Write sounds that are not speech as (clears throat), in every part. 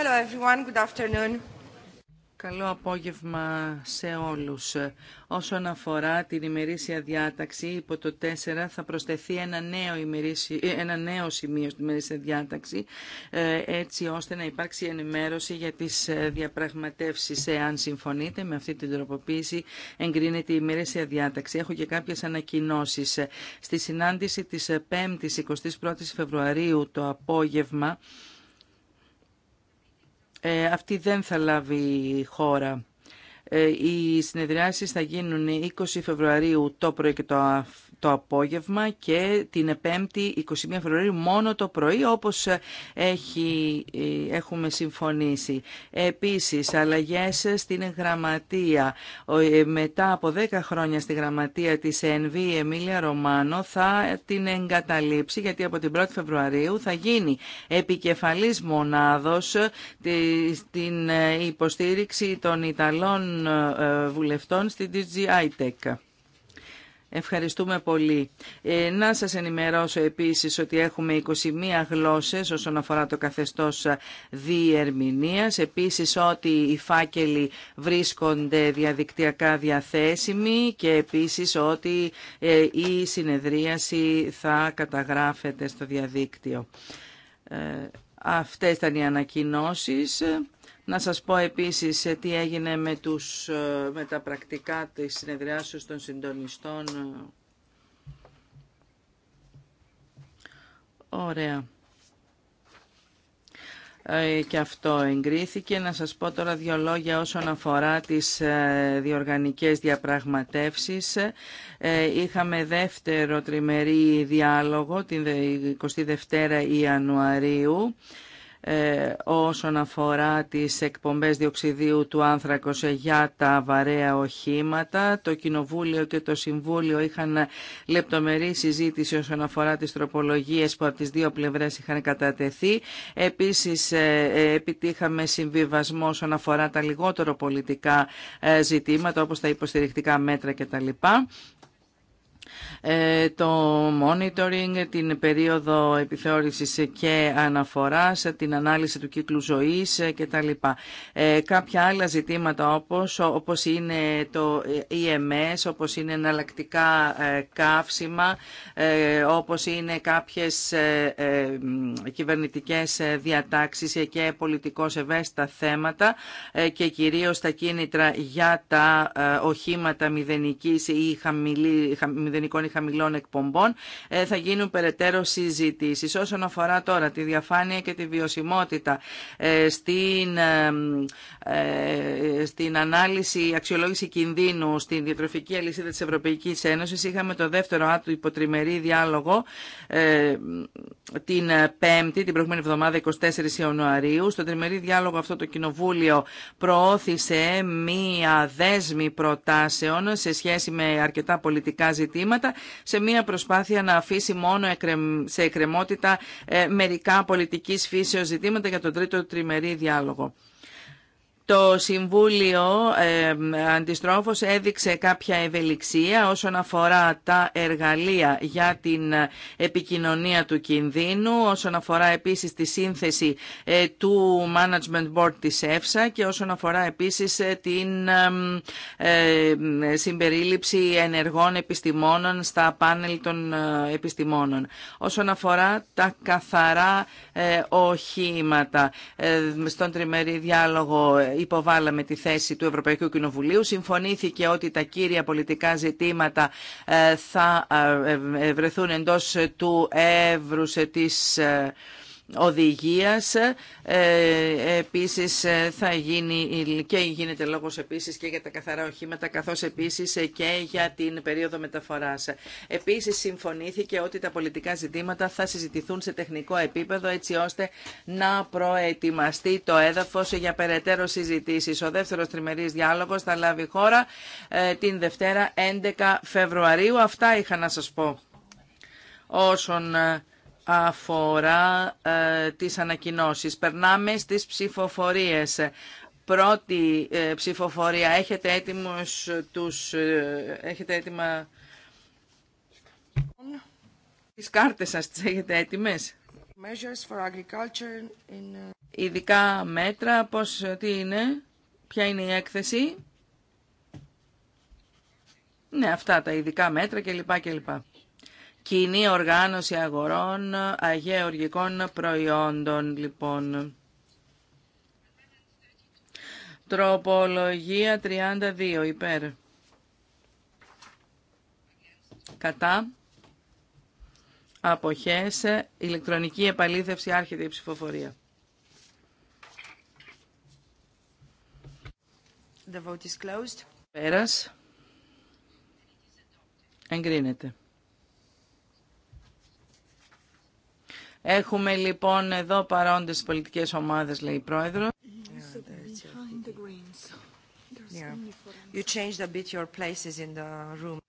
Hello everyone, good afternoon. Καλό απόγευμα σε όλους. Όσον αφορά την ημερήσια διάταξη, υπό το 4 θα προσθεθεί ένα νέο, ημερήσι, ένα νέο σημείο στην ημερήσια διάταξη, ε, έτσι ώστε να υπάρξει ενημέρωση για τις ε, διαπραγματεύσεις. Εάν συμφωνείτε με αυτή την τροποποίηση, εγκρίνεται η ημερήσια διάταξη. Έχω και κάποιες ανακοινώσεις. Στη συνάντηση της 5ης 21ης Φεβρουαρίου το απόγευμα, ε, αυτή δεν θα λάβει χώρα. Ε, οι συνεδριάσεις θα γίνουν 20 Φεβρουαρίου το πρωί και το, το απόγευμα και την 5η 21 Φεβρουαρίου μόνο το πρωί όπως ε, ε, έχουμε συμφωνήσει. Επίσης αλλαγές στην γραμματεία. Μετά από 10 χρόνια στη γραμματεία της ΕΝΒ η Εμίλια Ρωμάνο θα την εγκαταλείψει γιατί από την 1η Φεβρουαρίου θα γίνει επικεφαλής μονάδος στην υποστήριξη των Ιταλών ε, βουλευτών στην DGI Tech. Ευχαριστούμε πολύ. Ε, να σας ενημερώσω επίσης ότι έχουμε 21 γλώσσες όσον αφορά το καθεστώς διερμηνίας. Επίσης ότι οι φάκελοι βρίσκονται διαδικτυακά διαθέσιμοι και επίσης ότι ε, η συνεδρίαση θα καταγράφεται στο διαδίκτυο. αυτές ήταν οι ανακοινώσεις. Να σας πω επίσης ε, τι έγινε με, τους, ε, με τα πρακτικά της συνεδριάσεως των συντονιστών. Ωραία. Ε, και αυτό εγκρίθηκε. Να σας πω τώρα δύο λόγια όσον αφορά τις διοργανικές διαπραγματεύσεις. Είχαμε δεύτερο τριμερή διάλογο την 22 η Ιανουαρίου ε, όσον αφορά τις εκπομπές διοξιδίου του άνθρακος για τα βαρέα οχήματα. Το Κοινοβούλιο και το Συμβούλιο είχαν λεπτομερή συζήτηση όσον αφορά τις τροπολογίες που από τις δύο πλευρές είχαν κατατεθεί. Επίσης ε, ε, επιτύχαμε συμβιβασμό όσον αφορά τα λιγότερο πολιτικά ζητήματα όπως τα υποστηρικτικά μέτρα κτλ. Ε, το monitoring, την περίοδο επιθεώρησης και αναφοράς, την ανάλυση του κύκλου ζωής ε, κτλ. Ε, κάποια άλλα ζητήματα όπως, όπως είναι το EMS, όπως είναι εναλλακτικά καύσιμα, όπως είναι κάποιες κυβερνητικές διατάξεις και πολιτικώς ευαίσθητα θέματα και κυρίως τα κίνητρα για τα οχήματα μηδενικής ή χαμηλή, μηδενικών χαμηλών εκπομπών ε, θα γίνουν περαιτέρω συζητήσει. Όσον αφορά τώρα τη διαφάνεια και τη βιωσιμότητα ε, στην, ε, στην ανάλυση, αξιολόγηση κινδύνου στην διατροφική αλυσίδα τη Ευρωπαϊκής Ένωση. είχαμε το δεύτερο άτομο υποτριμερή διάλογο την Πέμπτη, την προηγούμενη εβδομάδα 24 Ιανουαρίου. Στο τριμερή διάλογο αυτό το Κοινοβούλιο προώθησε μία δέσμη προτάσεων σε σχέση με αρκετά πολιτικά ζητήματα σε μια προσπάθεια να αφήσει μόνο σε εκκρεμότητα ε, μερικά πολιτικής φύσεως ζητήματα για τον τρίτο τριμερή διάλογο. Το Συμβούλιο ε, αντιστρόφως έδειξε κάποια ευελιξία όσον αφορά τα εργαλεία για την επικοινωνία του κινδύνου, όσον αφορά επίσης τη σύνθεση ε, του Management Board της ΕΦΣΑ και όσον αφορά επίσης ε, την ε, συμπερίληψη ενεργών επιστημόνων στα πάνελ των επιστημόνων. Όσον αφορά τα καθαρά οχήματα, στον τριμερή διάλογο υποβάλαμε τη θέση του Ευρωπαϊκού Κοινοβουλίου. Συμφωνήθηκε ότι τα κύρια πολιτικά ζητήματα ε, θα ε, ε, βρεθούν εντός του εύρους της οδηγίας. Ε, επίσης ε, θα γίνει και γίνεται λόγος επίσης και για τα καθαρά οχήματα καθώς επίσης ε, και για την περίοδο μεταφοράς. Επίσης συμφωνήθηκε ότι τα πολιτικά ζητήματα θα συζητηθούν σε τεχνικό επίπεδο έτσι ώστε να προετοιμαστεί το έδαφος για περαιτέρω συζητήσεις. Ο δεύτερος τριμερής διάλογος θα λάβει χώρα την Δευτέρα 11 Φεβρουαρίου. Αυτά είχα να σας πω όσον αφορά ε, τις ανακοινώσεις. Περνάμε στις ψηφοφορίες. Πρώτη ε, ψηφοφορία. Έχετε έτοιμους τους... Ε, έχετε έτοιμα... Τις κάρτες σας τις έχετε έτοιμες. for agriculture in... Ε, ειδικά μέτρα, πώς, τι είναι, ποια είναι η έκθεση. Ναι, αυτά τα ειδικά μέτρα κλπ. κλπ. Κοινή οργάνωση αγορών αγεωργικών προϊόντων, λοιπόν. Τροπολογία 32, υπέρ. Κατά. Αποχές. Ηλεκτρονική επαλήθευση. Άρχεται η ψηφοφορία. The vote Πέρας. Εγκρίνεται. Έχουμε λοιπόν εδώ παρόντες πολιτικές ομάδες, λέει η Πρόεδρος.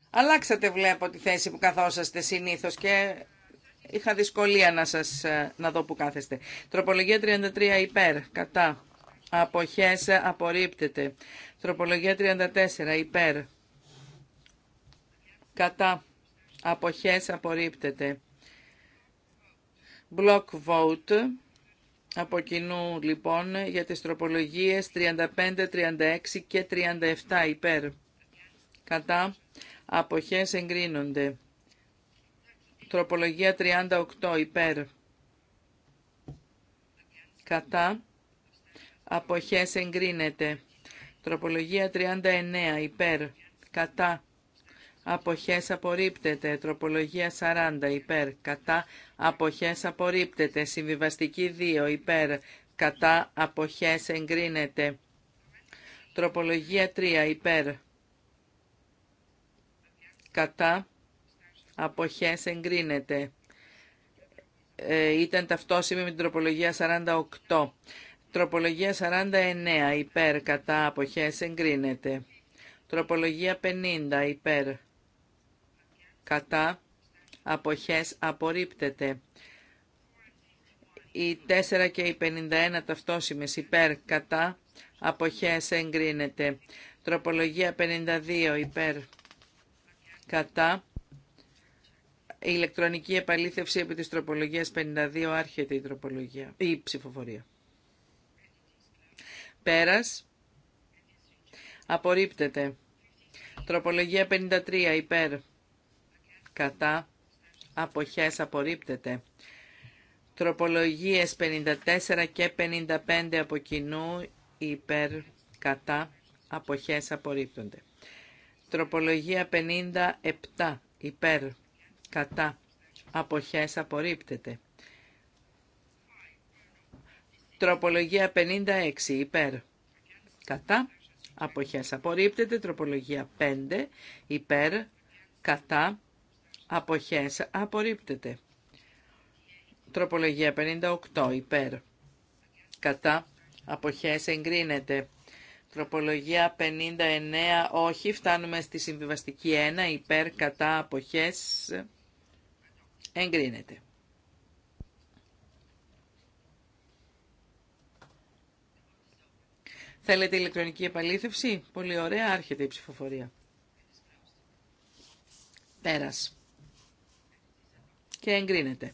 Αλλάξατε βλέπω τη θέση που καθόσαστε συνήθως και είχα δυσκολία να σας ε, να δω που κάθεστε. Τροπολογία 33 υπέρ, κατά. Αποχές απορρίπτεται. Τροπολογία 34 υπέρ. Κατά. Αποχές απορρίπτεται. Block vote από κοινού λοιπόν για τις τροπολογίες 35, 36 και 37 υπέρ. Κατά αποχές εγκρίνονται. Τροπολογία 38 υπέρ. Κατά αποχές εγκρίνεται. Τροπολογία 39 υπέρ. Κατά αποχές απορρίπτεται. Τροπολογία 40 υπέρ. Κατά αποχές απορρίπτεται. Συμβιβαστική 2 υπέρ κατά αποχές εγκρίνεται. Τροπολογία 3 υπέρ κατά αποχές εγκρίνεται. Ε, ήταν ταυτόσιμη με την τροπολογία 48. Τροπολογία 49 υπέρ κατά αποχές εγκρίνεται. Τροπολογία 50 υπέρ κατά αποχές απορρίπτεται. Οι 4 και οι 51 ταυτόσημες υπέρ κατά αποχές εγκρίνεται. Τροπολογία 52 υπέρ κατά η ηλεκτρονική επαλήθευση επί της τροπολογίας 52 άρχεται η, τροπολογία, η ψηφοφορία. Πέρας. Απορρίπτεται. Τροπολογία 53 υπέρ. Κατά αποχές απορρίπτεται. Τροπολογίες 54 και 55 από κοινού υπέρ κατά αποχές απορρίπτονται. Τροπολογία 57 υπέρ κατά αποχές απορρίπτεται. Τροπολογία 56 υπέρ κατά αποχές απορρίπτεται. Τροπολογία 5 υπέρ κατά αποχές απορρίπτεται. Τροπολογία 58 υπέρ κατά αποχές εγκρίνεται. Τροπολογία 59 όχι. Φτάνουμε στη συμβιβαστική 1 υπέρ κατά αποχές εγκρίνεται. Θέλετε ηλεκτρονική επαλήθευση. Πολύ ωραία. Άρχεται η ψηφοφορία. Πέρας και εγκρίνεται.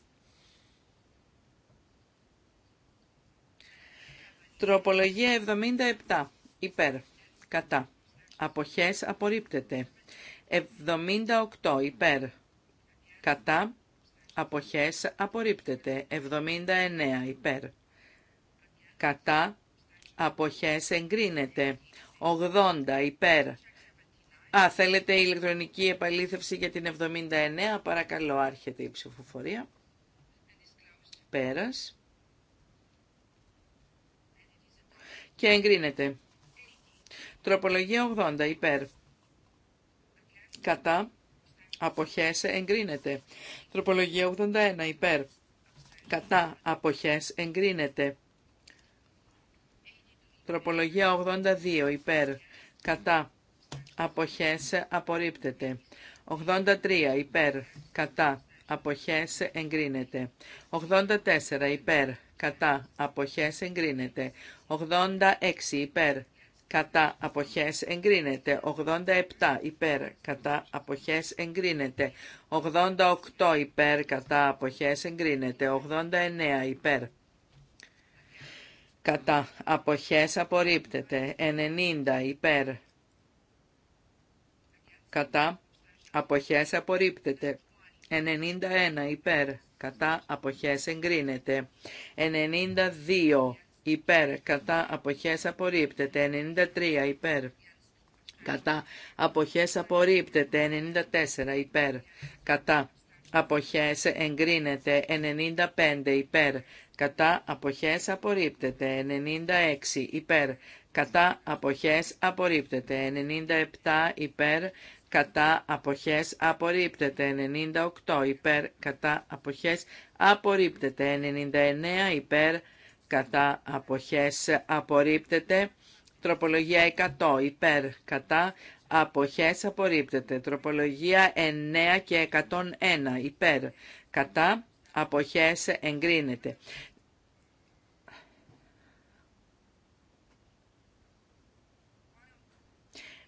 Τροπολογία 77. Υπέρ. Κατά. Αποχές απορρίπτεται. 78. Υπέρ. Κατά. Αποχές απορρίπτεται. 79. Υπέρ. Κατά. Αποχές εγκρίνεται. 80. Υπέρ. Α, θέλετε ηλεκτρονική επαλήθευση για την 79. Παρακαλώ, άρχεται η ψηφοφορία. Πέρας. Και εγκρίνεται. Τροπολογία 80, υπέρ. Κατά. Αποχές εγκρίνεται. Τροπολογία 81, υπέρ. Κατά. Αποχές εγκρίνεται. Τροπολογία 82, υπέρ. Κατά αποχέσε, απορρίπτεται. 83 υπέρ κατά αποχές εγκρίνεται. 84 υπέρ κατά αποχές εγκρίνεται. 86 υπέρ κατά αποχές εγκρίνεται. 87 υπέρ κατά αποχές εγκρίνεται. 88 υπέρ κατά αποχές εγκρίνεται. 89 υπέρ κατά αποχές απορρίπτεται. 90 υπέρ κατά αποχές απορρίπτεται. 91 υπέρ κατά αποχές εγκρίνεται. 92 υπέρ κατά αποχές απορρίπτεται. 93 υπέρ κατά αποχές απορρίπτεται. 94 υπέρ κατά αποχές εγκρίνεται. 95 υπέρ κατά αποχές απορρίπτεται. 96 υπέρ κατά αποχές απορρίπτεται. 97 υπέρ κατά αποχές απορρίπτεται 98 υπέρ κατά αποχές απορρίπτεται 99 υπέρ κατά αποχές απορρίπτεται τροπολογία 100 υπέρ κατά αποχές απορρίπτεται τροπολογία 9 και 101 υπέρ κατά αποχές εγκρίνεται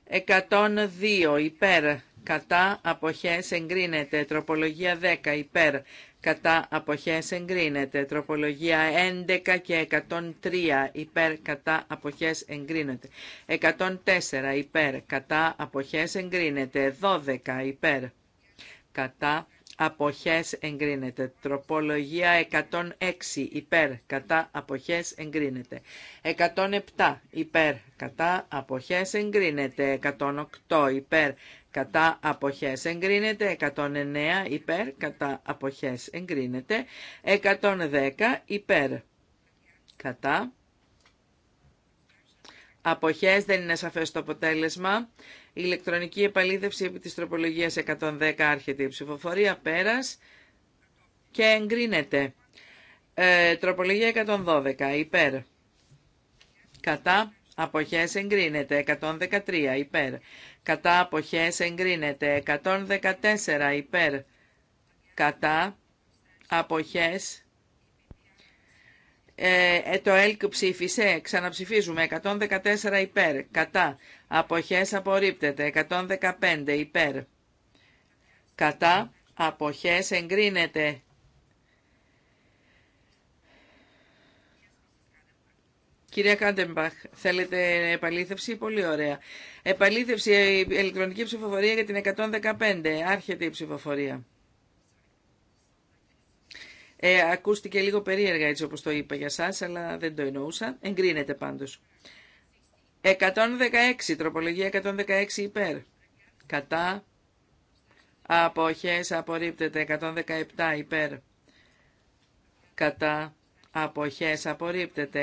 102 υπέρ κατά αποχές εγκρίνεται. Τροπολογία 10 υπέρ κατά αποχές εγκρίνεται. Τροπολογία 11 και 103 υπέρ κατά αποχές εγκρίνεται. 104 υπέρ κατά αποχές εγκρίνεται. 12 υπέρ κατά αποχές εγκρίνεται. Τροπολογία 106 υπέρ κατά αποχές εγκρίνεται. 107 υπέρ κατά αποχές εγκρίνεται. 108 υπέρ κατά αποχές εγκρίνεται. 109 υπέρ κατά αποχές εγκρίνεται. 110 υπέρ κατά αποχές δεν είναι σαφές το αποτέλεσμα. Η ηλεκτρονική επαλήθευση επί της τροπολογίας 110 άρχεται η ψηφοφορία πέρας και εγκρίνεται. Ε, τροπολογία 112 υπέρ. Κατά αποχές εγκρίνεται 113 υπέρ. Κατά αποχές εγκρίνεται 114 υπέρ. Κατά αποχές ε, ε, το ΕΛΚ ψήφισε, ξαναψηφίζουμε, 114 υπέρ, κατά, αποχές απορρίπτεται, 115 υπέρ, κατά, αποχές εγκρίνεται. Κυρία Κάντεμπαχ, θέλετε επαλήθευση, πολύ ωραία. Επαλήθευση, ε, ηλεκτρονική ψηφοφορία για την 115, άρχεται η ψηφοφορία. Ε, ακούστηκε λίγο περίεργα έτσι όπως το είπα για σας, αλλά δεν το εννοούσα. Εγκρίνεται πάντως. 116, τροπολογία 116 υπέρ. Κατά αποχές απορρίπτεται 117 υπέρ. Κατά αποχές απορρίπτεται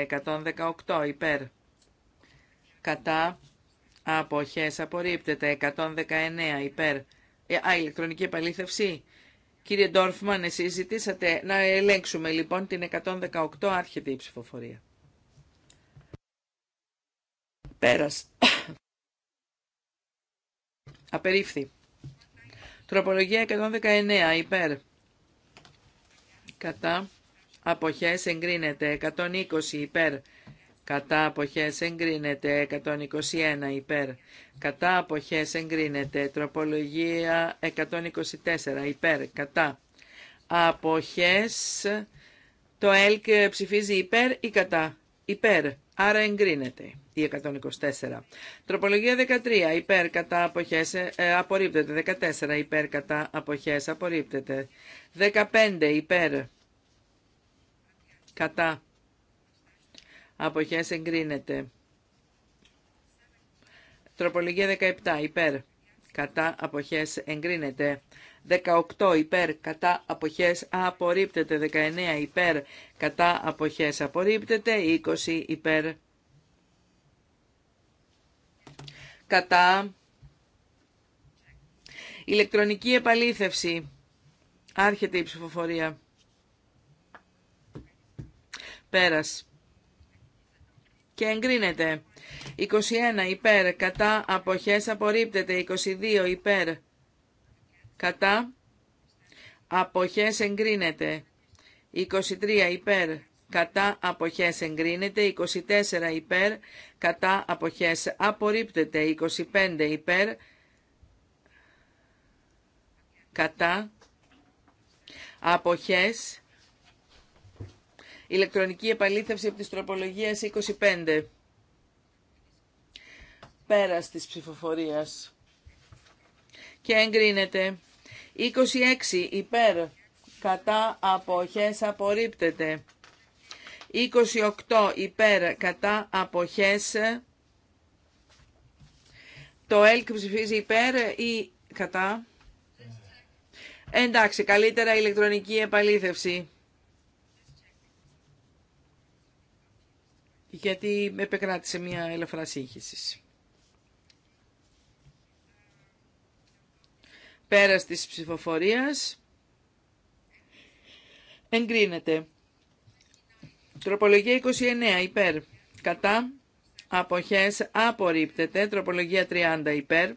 118 υπέρ. Κατά αποχές απορρίπτεται 119 υπέρ. Ε, α, ηλεκτρονική επαλήθευση. Κύριε Ντόρφμαν, εσείς ζητήσατε να ελέγξουμε λοιπόν την 118 άρχεται η ψηφοφορία. Πέρας. (coughs) Απερίφθη. Τροπολογία 119 υπέρ. Κατά. Αποχές εγκρίνεται. 120 υπέρ κατά αποχές εγκρίνεται 121 υπέρ, κατά αποχές εγκρίνεται τροπολογία 124 υπέρ, κατά αποχές το ΕΛΚ ψηφίζει υπέρ ή κατά, υπέρ, άρα εγκρίνεται. Η 124. Τροπολογία 13. Υπέρ κατά αποχές ε, ε απορρίπτεται. 14. Υπέρ κατά αποχές απορρίπτεται. 15. Υπέρ κατά αποχές εγκρίνεται. Τροπολογία 17 υπέρ κατά αποχές εγκρίνεται. 18 υπέρ κατά αποχές απορρίπτεται. 19 υπέρ κατά αποχές απορρίπτεται. 20 υπέρ κατά ηλεκτρονική επαλήθευση. Άρχεται η ψηφοφορία. Πέρας και εγκρίνεται. 21 υπέρ κατά αποχές απορρίπτεται. 22 υπέρ κατά αποχές εγκρίνεται. 23 υπέρ κατά αποχές εγκρίνεται. 24 υπέρ κατά αποχές απορρίπτεται. 25 υπέρ κατά αποχές Ηλεκτρονική επαλήθευση από τις τροπολογίες 25. Πέρας της ψηφοφορίας. Και εγκρίνεται. 26 υπέρ. Κατά αποχές απορρίπτεται. 28 υπέρ. Κατά αποχές. Το ΕΛΚ ψηφίζει υπέρ ή κατά. Ε. Εντάξει, καλύτερα ηλεκτρονική επαλήθευση. γιατί επεκράτησε μια ελαφρά σύγχυση. Πέρας της ψηφοφορίας εγκρίνεται. Τροπολογία 29 υπέρ. Κατά αποχές απορρίπτεται. Τροπολογία 30 υπέρ.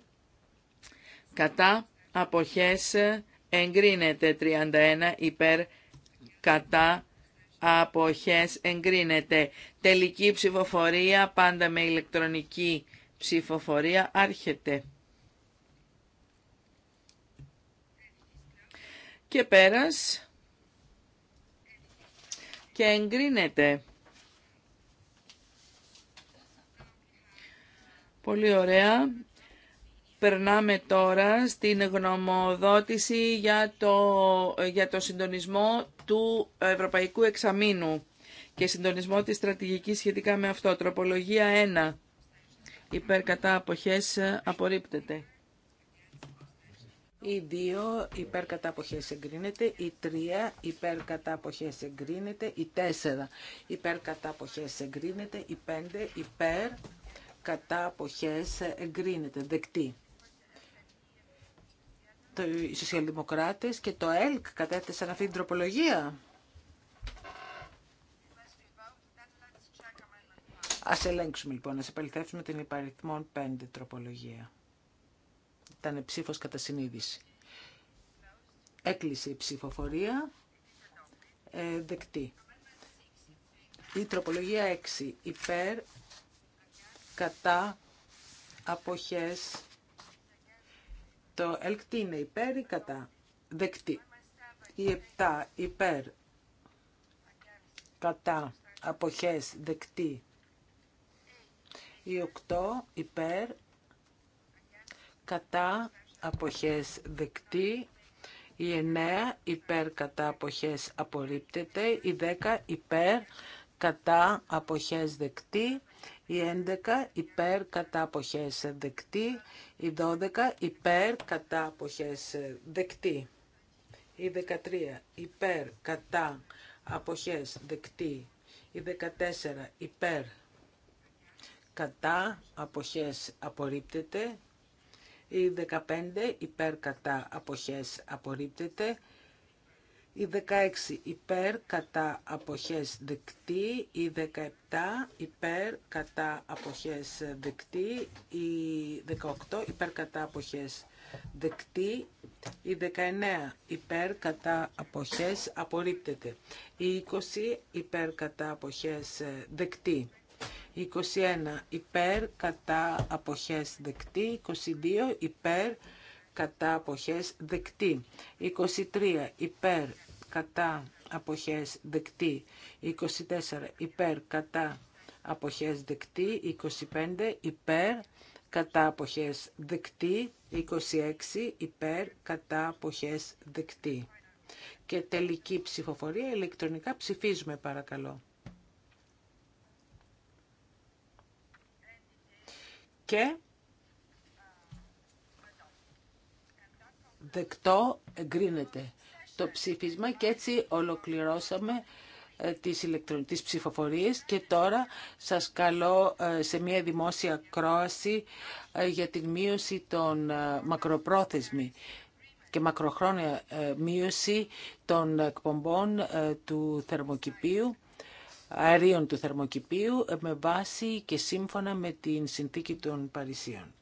Κατά αποχές εγκρίνεται. 31 υπέρ. Κατά αποχές εγκρίνεται. Τελική ψηφοφορία πάντα με ηλεκτρονική ψηφοφορία άρχεται. Και πέρας και εγκρίνεται. Πολύ ωραία. Περνάμε τώρα στην γνωμοδότηση για το, για το συντονισμό του Ευρωπαϊκού Εξαμήνου και συντονισμό της στρατηγικής σχετικά με αυτό. Τροπολογία 1. Υπέρ κατά αποχές απορρίπτεται. Η 2 υπέρ αποχές εγκρίνεται, η 3 υπέρ κατά αποχές εγκρίνεται, η 4 υπέρ κατά αποχές εγκρίνεται, η 5 υπέρ κατά αποχές εγκρίνεται, δεκτή οι σοσιαλδημοκράτες και το ΕΛΚ κατέθεσαν αυτή την τροπολογία. Ας ελέγξουμε λοιπόν, να επαληθεύσουμε την υπαριθμόν 5 τροπολογία. Ήταν ψήφος κατά συνείδηση. Έκλεισε η ψηφοφορία. Ε, δεκτή. Η τροπολογία 6. Υπέρ, κατά, αποχές, το ΕΛΚ είναι υπέρ ή κατά. Δεκτή. Η 7 υπέρ. Κατά. Αποχές. Δεκτή. Η 8 υπέρ. Κατά. Αποχές. Δεκτή. Η 9 υπέρ κατά αποχές απορρίπτεται. Η 10 υπέρ κατά αποχές δεκτή. Η 11 υπέρ κατά αποχές δεκτή. Η 12 υπέρ κατά αποχές δεκτή. Η 13 υπέρ κατά αποχές δεκτή. Η 14 υπέρ κατά αποχές απορρίπτεται. Η 15 υπέρ κατά αποχές απορρίπτεται. Η 16 υπέρ κατά αποχές δεκτή, η 17 υπέρ κατά αποχές δεκτή, η 18 υπέρ κατά αποχές δεκτή, η 19 υπέρ κατά αποχές απορρίπτεται, η 20 υπέρ κατά αποχές δεκτή. 21 υπέρ κατά αποχές δεκτή, 22 υπέρ κατά αποχές δεκτή, 23 υπέρ κατά αποχές δεκτή 24 υπέρ κατά αποχές δεκτή 25 υπέρ κατά αποχές δεκτή 26 υπέρ κατά αποχές δεκτή και τελική ψηφοφορία ηλεκτρονικά ψηφίζουμε παρακαλώ και δεκτό εγκρίνεται το ψήφισμα και έτσι ολοκληρώσαμε ε, τις, ηλεκτρο... τις ψηφοφορίες και τώρα σας καλώ ε, σε μια δημόσια κρόαση ε, για την μείωση των μακροπρόθεσμη και μακροχρόνια μείωση των εκπομπών του θερμοκηπίου αερίων του θερμοκηπίου με βάση και σύμφωνα με την συνθήκη των Παρισίων.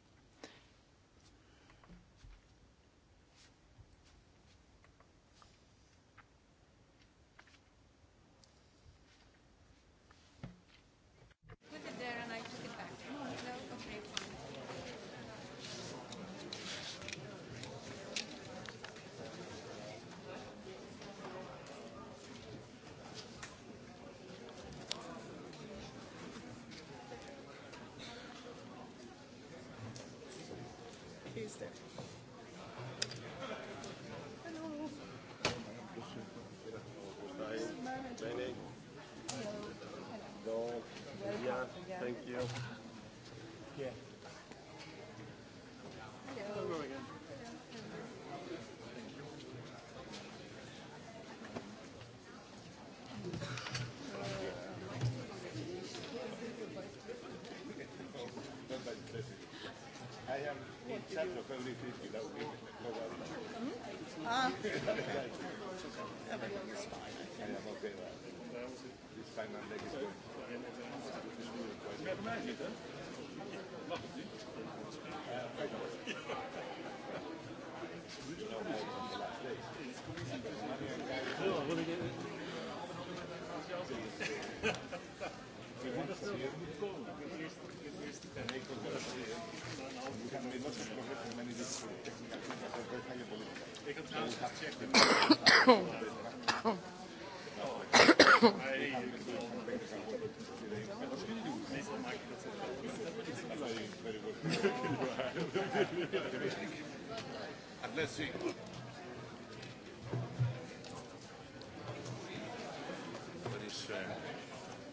Let's see.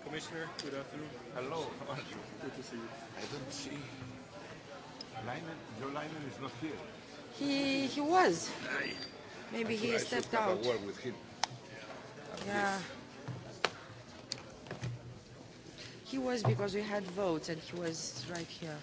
Commissioner, good afternoon. Hello, how are you? Good to see you. I don't see. Leinen, your lineman is not here. He he was. Maybe he stepped out. I work with him. Yeah. He was because we had votes and he was right here.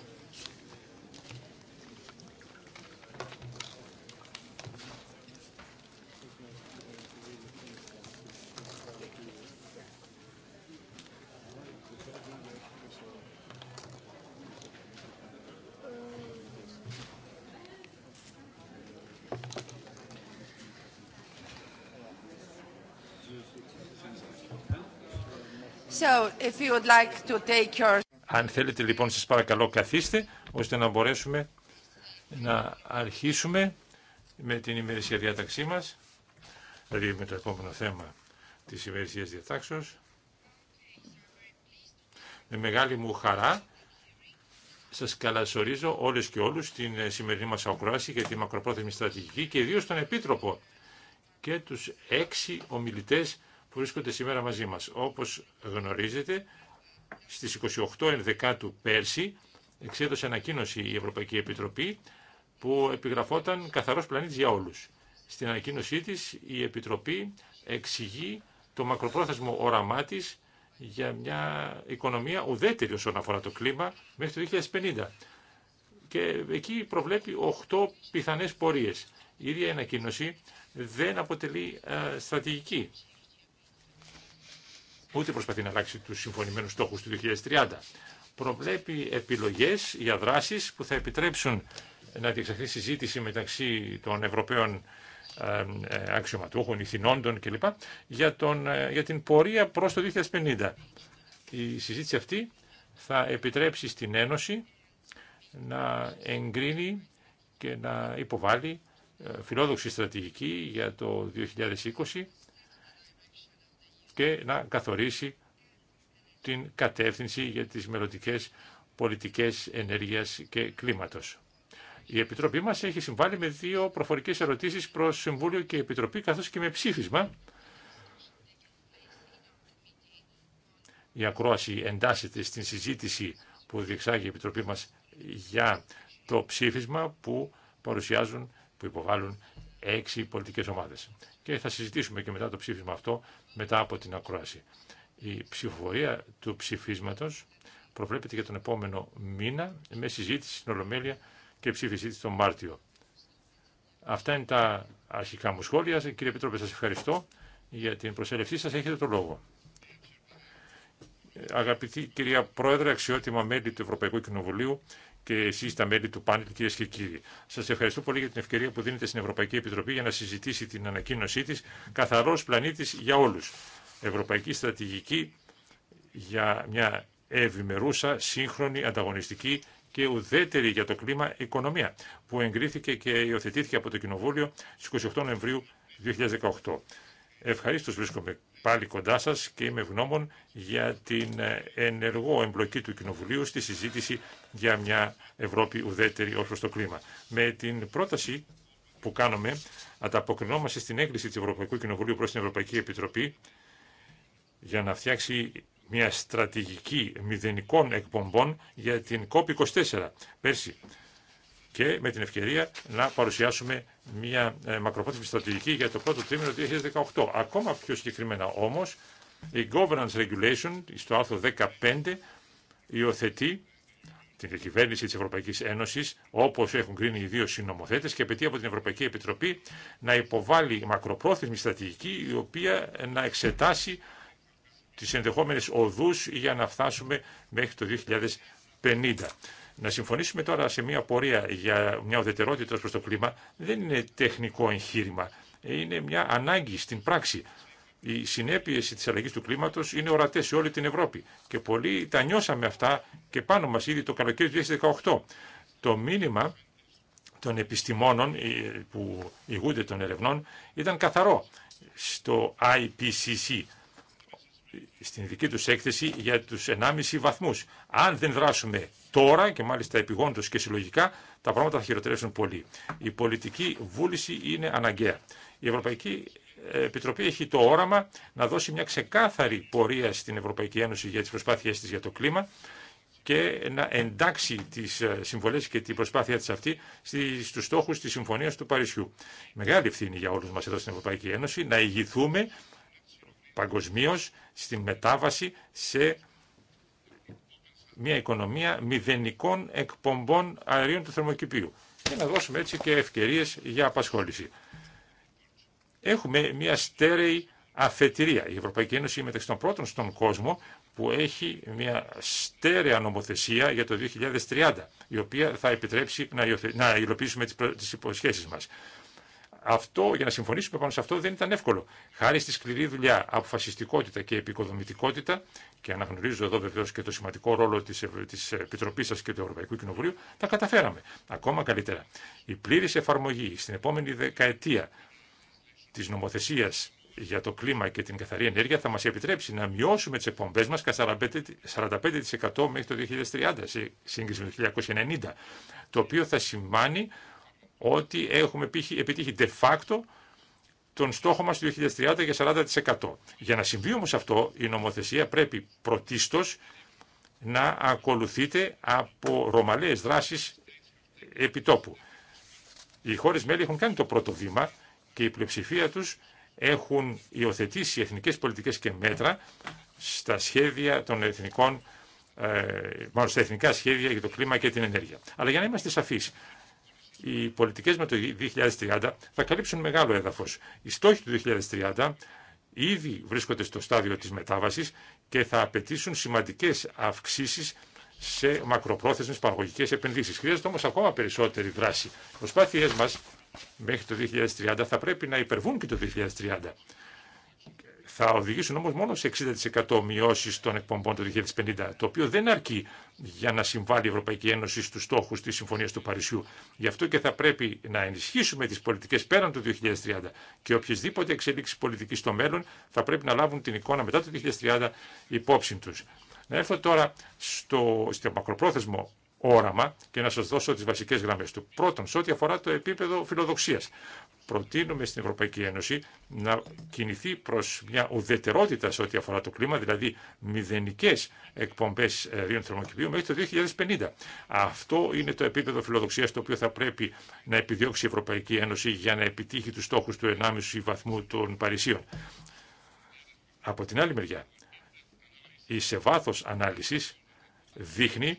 Αν θέλετε λοιπόν σας παρακαλώ καθίστε ώστε να μπορέσουμε να αρχίσουμε με την ημερησία διάταξή μας δηλαδή με το επόμενο θέμα της ημερησίας διατάξεως με μεγάλη μου χαρά σας καλασορίζω όλες και όλους την σημερινή μας ακρόαση για τη μακροπρόθεσμη στρατηγική και ιδίως τον Επίτροπο και τους έξι ομιλητές που βρίσκονται σήμερα μαζί μας. Όπως γνωρίζετε, στις 28 Ενδεκάτου πέρσι εξέδωσε ανακοίνωση η Ευρωπαϊκή Επιτροπή που επιγραφόταν «Καθαρός πλανήτης για όλους». Στην ανακοίνωσή της η Επιτροπή εξηγεί το μακροπρόθεσμο όραμά τη για μια οικονομία ουδέτερη όσον αφορά το κλίμα μέχρι το 2050. Και εκεί προβλέπει 8 πιθανές πορείες. Η ίδια ανακοίνωση δεν αποτελεί ε, στρατηγική ούτε προσπαθεί να αλλάξει τους συμφωνημένους στόχους του 2030. Προβλέπει επιλογές για δράσεις που θα επιτρέψουν να διεξαχθεί συζήτηση μεταξύ των Ευρωπαίων ε, αξιωματούχων, ηθινόντων κλπ. Για, τον, ε, για την πορεία προς το 2050. Η συζήτηση αυτή θα επιτρέψει στην Ένωση να εγκρίνει και να υποβάλει ε, φιλόδοξη στρατηγική για το 2020 και να καθορίσει την κατεύθυνση για τις μελλοντικέ πολιτικές ενέργειας και κλίματος. Η Επιτροπή μας έχει συμβάλει με δύο προφορικές ερωτήσεις προς Συμβούλιο και Επιτροπή, καθώς και με ψήφισμα. Η ακρόαση εντάσσεται στην συζήτηση που διεξάγει η Επιτροπή μας για το ψήφισμα που παρουσιάζουν, που υποβάλλουν έξι πολιτικές ομάδες και θα συζητήσουμε και μετά το ψήφισμα αυτό, μετά από την ακρόαση. Η ψηφοφορία του ψηφίσματος προβλέπεται για τον επόμενο μήνα με συζήτηση στην Ολομέλεια και ψήφισή τη τον Μάρτιο. Αυτά είναι τα αρχικά μου σχόλια. Κύριε Πίτροπε, σα ευχαριστώ για την προσέλευσή σα Έχετε το λόγο. Ε, αγαπητή κυρία Πρόεδρε, αξιότιμα μέλη του Ευρωπαϊκού Κοινοβουλίου, και εσεί τα μέλη του πάνελ, κυρίε και κύριοι. Σα ευχαριστώ πολύ για την ευκαιρία που δίνετε στην Ευρωπαϊκή Επιτροπή για να συζητήσει την ανακοίνωσή τη Καθαρό Πλανήτη για Όλου. Ευρωπαϊκή Στρατηγική για μια ευημερούσα, σύγχρονη, ανταγωνιστική και ουδέτερη για το κλίμα οικονομία, που εγκρίθηκε και υιοθετήθηκε από το Κοινοβούλιο στις 28 Νοεμβρίου 2018. Ευχαρίστως βρίσκομαι πάλι κοντά σα και είμαι ευγνώμων για την ε, ενεργό εμπλοκή του Κοινοβουλίου στη συζήτηση για μια Ευρώπη ουδέτερη ω προ το κλίμα. Με την πρόταση που κάνουμε ανταποκρινόμαστε στην έγκριση του Ευρωπαϊκού Κοινοβουλίου προς την Ευρωπαϊκή Επιτροπή για να φτιάξει μια στρατηγική μηδενικών εκπομπών για την COP24. Πέρσι και με την ευκαιρία να παρουσιάσουμε μια ε, μακροπρόθεσμη στρατηγική για το πρώτο τρίμηνο του 2018. Ακόμα πιο συγκεκριμένα όμως, η Governance Regulation στο άρθρο 15 υιοθετεί την κυβέρνηση τη Ευρωπαϊκή Ένωση, όπω έχουν κρίνει οι δύο συνομοθέτε, και απαιτεί από την Ευρωπαϊκή Επιτροπή να υποβάλει μακροπρόθεσμη στρατηγική, η οποία να εξετάσει τι ενδεχόμενε οδού για να φτάσουμε μέχρι το 2050. Να συμφωνήσουμε τώρα σε μια πορεία για μια ουδετερότητα προς το κλίμα δεν είναι τεχνικό εγχείρημα. Είναι μια ανάγκη στην πράξη. Οι συνέπειε τη αλλαγή του κλίματο είναι ορατέ σε όλη την Ευρώπη. Και πολλοί τα νιώσαμε αυτά και πάνω μα ήδη το καλοκαίρι του 2018. Το μήνυμα των επιστημόνων ε, που ηγούνται των ερευνών ήταν καθαρό στο IPCC, στην δική τους έκθεση για τους 1,5 βαθμούς. Αν δεν δράσουμε τώρα και μάλιστα επιγόντως και συλλογικά τα πράγματα θα χειροτερεύσουν πολύ. Η πολιτική βούληση είναι αναγκαία. Η Ευρωπαϊκή Επιτροπή έχει το όραμα να δώσει μια ξεκάθαρη πορεία στην Ευρωπαϊκή Ένωση για τις προσπάθειές της για το κλίμα και να εντάξει τις ε, συμβολές και την προσπάθεια της αυτή στους στόχους της Συμφωνίας του Παρισιού. Μεγάλη ευθύνη για όλους μας εδώ στην Ευρωπαϊκή Ένωση να ηγηθούμε παγκοσμίω στην μετάβαση σε μια οικονομία μηδενικών εκπομπών αερίων του θερμοκηπίου και να δώσουμε έτσι και ευκαιρίες για απασχόληση. Έχουμε μια στέρεη αφετηρία. Η Ευρωπαϊκή Ένωση μεταξύ των πρώτων στον κόσμο που έχει μια στέρεα νομοθεσία για το 2030, η οποία θα επιτρέψει να υλοποιήσουμε τις υποσχέσεις μας αυτό, για να συμφωνήσουμε πάνω σε αυτό δεν ήταν εύκολο. Χάρη στη σκληρή δουλειά, αποφασιστικότητα και επικοδομητικότητα, και αναγνωρίζω εδώ βεβαίω και το σημαντικό ρόλο τη της ε, Επιτροπή σα και του Ευρωπαϊκού Κοινοβουλίου, τα καταφέραμε. Ακόμα καλύτερα. Η πλήρη εφαρμογή στην επόμενη δεκαετία τη νομοθεσία για το κλίμα και την καθαρή ενέργεια θα μα επιτρέψει να μειώσουμε τι εκπομπέ μα κατά 45% μέχρι το 2030 σε σύγκριση με το 1990, το οποίο θα σημάνει ότι έχουμε επιτύχει de facto τον στόχο μας του 2030 για 40%. Για να συμβεί όμως αυτό, η νομοθεσία πρέπει πρωτίστως να ακολουθείται από ρωμαλαίες δράσεις επιτόπου. Οι χώρες μέλη έχουν κάνει το πρώτο βήμα και η πλειοψηφία τους έχουν υιοθετήσει εθνικές πολιτικές και μέτρα στα σχέδια των εθνικών, ε, μάλλον στα εθνικά σχέδια για το κλίμα και την ενέργεια. Αλλά για να είμαστε σαφείς, οι πολιτικές με το 2030 θα καλύψουν μεγάλο έδαφος. Οι στόχοι του 2030 ήδη βρίσκονται στο στάδιο της μετάβασης και θα απαιτήσουν σημαντικές αυξήσεις σε μακροπρόθεσμες παραγωγικές επενδύσεις. Χρειάζεται όμως ακόμα περισσότερη δράση. Οι προσπάθειές μας μέχρι το 2030 θα πρέπει να υπερβούν και το 2030 θα οδηγήσουν όμως μόνο σε 60% μειώσεις των εκπομπών το 2050, το οποίο δεν αρκεί για να συμβάλλει η Ευρωπαϊκή Ένωση στους στόχους της Συμφωνίας του Παρισιού. Γι' αυτό και θα πρέπει να ενισχύσουμε τις πολιτικές πέραν του 2030 και οποιασδήποτε εξελίξει πολιτικής στο μέλλον θα πρέπει να λάβουν την εικόνα μετά το 2030 υπόψη τους. Να έρθω τώρα στο, στο μακροπρόθεσμο όραμα και να σας δώσω τις βασικές γραμμές του. Πρώτον, σε ό,τι αφορά το επίπεδο φιλοδοξίας. Προτείνουμε στην Ευρωπαϊκή Ένωση να κινηθεί προς μια ουδετερότητα σε ό,τι αφορά το κλίμα, δηλαδή μηδενικές εκπομπές ρίων θερμοκηπίου μέχρι το 2050. Αυτό είναι το επίπεδο φιλοδοξίας το οποίο θα πρέπει να επιδιώξει η Ευρωπαϊκή Ένωση για να επιτύχει τους στόχους του 1,5 βαθμού των Παρισίων. Από την άλλη μεριά, η σε βάθος ανάλυσης δείχνει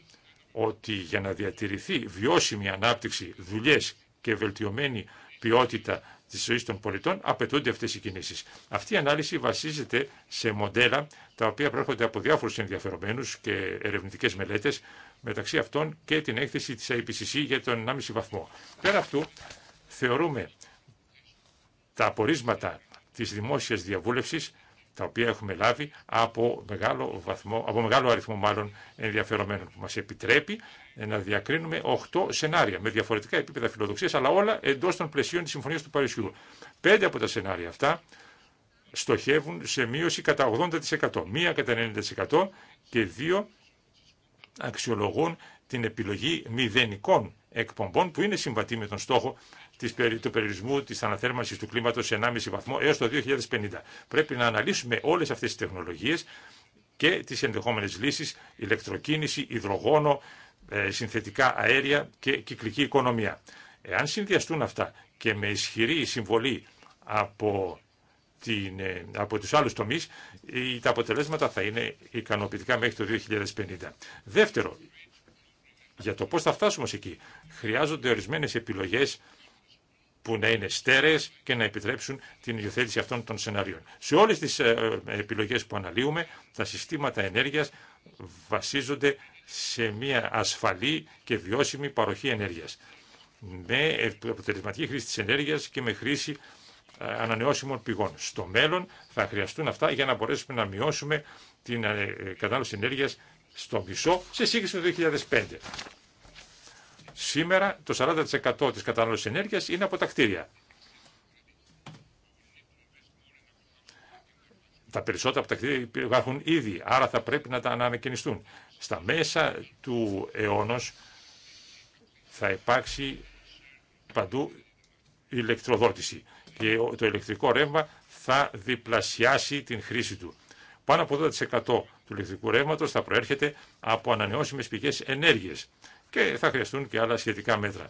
ότι για να διατηρηθεί βιώσιμη ανάπτυξη, δουλειές και βελτιωμένη ποιότητα τη ζωή των πολιτών απαιτούνται αυτέ οι κινήσει. Αυτή η ανάλυση βασίζεται σε μοντέλα τα οποία προέρχονται από διάφορου ενδιαφερομένου και ερευνητικέ μελέτε, μεταξύ αυτών και την έκθεση τη IPCC για τον 1,5 βαθμό. Πέρα αυτού, θεωρούμε τα απορίσματα τη δημόσια διαβούλευση τα οποία έχουμε λάβει από μεγάλο, βαθμό, από μεγάλο αριθμό μάλλον ενδιαφερομένων που μας επιτρέπει να διακρίνουμε 8 σενάρια με διαφορετικά επίπεδα φιλοδοξίας αλλά όλα εντός των πλαισίων της Συμφωνίας του Παρισιού. Πέντε από τα σενάρια αυτά στοχεύουν σε μείωση κατά 80%, μία κατά 90% και δύο αξιολογούν την επιλογή μηδενικών εκπομπών που είναι συμβατή με τον στόχο της, του περιορισμού της αναθέρμανσης του κλίματος σε 1,5 βαθμό έως το 2050. Πρέπει να αναλύσουμε όλες αυτές τις τεχνολογίες και τις ενδεχόμενες λύσεις, ηλεκτροκίνηση, υδρογόνο, ε, συνθετικά αέρια και κυκλική οικονομία. Εάν συνδυαστούν αυτά και με ισχυρή συμβολή από, την, ε, από τους άλλους τομείς, τα αποτελέσματα θα είναι ικανοποιητικά μέχρι το 2050. Δεύτερο, για το πώς θα φτάσουμε εκεί χρειάζονται ορισμένες επιλογές που να είναι στέρεες και να επιτρέψουν την υιοθέτηση αυτών των σενάριων. Σε όλες τις ε, ε, επιλογές που αναλύουμε, τα συστήματα ενέργειας βασίζονται σε μια ασφαλή και βιώσιμη παροχή ενέργειας. Με αποτελεσματική χρήση της ενέργειας και με χρήση ε, ανανεώσιμων πηγών. Στο μέλλον θα χρειαστούν αυτά για να μπορέσουμε να μειώσουμε την κατάλληλη ενέργειας στο μισό σε σύγκριση με το 2005. Σήμερα το 40% της κατανάλωσης ενέργειας είναι από τα κτίρια. Τα περισσότερα από τα κτίρια υπάρχουν ήδη, άρα θα πρέπει να τα ανακαινιστούν. Στα μέσα του αιώνος θα υπάρξει παντού ηλεκτροδότηση και το ηλεκτρικό ρεύμα θα διπλασιάσει την χρήση του. Πάνω από 80% του ηλεκτρικού ρεύματο θα προέρχεται από ανανεώσιμε πηγέ ενέργεια και θα χρειαστούν και άλλα σχετικά μέτρα.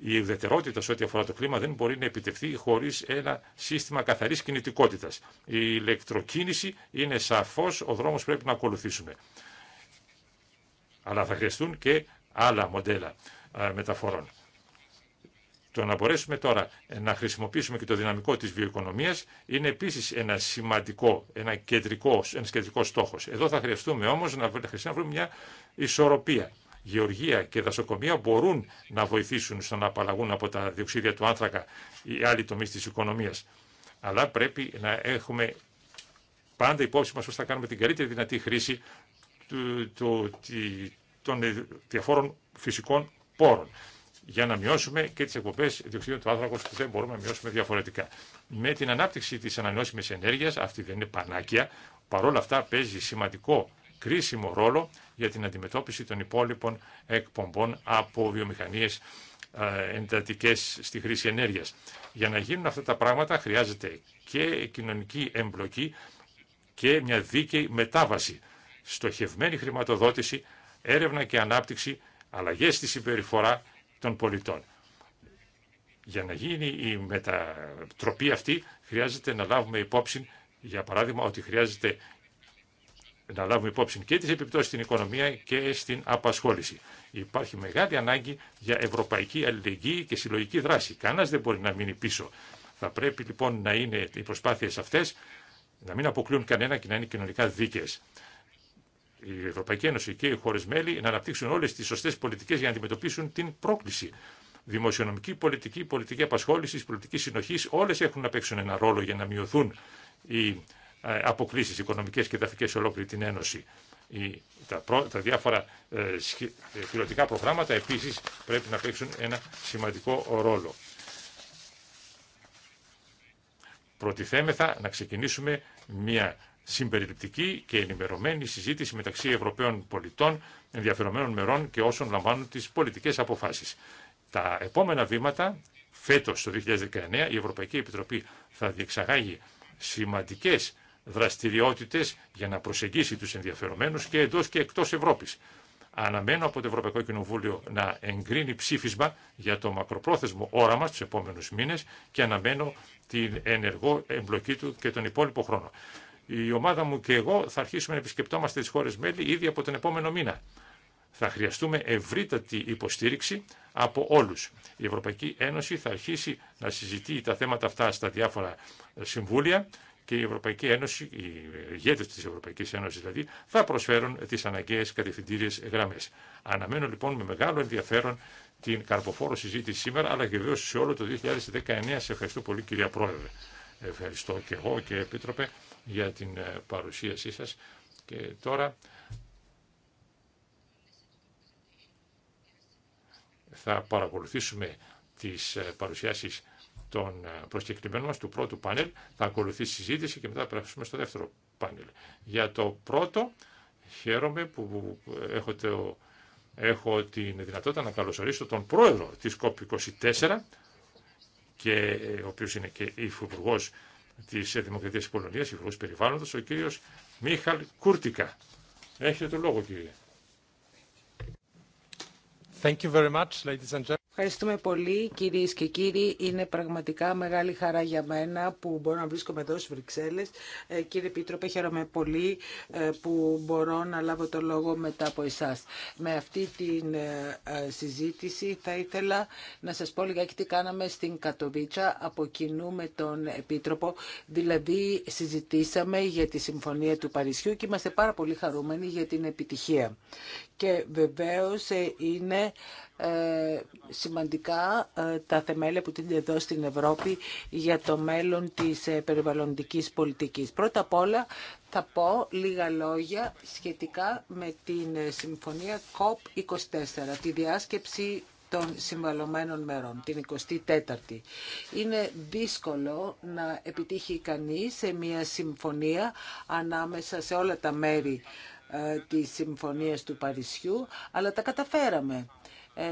Η ουδετερότητα σε ό,τι αφορά το κλίμα δεν μπορεί να επιτευχθεί χωρί ένα σύστημα καθαρή κινητικότητα. Η ηλεκτροκίνηση είναι σαφώ ο δρόμο που πρέπει να ακολουθήσουμε. Αλλά θα χρειαστούν και άλλα μοντέλα ε, μεταφορών. Το να μπορέσουμε τώρα ε, να χρησιμοποιήσουμε και το δυναμικό της βιοοικονομίας είναι επίσης ένα σημαντικό, ένα κεντρικό, ένας κεντρικός στόχος. Εδώ θα χρειαστούμε όμως να βρούμε μια ισορροπία. Γεωργία και δασοκομεία μπορούν να βοηθήσουν στο να απαλλαγούν από τα διοξίδια του άνθρακα ή άλλοι τομείς της οικονομίας. Αλλά πρέπει να έχουμε πάντα υπόψη μας ώστε θα κάνουμε την καλύτερη δυνατή χρήση του, του, των διαφόρων φυσικών πόρων για να μειώσουμε και τι εκπομπέ διοξιδίου του άνθρακο που δεν μπορούμε να μειώσουμε διαφορετικά. Με την ανάπτυξη τη ανανεώσιμη ενέργεια, αυτή δεν είναι πανάκια, παρόλα αυτά παίζει σημαντικό κρίσιμο ρόλο για την αντιμετώπιση των υπόλοιπων εκπομπών από βιομηχανίε ε, εντατικέ στη χρήση ενέργεια. Για να γίνουν αυτά τα πράγματα χρειάζεται και κοινωνική εμπλοκή και μια δίκαιη μετάβαση, στοχευμένη χρηματοδότηση, έρευνα και ανάπτυξη, αλλαγές στη συμπεριφορά των πολιτών. Για να γίνει η μετατροπή αυτή χρειάζεται να λάβουμε υπόψη, για παράδειγμα, ότι χρειάζεται να λάβουμε υπόψη και τις επιπτώσεις στην οικονομία και στην απασχόληση. Υπάρχει μεγάλη ανάγκη για ευρωπαϊκή αλληλεγγύη και συλλογική δράση. Κανένας δεν μπορεί να μείνει πίσω. Θα πρέπει λοιπόν να είναι οι προσπάθειες αυτές να μην αποκλείουν κανένα και να είναι κοινωνικά δίκαιες η Ευρωπαϊκή Ένωση και οι χώρε μέλη να αναπτύξουν όλε τι σωστέ πολιτικέ για να αντιμετωπίσουν την πρόκληση. Δημοσιονομική πολιτική, πολιτική απασχόληση, πολιτική συνοχή, όλε έχουν να παίξουν ένα ρόλο για να μειωθούν οι ε, αποκλήσει οικονομικέ και ταφικέ σε ολόκληρη την Ένωση. τα, τα διάφορα ε, ε, πιλωτικά προγράμματα επίση πρέπει να παίξουν ένα σημαντικό ρόλο. Προτιθέμεθα να ξεκινήσουμε μια συμπεριληπτική και ενημερωμένη συζήτηση μεταξύ Ευρωπαίων πολιτών, ενδιαφερομένων μερών και όσων λαμβάνουν τις πολιτικές αποφάσεις. Τα επόμενα βήματα, φέτος το 2019, η Ευρωπαϊκή Επιτροπή θα διεξαγάγει σημαντικές δραστηριότητες για να προσεγγίσει τους ενδιαφερομένους και εντός και εκτός Ευρώπης. Αναμένω από το Ευρωπαϊκό Κοινοβούλιο να εγκρίνει ψήφισμα για το μακροπρόθεσμο όραμα στους επόμενου μήνες και αναμένω την ενεργό εμπλοκή του και τον υπόλοιπο χρόνο η ομάδα μου και εγώ θα αρχίσουμε να επισκεπτόμαστε τις χώρες μέλη ήδη από τον επόμενο μήνα. Θα χρειαστούμε ευρύτατη υποστήριξη από όλους. Η Ευρωπαϊκή Ένωση θα αρχίσει να συζητεί τα θέματα αυτά στα διάφορα συμβούλια και η Ευρωπαϊκή Ένωση, οι ηγέτες της Ευρωπαϊκής Ένωσης δηλαδή, θα προσφέρουν τις αναγκαίες κατευθυντήριες γραμμές. Αναμένω λοιπόν με μεγάλο ενδιαφέρον την καρποφόρο συζήτηση σήμερα, αλλά και βεβαίως σε όλο το 2019. Σε ευχαριστώ πολύ κυρία Πρόεδρε. Ευχαριστώ και εγώ και επίτροπε για την ε, παρουσίασή σας. Και τώρα θα παρακολουθήσουμε τις ε, παρουσιάσεις των ε, προσκεκλημένων μας του πρώτου πάνελ. Θα ακολουθήσει συζήτηση και μετά θα περάσουμε στο δεύτερο πάνελ. Για το πρώτο χαίρομαι που έχω, το, έχω την δυνατότητα να καλωσορίσω τον πρόεδρο της COP24 και ο οποίος είναι και υφυπουργός τη Δημοκρατία τη Πολωνία, υπουργό περιβάλλοντο, ο κύριος Μίχαλ Κούρτικα. Έχετε το λόγο κύριε. Thank you very much, ladies and gentlemen. Ευχαριστούμε πολύ κυρίες και κύριοι. Είναι πραγματικά μεγάλη χαρά για μένα που μπορώ να βρίσκομαι εδώ στις Βρυξέλλες. Ε, κύριε Πίτροπε, χαίρομαι πολύ ε, που μπορώ να λάβω το λόγο μετά από εσάς. Με αυτή τη ε, συζήτηση θα ήθελα να σας πω λιγάκι τι κάναμε στην Κατοβίτσα από κοινού με τον Επίτροπο. Δηλαδή συζητήσαμε για τη Συμφωνία του Παρισιού και είμαστε πάρα πολύ χαρούμενοι για την επιτυχία και βεβαίως ε, είναι ε, σημαντικά ε, τα θεμέλια που τίνεται εδώ στην Ευρώπη για το μέλλον της περιβαλλοντικής πολιτικής. Πρώτα απ' όλα θα πω λίγα λόγια σχετικά με την συμφωνία COP24, τη διάσκεψη των συμβαλωμένων μερών, την 24η. Είναι δύσκολο να επιτύχει κανείς σε μια συμφωνία ανάμεσα σε όλα τα μέρη ε, τη Συμφωνίας του Παρισιού, αλλά τα καταφέραμε. Ε,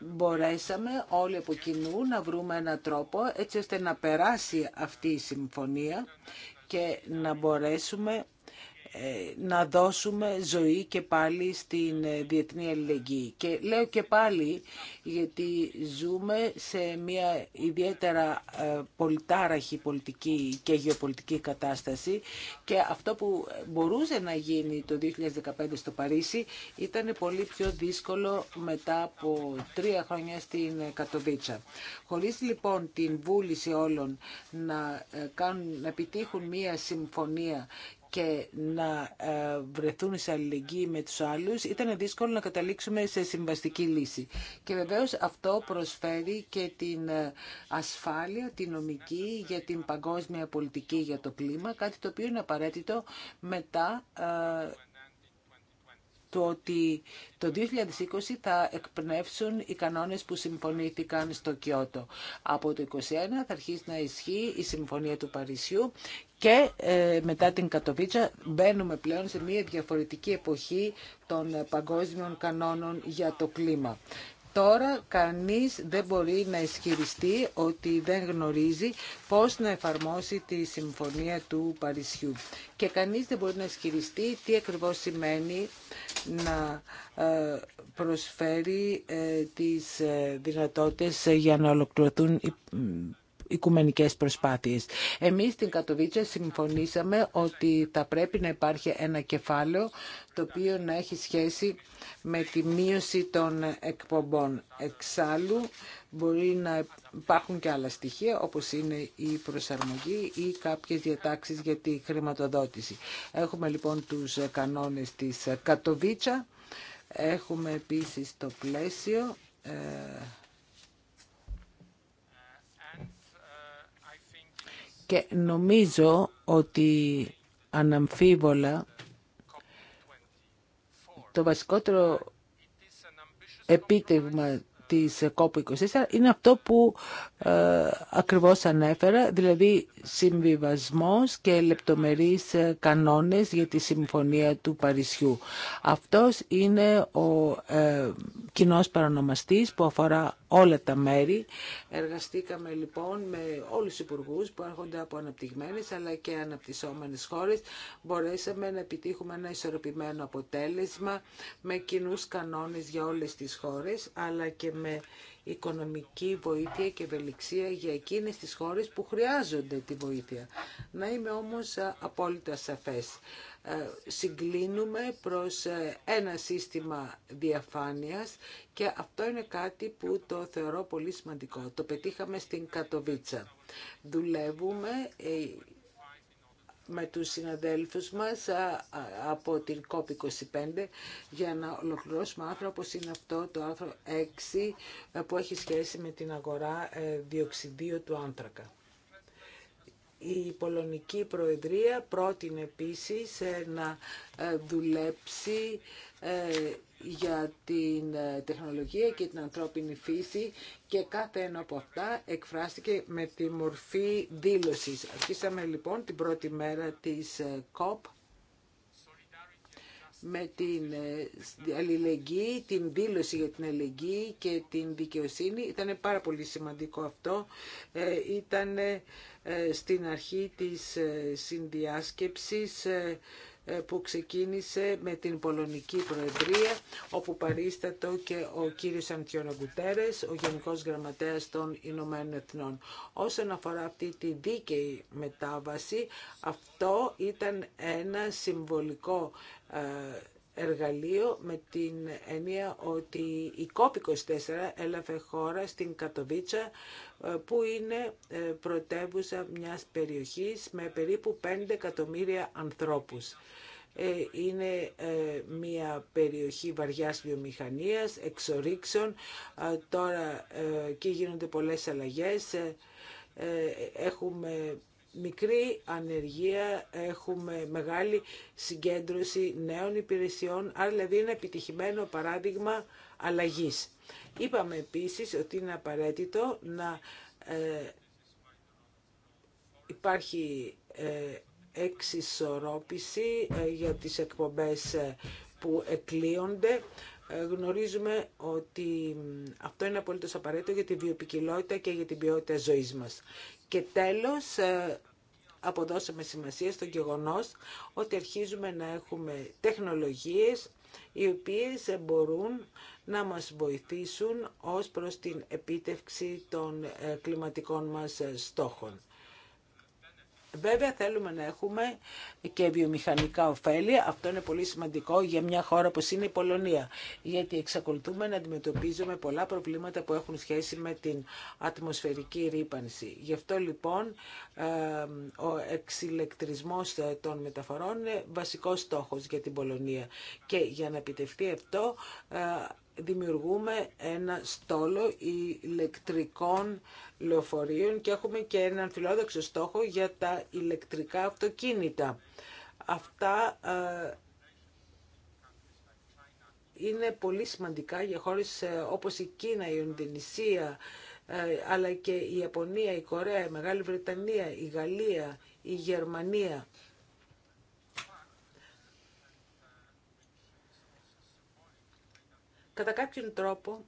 μπορέσαμε όλοι από κοινού να βρούμε έναν τρόπο έτσι ώστε να περάσει αυτή η συμφωνία και να μπορέσουμε ε, να δώσουμε ζωή και πάλι στην ε, διεθνή αλληλεγγύη. Και λέω και πάλι γιατί ζούμε σε μια ιδιαίτερα ε, πολυτάραχη πολιτική και γεωπολιτική κατάσταση και αυτό που μπορούσε να γίνει το 2015 στο Παρίσι ήταν πολύ πιο δύσκολο μετά από τρία χρόνια στην Κατοβίτσα. Χωρίς λοιπόν την βούληση όλων να, κάνουν, να επιτύχουν μια συμφωνία και να ε, βρεθούν σε αλληλεγγύη με τους άλλους, ήταν δύσκολο να καταλήξουμε σε συμβαστική λύση. Και βεβαίως αυτό προσφέρει και την ε, ασφάλεια, την νομική για την παγκόσμια πολιτική για το κλίμα, κάτι το οποίο είναι απαραίτητο μετά ε, το ότι το 2020 θα εκπνεύσουν οι κανόνες που συμφωνήθηκαν στο Κιώτο. Από το 2021 θα αρχίσει να ισχύει η Συμφωνία του Παρισιού και ε, μετά την Κατοβίτσα μπαίνουμε πλέον σε μια διαφορετική εποχή των παγκόσμιων κανόνων για το κλίμα. Τώρα κανείς δεν μπορεί να ισχυριστεί ότι δεν γνωρίζει πώς να εφαρμόσει τη Συμφωνία του Παρισιού. Και κανείς δεν μπορεί να ισχυριστεί τι ακριβώς σημαίνει να ε, προσφέρει ε, τις ε, δυνατότητες για να ολοκληρωθούν οικουμενικές προσπάθειες. Εμείς στην Κατοβίτσα συμφωνήσαμε ότι θα πρέπει να υπάρχει ένα κεφάλαιο το οποίο να έχει σχέση με τη μείωση των εκπομπών. Εξάλλου μπορεί να υπάρχουν και άλλα στοιχεία όπως είναι η προσαρμογή ή κάποιες διατάξεις για τη χρηματοδότηση. Έχουμε λοιπόν τους κανόνες της Κατοβίτσα. Έχουμε επίσης το πλαίσιο ε, Και νομίζω ότι αναμφίβολα το βασικότερο επίτευγμα της COP24 είναι αυτό που ε, ακριβώς ανέφερα, δηλαδή συμβιβασμός και λεπτομερείς ε, κανόνες για τη Συμφωνία του Παρισιού. Αυτός είναι ο ε, κοινός παρανομαστής που αφορά όλα τα μέρη. Εργαστήκαμε λοιπόν με όλους τους υπουργού που έρχονται από αναπτυγμένες αλλά και αναπτυσσόμενες χώρες. Μπορέσαμε να επιτύχουμε ένα ισορροπημένο αποτέλεσμα με κοινούς κανόνες για όλες τις χώρες αλλά και με οικονομική βοήθεια και ευελιξία για εκείνες τις χώρες που χρειάζονται τη βοήθεια. Να είμαι όμως απόλυτα σαφές. Ε, συγκλίνουμε προς ε, ένα σύστημα διαφάνειας και αυτό είναι κάτι που το θεωρώ πολύ σημαντικό. Το πετύχαμε στην Κατοβίτσα. Δουλεύουμε ε, με τους συναδέλφους μας από την COP25 για να ολοκληρώσουμε άρθρο όπως είναι αυτό το άρθρο 6 ε, που έχει σχέση με την αγορά ε, διοξιδίου του άνθρακα. Η Πολωνική Προεδρία πρότεινε επίσης ε, να δουλέψει για την ε, τεχνολογία και την ανθρώπινη φύση και κάθε ένα από αυτά εκφράστηκε με τη μορφή δήλωσης. Αρχίσαμε λοιπόν την πρώτη μέρα της COP ε, με την ε, αλληλεγγύη, την δήλωση για την αλληλεγγύη και την δικαιοσύνη. Ήταν πάρα πολύ σημαντικό αυτό. Ήταν στην αρχή της συνδιάσκεψης ε, που ξεκίνησε με την Πολωνική Προεδρία, όπου παρίστατο και ο κύριος Αντιόνα ο Γενικός Γραμματέας των Ηνωμένων Εθνών. Όσον αφορά αυτή τη δίκαιη μετάβαση, αυτό ήταν ένα συμβολικό ε, εργαλείο με την έννοια ότι η COP24 έλαβε χώρα στην Κατοβίτσα ε, που είναι ε, πρωτεύουσα μιας περιοχής με περίπου 5 εκατομμύρια ανθρώπους. Ε, είναι μια περιοχή βαριάς βιομηχανίας, εξορίξεων. Τώρα εκεί γίνονται πολλές αλλαγές. Έχουμε μικρή ανεργία, έχουμε μεγάλη συγκέντρωση νέων υπηρεσιών, άρα δηλαδή είναι επιτυχημένο παράδειγμα αλλαγής. Είπαμε επίσης ότι είναι απαραίτητο να ε, υπάρχει ε, εξισορρόπηση ε, για τις εκπομπές ε, που εκλείονται. Γνωρίζουμε ότι αυτό είναι απολύτως απαραίτητο για τη βιοπικιλότητα και για την ποιότητα ζωής μας. Και τέλος, αποδώσαμε σημασία στο γεγονός ότι αρχίζουμε να έχουμε τεχνολογίες οι οποίες μπορούν να μας βοηθήσουν ως προς την επίτευξη των ε, κλιματικών μας ε, στόχων. Βέβαια θέλουμε να έχουμε και βιομηχανικά ωφέλη. Αυτό είναι πολύ σημαντικό για μια χώρα όπως είναι η Πολωνία. Γιατί εξακολουθούμε να αντιμετωπίζουμε πολλά προβλήματα που έχουν σχέση με την ατμοσφαιρική ρήπανση. Γι' αυτό λοιπόν ο εξηλεκτρισμός ε, των μεταφορών είναι βασικός στόχος για την Πολωνία. Και για να επιτευχθεί αυτό ε, δημιουργούμε ένα στόλο ηλεκτρικών λεωφορείων και έχουμε και έναν φιλόδοξο στόχο για τα ηλεκτρικά αυτοκίνητα. Αυτά ε, είναι πολύ σημαντικά για χώρες ε, όπως η Κίνα, η Ινδονησία, ε, αλλά και η Ιαπωνία, η Κορέα, η Μεγάλη Βρετανία, η Γαλλία, η Γερμανία. Κατά κάποιον τρόπο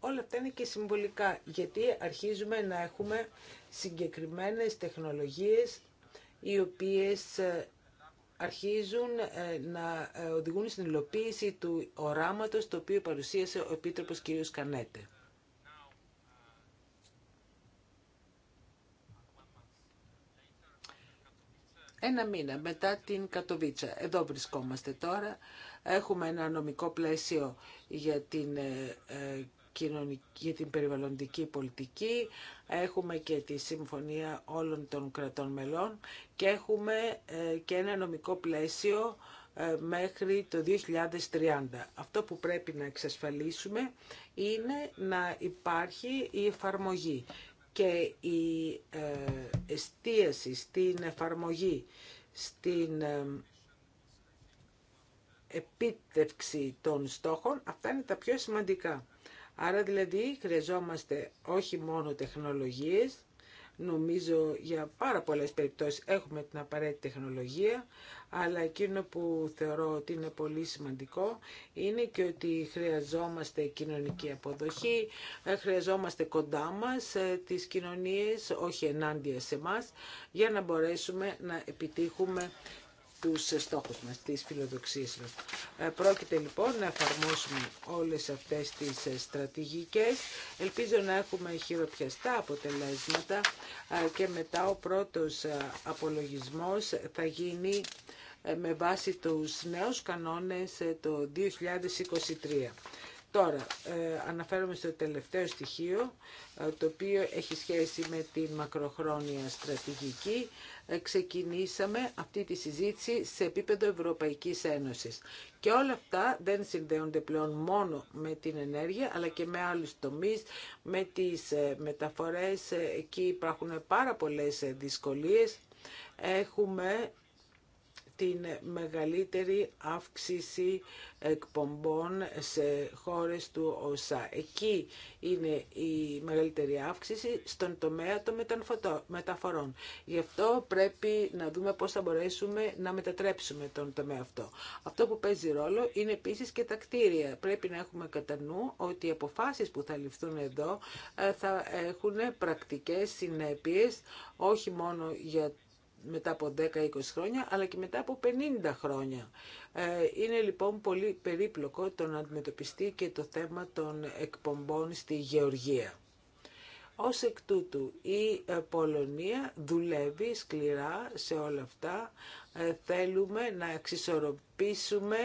όλα αυτά είναι και συμβολικά, γιατί αρχίζουμε να έχουμε συγκεκριμένες τεχνολογίες οι οποίες ε, αρχίζουν ε, να ε, οδηγούν στην υλοποίηση του οράματος το οποίο παρουσίασε ο Επίτροπος κ. Κανέτε. Ένα μήνα μετά την Κατοβίτσα. Εδώ βρισκόμαστε τώρα. Έχουμε ένα νομικό πλαίσιο για την ε, ε, για την περιβαλλοντική πολιτική, έχουμε και τη Συμφωνία όλων των κρατών μελών και έχουμε ε, και ένα νομικό πλαίσιο μέχρι το 2030. Αυτό που πρέπει να εξασφαλίσουμε είναι να υπάρχει η εφαρμογή και η εστίαση στην εφαρμογή, στην επίτευξη των στόχων, αυτά είναι τα πιο σημαντικά. Άρα δηλαδή χρειαζόμαστε όχι μόνο τεχνολογίες, νομίζω για πάρα πολλές περιπτώσεις έχουμε την απαραίτητη τεχνολογία, αλλά εκείνο που θεωρώ ότι είναι πολύ σημαντικό είναι και ότι χρειαζόμαστε κοινωνική αποδοχή, ε, χρειαζόμαστε κοντά μας ε, τις κοινωνίες, όχι ενάντια σε μας, για να μπορέσουμε να επιτύχουμε τους στόχους μας, τις φιλοδοξίες μας. Ε, πρόκειται λοιπόν να εφαρμόσουμε όλες αυτές τις ε, στρατηγικές. Ελπίζω να έχουμε χειροπιαστά αποτελέσματα ε, και μετά ο πρώτος απολογισμός θα γίνει με βάση τους νέους κανόνες το 2023. Τώρα, αναφέρομαι στο τελευταίο στοιχείο, το οποίο έχει σχέση με τη μακροχρόνια στρατηγική ξεκινήσαμε αυτή τη συζήτηση σε επίπεδο Ευρωπαϊκής Ένωσης. Και όλα αυτά δεν συνδέονται πλέον μόνο με την ενέργεια, αλλά και με άλλους τομείς, με τις ε, μεταφορές. Ε, εκεί υπάρχουν πάρα πολλές ε, δυσκολίες. Έχουμε την μεγαλύτερη αύξηση εκπομπών σε χώρες του ΟΣΑ. Εκεί είναι η μεγαλύτερη αύξηση στον τομέα των μεταφορών. Γι' αυτό πρέπει να δούμε πώς θα μπορέσουμε να μετατρέψουμε τον τομέα αυτό. Αυτό που παίζει ρόλο είναι επίσης και τα κτίρια. Πρέπει να έχουμε κατά νου ότι οι αποφάσεις που θα ληφθούν εδώ ε, θα έχουν πρακτικές συνέπειες όχι μόνο για μετά από 10-20 χρόνια, αλλά και μετά από 50 χρόνια. Ε, είναι λοιπόν πολύ περίπλοκο το να αντιμετωπιστεί και το θέμα των εκπομπών στη Γεωργία. Ως εκ τούτου, η ε, Πολωνία δουλεύει σκληρά σε όλα αυτά. Ε, θέλουμε να εξισορροπήσουμε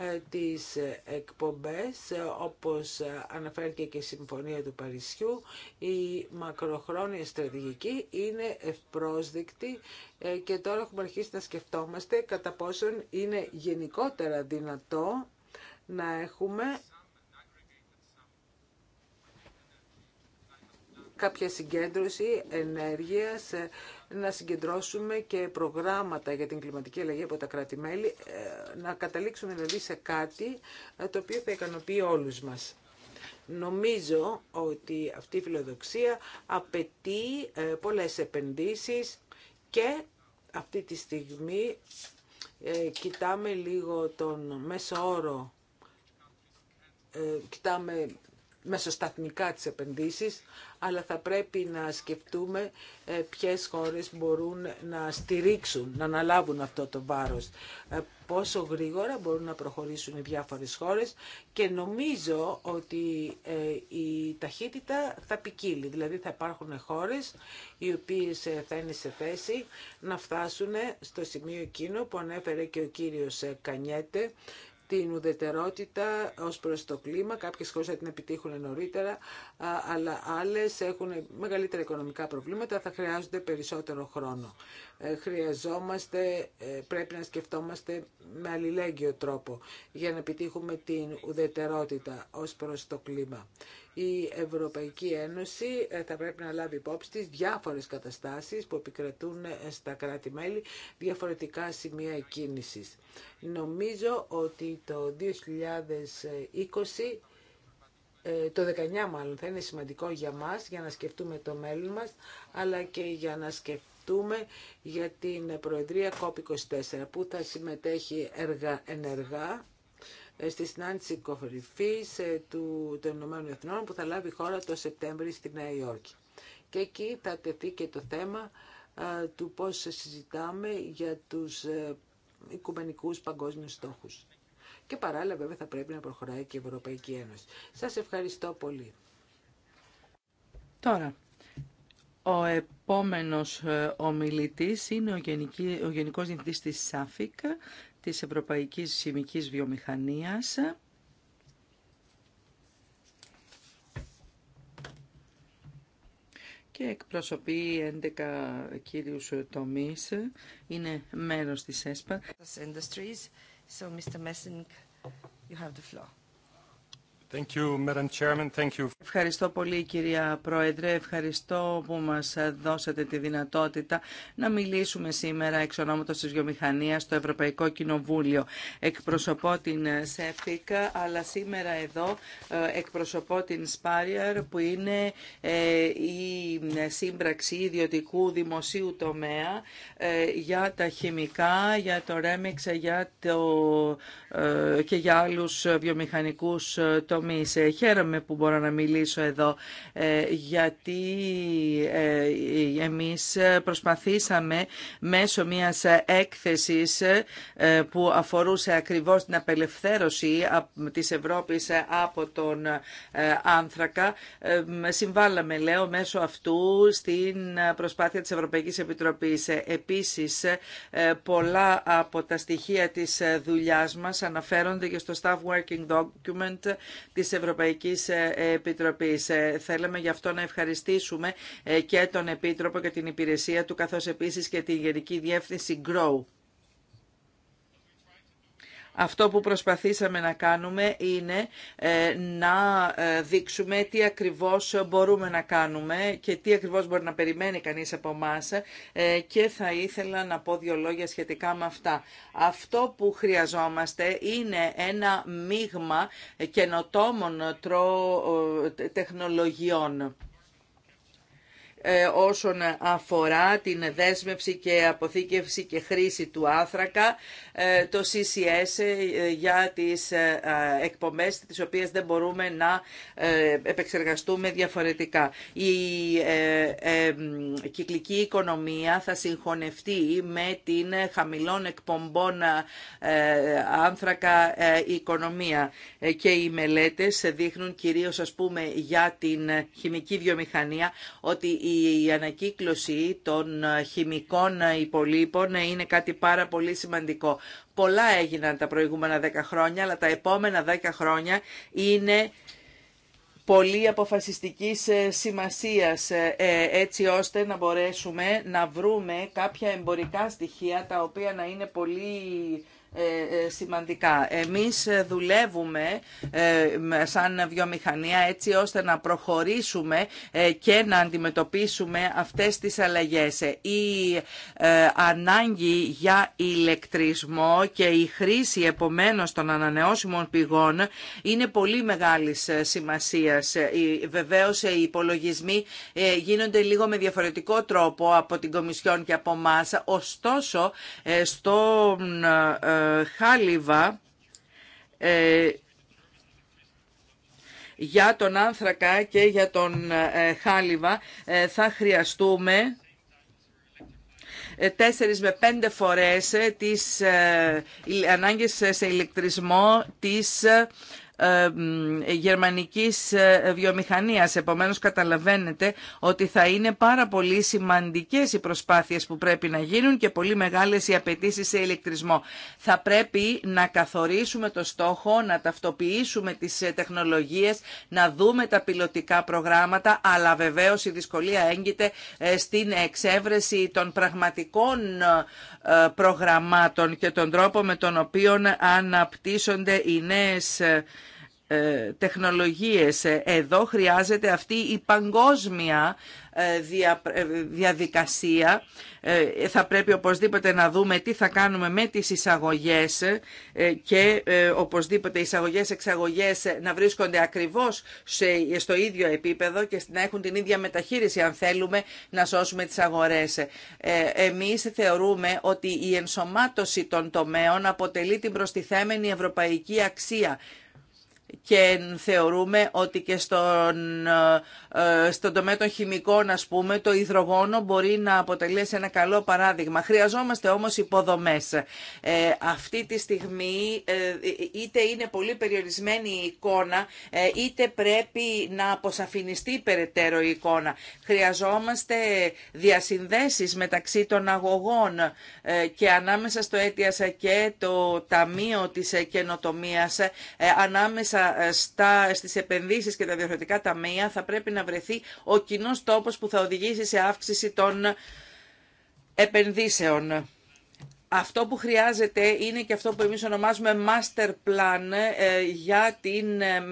ε, τις εκπομπές ε, όπως αναφέρθηκε και η Συμφωνία του Παρισιού η μακροχρόνια στρατηγική είναι ευπρόσδεκτη ε, και τώρα έχουμε αρχίσει να σκεφτόμαστε κατά πόσον είναι γενικότερα δυνατό να έχουμε κάποια συγκέντρωση ενέργειας να συγκεντρώσουμε και προγράμματα για την κλιματική αλλαγή από τα κράτη-μέλη, ε, να καταλήξουμε δηλαδή σε κάτι ε, το οποίο θα ικανοποιεί όλους μας. Νομίζω ότι αυτή η φιλοδοξία απαιτεί ε, πολλές επενδύσεις και αυτή τη στιγμή κοιτάμε λίγο τον μέσο όρο, κοιτάμε μεσοσταθμικά τις επενδύσεις, αλλά θα πρέπει να σκεφτούμε ε, ποιες χώρες μπορούν να στηρίξουν, να αναλάβουν αυτό το βάρος. Ε, πόσο γρήγορα μπορούν να προχωρήσουν οι διάφορες χώρες και νομίζω ότι ε, η ταχύτητα θα ποικίλει. Δηλαδή θα υπάρχουν χώρες οι οποίες θα είναι σε θέση να φτάσουν στο σημείο εκείνο που ανέφερε και ο κύριος Κανιέτε την ουδετερότητα ως προς το κλίμα. Κάποιες χώρες θα την επιτύχουν νωρίτερα, αλλά άλλες έχουν μεγαλύτερα οικονομικά προβλήματα, θα χρειάζονται περισσότερο χρόνο. Ε, χρειαζόμαστε, ε, πρέπει να σκεφτόμαστε με αλληλέγγυο τρόπο για να επιτύχουμε την ουδετερότητα ως προς το κλίμα η Ευρωπαϊκή Ένωση ε, θα πρέπει να λάβει υπόψη τις διάφορες καταστάσεις που επικρατούν ε, στα κράτη-μέλη, διαφορετικά σημεία κίνησης. Νομίζω ότι το 2020 ε, το 19 μάλλον θα είναι σημαντικό για μας, για να σκεφτούμε το μέλλον μας, αλλά και για να σκεφτούμε για την Προεδρία COP24, που θα συμμετέχει εργα, ενεργά στη συνάντηση κορυφής ε, του, των Ηνωμένων Εθνών που θα λάβει η χώρα το Σεπτέμβριο στη Νέα Υόρκη. Και εκεί θα τεθεί και το θέμα ε, του πώς συζητάμε για τους ε, οικουμενικούς παγκόσμιους στόχους. Και παράλληλα βέβαια θα πρέπει να προχωράει και η Ευρωπαϊκή Ένωση. Σας ευχαριστώ πολύ. Τώρα, ο επόμενος ομιλητής είναι ο, Γενική, ο Γενικός Διευθυντής της της Ευρωπαϊκής Σημικής Βιομηχανίας. και εκπροσωπεί 11 κύριους τομείς. Είναι μέρος της ΕΣΠΑ. Thank you, Madam Chairman. Thank Ευχαριστώ πολύ κυρία Πρόεδρε, ευχαριστώ που μας δώσατε τη δυνατότητα να μιλήσουμε σήμερα εξ ονόματος της βιομηχανίας στο Ευρωπαϊκό Κοινοβούλιο. Εκπροσωπώ την ΣΕΦΙΚ, αλλά σήμερα εδώ ε, εκπροσωπώ την ΣΠΑΡΙΑΡ που είναι ε, η σύμπραξη ιδιωτικού δημοσίου τομέα ε, για τα χημικά, για το ρέμιξ για το, και για άλλους βιομηχανικούς τομείς τομείς. Ε, χαίρομαι που μπορώ να μιλήσω εδώ, ε, γιατί ε, εμείς προσπαθήσαμε μέσω μιας έκθεσης που αφορούσε ακριβώς την απελευθέρωση της Ευρώπης από τον άνθρακα. Συμβάλαμε, λέω, μέσω αυτού στην προσπάθεια της Ευρωπαϊκής Επιτροπής. Επίσης, πολλά από τα στοιχεία της δουλειάς μας αναφέρονται και στο Staff Working Document της Ευρωπαϊκής ε, Επιτροπής. Ε, θέλαμε γι' αυτό να ευχαριστήσουμε ε, και τον Επίτροπο και την υπηρεσία του, καθώς επίσης και τη Γενική Διεύθυνση GROW. Αυτό που προσπαθήσαμε να κάνουμε είναι ε, να ε, δείξουμε τι ακριβώς μπορούμε να κάνουμε και τι ακριβώς μπορεί να περιμένει κανείς από εμά και θα ήθελα να πω δύο λόγια σχετικά με αυτά. Αυτό που χρειαζόμαστε είναι ένα μείγμα καινοτόμων ε, τεχνολογιών. Ε, όσον αφορά την δέσμευση και αποθήκευση και χρήση του άνθρακα, ε, το CCS ε, για τις εκπομπές τις οποίες δεν μπορούμε να επεξεργαστούμε διαφορετικά. Η κυκλική οικονομία θα συγχωνευτεί με την χαμηλών εκπομπών άνθρακα οικονομία και οι μελέτες δείχνουν κυρίως ας πούμε για την χημική βιομηχανία ότι η ανακύκλωση των χημικών υπολείπων είναι κάτι πάρα πολύ σημαντικό. Πολλά έγιναν τα προηγούμενα δέκα χρόνια, αλλά τα επόμενα δέκα χρόνια είναι πολύ αποφασιστικής σημασίας ε, έτσι ώστε να μπορέσουμε να βρούμε κάποια εμπορικά στοιχεία τα οποία να είναι πολύ ε, ε, σημαντικά. Εμείς ε, δουλεύουμε σαν βιομηχανία έτσι ώστε να προχωρήσουμε και να αντιμετωπίσουμε αυτές τις αλλαγές. Η ανάγκη για ηλεκτρισμό και η χρήση επομένως των ανανεώσιμων πηγών είναι πολύ μεγάλης σημασίας. Βεβαίως οι υπολογισμοί γίνονται λίγο με διαφορετικό τρόπο από την Κομισιόν και από εμά. Ωστόσο, στον χάλιβα ε, για τον άνθρακα και για τον ε, χάλιβα ε, θα χρειαστούμε τέσσερις με πέντε φορές τις ανάγκες σε ηλεκτρισμό της γερμανικής ε, βιομηχανίας. Επομένως καταλαβαίνετε ότι θα είναι πάρα πολύ σημαντικές οι προσπάθειες που πρέπει να γίνουν και πολύ μεγάλες οι απαιτήσει σε ηλεκτρισμό. Θα πρέπει να καθορίσουμε το στόχο, να ταυτοποιήσουμε τις ε, τεχνολογίες, να δούμε τα πιλωτικά προγράμματα, αλλά βεβαίως η δυσκολία έγκυται ε, στην εξέβρεση των πραγματικών προγραμμάτων και τον τρόπο με τον οποίο αναπτύσσονται οι νέες ε, τεχνολογίες. Ε, εδώ χρειάζεται αυτή η παγκόσμια ε, διαδικασία. Θα πρέπει οπωσδήποτε να δούμε τι θα κάνουμε με τις εισαγωγές και οπωσδήποτε οι εισαγωγές-εξαγωγές να βρίσκονται ακριβώς στο ίδιο επίπεδο και να έχουν την ίδια μεταχείριση αν θέλουμε να σώσουμε τις αγορές. Εμείς θεωρούμε ότι η ενσωμάτωση των τομέων αποτελεί την προστιθέμενη ευρωπαϊκή αξία και θεωρούμε ότι και στον, ε, στον τομέα των χημικών, ας πούμε, το υδρογόνο μπορεί να αποτελέσει ένα καλό παράδειγμα. Χρειαζόμαστε όμως υποδομές. Ε, αυτή τη στιγμή ε, είτε είναι πολύ περιορισμένη η εικόνα, ε, είτε πρέπει να αποσαφινιστεί περαιτέρω η εικόνα. Χρειαζόμαστε διασυνδέσεις μεταξύ των αγωγών και ανάμεσα στο αίτιασα και το Ταμείο της Καινοτομίας, ανάμεσα ε, στα, στις επενδύσεις και τα διαφορετικά ταμεία θα πρέπει να βρεθεί ο κοινός τόπος που θα οδηγήσει σε αύξηση των επενδύσεων. Αυτό που χρειάζεται είναι και αυτό που εμείς ονομάζουμε master plan ε, για την ε,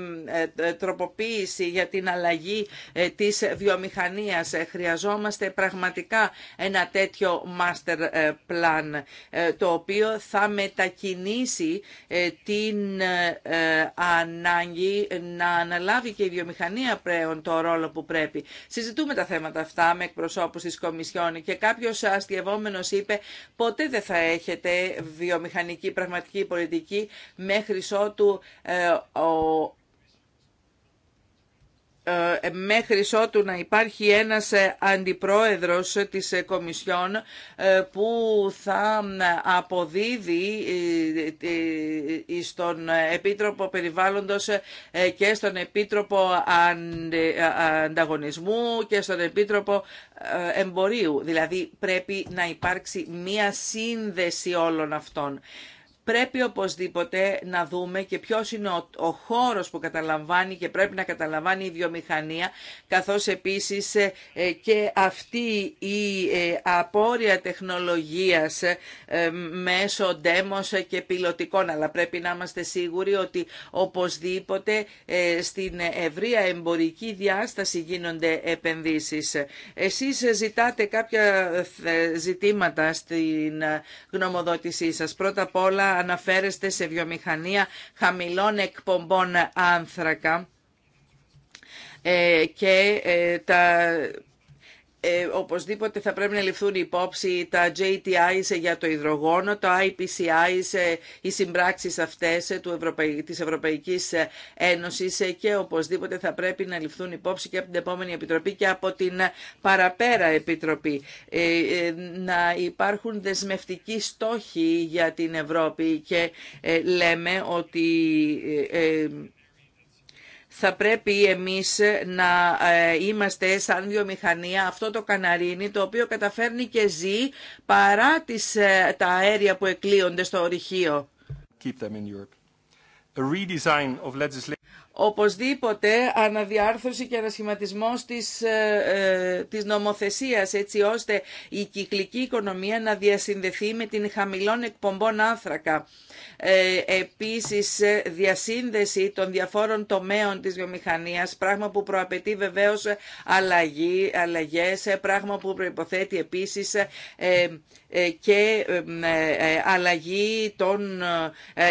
ε, τροποποίηση, για την αλλαγή της βιομηχανίας. Χρειαζόμαστε πραγματικά ένα τέτοιο master plan, το οποίο θα μετακινήσει την ανάγκη να αναλάβει και η βιομηχανία πρέον το ρόλο που πρέπει. Συζητούμε τα θέματα αυτά με εκπροσώπους της Κομισιόν και κάποιος αστιαβόμενος είπε «Ποτέ δεν θα έχετε βιομηχανική πραγματική πολιτική μέχρι ότου ε, ο ε, μέχρι ότου να υπάρχει ένας ε, αντιπρόεδρος της ε, Κομισιόν που θα αποδίδει στον Επίτροπο Περιβάλλοντος και στον Επίτροπο Ανταγωνισμού και στον Επίτροπο Εμπορίου. Δηλαδή πρέπει να υπάρξει μία σύνδεση όλων αυτών πρέπει οπωσδήποτε να δούμε και ποιος είναι ο, ο χώρος που καταλαμβάνει και πρέπει να καταλαμβάνει η βιομηχανία, καθώς επίσης ε, ε, και αυτή η ε, απόρρια τεχνολογίας μέσω ντέμος και πιλωτικών, αλλά πρέπει να είμαστε σίγουροι ότι οπωσδήποτε στην ευρεία εμπορική διάσταση γίνονται επενδύσεις. Εσείς ζητάτε κάποια ζητήματα στην γνωμοδότησή σας. Πρώτα απ' όλα αναφέρεστε σε βιομηχανία χαμηλών εκπομπών άνθρακα ε, και ε, τα ε, οπωσδήποτε θα πρέπει να ληφθούν υπόψη τα JTI για το υδρογόνο, τα IPCIs, ε, οι συμπράξεις αυτές ε, του Ευρωπαϊκή Ένωση Ευρωπαϊκής ε, Ένωσης και οπωσδήποτε θα πρέπει να ληφθούν υπόψη και από την επόμενη Επιτροπή και από την παραπέρα Επιτροπή. να υπάρχουν δεσμευτικοί στόχοι για την Ευρώπη και λέμε ότι θα πρέπει εμείς να ε, είμαστε σαν βιομηχανία αυτό το καναρίνι το οποίο καταφέρνει και ζει παρά τις, ε, τα αέρια που εκλείονται στο ορυχείο οπωσδήποτε αναδιάρθρωση και ανασχηματισμό της, ε, ε, της νομοθεσίας έτσι ώστε η κυκλική οικονομία να διασυνδεθεί με την χαμηλών εκπομπών άνθρακα. Ε, επίσης ε, διασύνδεση των διαφόρων τομέων της βιομηχανίας, πράγμα που προαπαιτεί βεβαίως αλλαγή, αλλαγές, ε, πράγμα που προϋποθέτει επίσης και αλλαγή των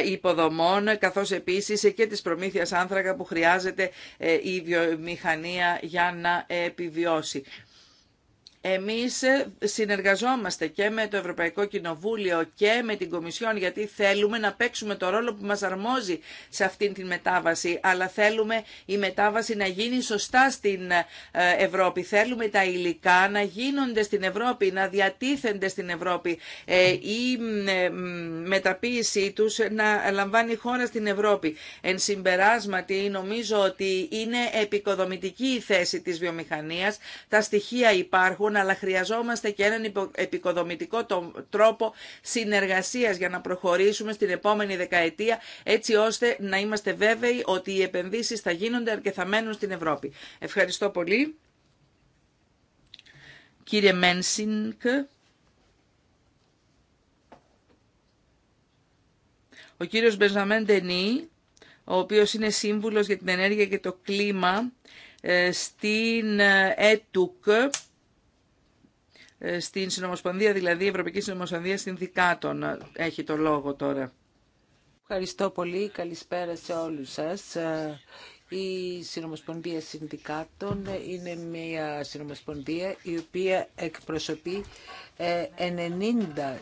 υποδομών καθώς επίσης και της προμήθειας άνθρακα που χρειάζεται ε, η βιομηχανία για να επιβιώσει. Εμείς ε, συνεργαζόμαστε και με το Ευρωπαϊκό Κοινοβούλιο και με την Κομισιόν γιατί θέλουμε να παίξουμε το ρόλο που μας αρμόζει σε αυτήν την μετάβαση αλλά θέλουμε η μετάβαση να γίνει σωστά στην ε, Ευρώπη. Θέλουμε τα υλικά να γίνονται στην Ευρώπη, να διατίθενται στην Ευρώπη ε, η μεταποίησή τους να λαμβάνει χώρα στην Ευρώπη. Εν συμπεράσματι νομίζω ότι είναι επικοδομητική η θέση της βιομηχανίας, τα στοιχεία υπάρχουν αλλά χρειαζόμαστε και έναν επικοδομητικό τρόπο συνεργασίας για να προχωρήσουμε στην επόμενη δεκαετία, έτσι ώστε να είμαστε βέβαιοι ότι οι επενδύσεις θα γίνονται και θα μένουν στην Ευρώπη. Ευχαριστώ πολύ. Κύριε Μένσινγκ. Ο κύριος Μπεζαμέν Ντενή, ο οποίος είναι σύμβουλος για την ενέργεια και το κλίμα ε, στην ε, ΕΤΟΚ, ε, στην Συνομοσπονδία, δηλαδή η Ευρωπαϊκή Συνομοσπονδία Συνδικάτων έχει το λόγο τώρα. Ευχαριστώ πολύ. Καλησπέρα σε όλους σας. Ε, η Συνομοσπονδία Συνδικάτων είναι μια συνομοσπονδία η οποία εκπροσωπεί 90 ε,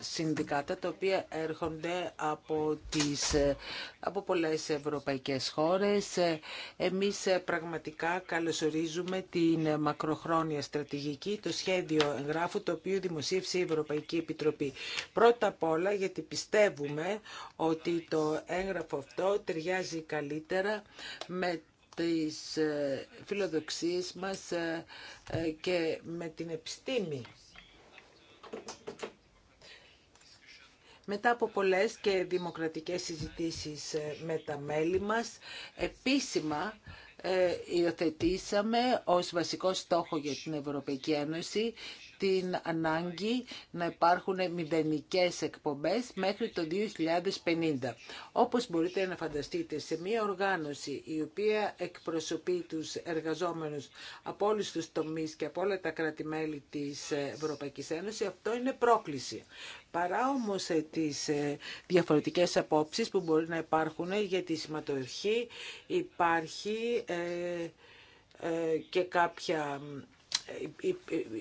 συνδικάτα τα οποία έρχονται από, τις, ε, από πολλές ευρωπαϊκές χώρες. Ε, εμείς πραγματικά καλωσορίζουμε την μακροχρόνια στρατηγική, το σχέδιο εγγράφου το οποίο δημοσίευσε η Ευρωπαϊκή Επιτροπή. Πρώτα απ' όλα γιατί πιστεύουμε ότι το έγγραφο αυτό ταιριάζει καλύτερα με τις ε, φιλοδοξίες μας ε, ε, και με την επιστήμη. Μετά από πολλές και δημοκρατικές συζητήσεις με τα μέλη μας, επίσημα υιοθετήσαμε ως βασικό στόχο για την Ευρωπαϊκή Ένωση την ανάγκη να υπάρχουν μηδενικές εκπομπές μέχρι το 2050. Όπως μπορείτε να φανταστείτε, σε μια οργάνωση η οποία εκπροσωπεί τους εργαζόμενους από όλους τους τομείς και από όλα τα κρατη της Ευρωπαϊκής Ένωσης, αυτό είναι πρόκληση. Παρά όμως ε, τις ε, διαφορετικές απόψεις που μπορεί να υπάρχουν για τη σηματοδοχή υπάρχει ε, και κάποια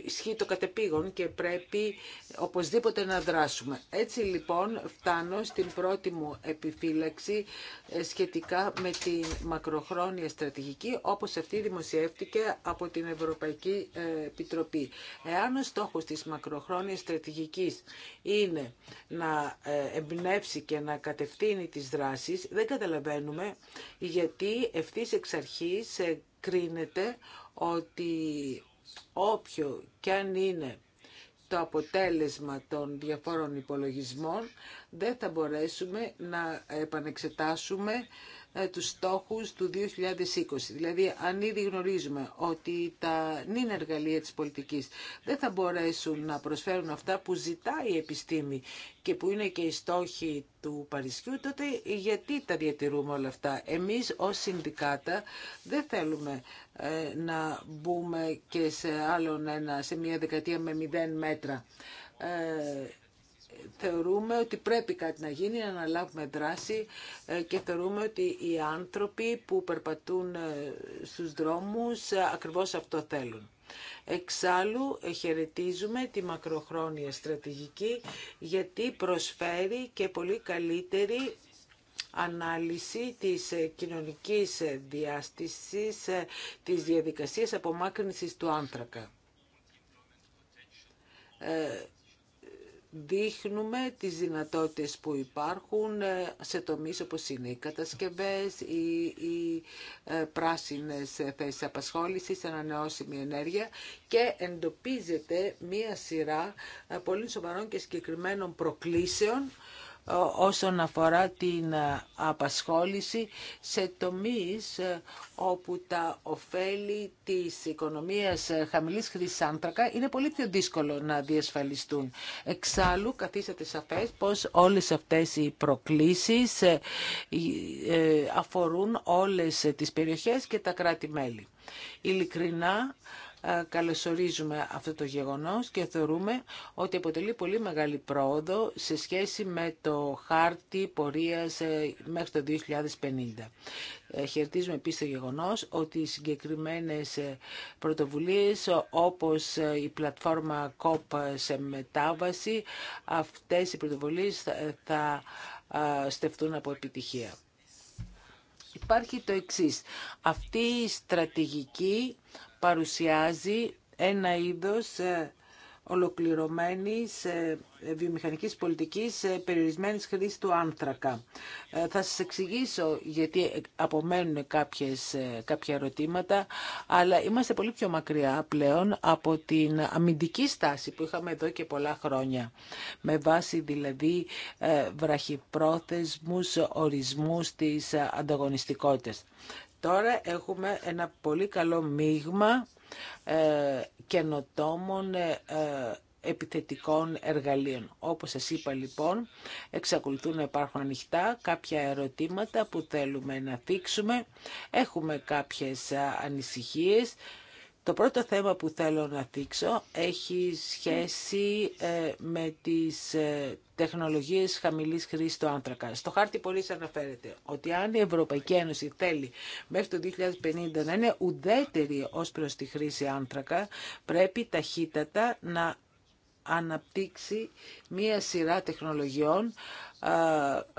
ισχύει το κατεπήγον και πρέπει οπωσδήποτε να δράσουμε. Έτσι λοιπόν φτάνω στην πρώτη μου επιφύλαξη ε, σχετικά με τη μακροχρόνια στρατηγική όπως αυτή δημοσιεύτηκε από την Ευρωπαϊκή ε, Επιτροπή. Εάν ο στόχος της μακροχρόνιας στρατηγικής είναι να ε, εμπνεύσει και να κατευθύνει τις δράσεις, δεν καταλαβαίνουμε γιατί ευθύς εξ αρχής κρίνεται ότι όποιο και αν είναι το αποτέλεσμα των διαφόρων υπολογισμών, δεν θα μπορέσουμε να επανεξετάσουμε ε, τους στόχους του 2020. Δηλαδή, αν ήδη γνωρίζουμε ότι τα νυν εργαλεία της πολιτικής δεν θα μπορέσουν να προσφέρουν αυτά που ζητάει η επιστήμη και που είναι και οι στόχοι του Παρισιού, τότε γιατί τα διατηρούμε όλα αυτά. Εμείς ως συνδικάτα δεν θέλουμε ε, να μπούμε και σε άλλον ένα, σε μια δεκαετία με μηδέν μέτρα. Ε, θεωρούμε ότι πρέπει κάτι να γίνει, να αναλάβουμε δράση ε, και θεωρούμε ότι οι άνθρωποι που περπατούν ε, στους δρόμους ε, ακριβώς αυτό θέλουν. Εξάλλου χαιρετίζουμε τη μακροχρόνια στρατηγική γιατί προσφέρει και πολύ καλύτερη ανάλυση της κοινωνικής διάστησης της διαδικασίας απομάκρυνσης του άνθρακα δείχνουμε τις δυνατότητες που υπάρχουν ε, σε τομείς όπως είναι οι κατασκευές, οι, οι ε, πράσινες θέσεις απασχόλησης, ανανεώσιμη ενέργεια και εντοπίζεται μία σειρά ε, πολύ σοβαρών και συγκεκριμένων προκλήσεων όσον αφορά την ε, απασχόληση σε τομείς ε, όπου τα ωφέλη της οικονομίας ε, χαμηλής χρήσης άνθρακα είναι πολύ πιο δύσκολο να διασφαλιστούν. Εξάλλου, καθίσατε σαφές πως όλες αυτές οι προκλήσεις αφορούν όλες τις περιοχές και τα κράτη-μέλη. Ειλικρινά, καλωσορίζουμε αυτό το γεγονός και θεωρούμε ότι αποτελεί πολύ μεγάλη πρόοδο σε σχέση με το χάρτη πορείας ε, μέχρι το 2050. Ε, χαιρετίζουμε επίσης το γεγονός ότι οι συγκεκριμένες ε, πρωτοβουλίες όπως η πλατφόρμα COP σε μετάβαση, αυτές οι πρωτοβουλίες θα στεφτούν από επιτυχία. Υπάρχει το εξής. Αυτή η στρατηγική παρουσιάζει ένα είδος ε, ολοκληρωμένης ε, βιομηχανικής πολιτικής ε, περιορισμένης χρήση του άνθρακα. Θα σας εξηγήσω γιατί απομένουν κάποιες, κάποια ερωτήματα, αλλά είμαστε πολύ πιο μακριά πλέον από την αμυντική στάση που είχαμε εδώ και πολλά χρόνια. Με βάση δηλαδή βραχυπρόθεσμους ορισμούς της ανταγωνιστικότητας. Τώρα έχουμε ένα πολύ καλό μείγμα ε, καινοτόμων ε, ε, επιθετικών εργαλείων. Όπως σας είπα λοιπόν, εξακολουθούν να υπάρχουν ανοιχτά κάποια ερωτήματα που θέλουμε να θίξουμε. Έχουμε κάποιες ανησυχίες το πρώτο θέμα που θέλω να δείξω έχει σχέση ε, με τις ε, τεχνολογίες χαμηλής χρήσης του άνθρακα. Στο χάρτη πολύ αναφέρεται ότι αν η Ευρωπαϊκή Ένωση θέλει μέχρι το 2050 να είναι ουδέτερη ως προς τη χρήση άνθρακα, πρέπει ταχύτατα να αναπτύξει μία σειρά τεχνολογιών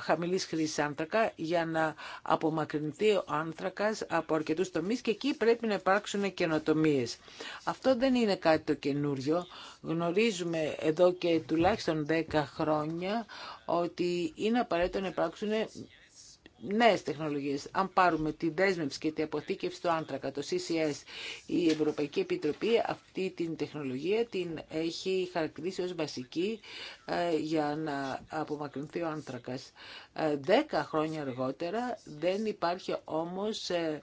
χαμηλής χρήσης άνθρακα για να απομακρυνθεί ο άνθρακας από αρκετούς τομείς και εκεί πρέπει να υπάρξουν καινοτομίες. Αυτό δεν είναι κάτι το καινούριο. Γνωρίζουμε εδώ και τουλάχιστον 10 χρόνια ότι είναι απαραίτητο να υπάρξουν νέες τεχνολογίες. Αν πάρουμε τη δέσμευση και τη αποθήκευση του άνθρακα, το CCS, η Ευρωπαϊκή Επιτροπή αυτή την τεχνολογία την έχει χαρακτηρίσει ως βασική ε, για να απομακρυνθεί ο άνθρακας. Ε, δέκα χρόνια αργότερα δεν υπάρχει όμως ε,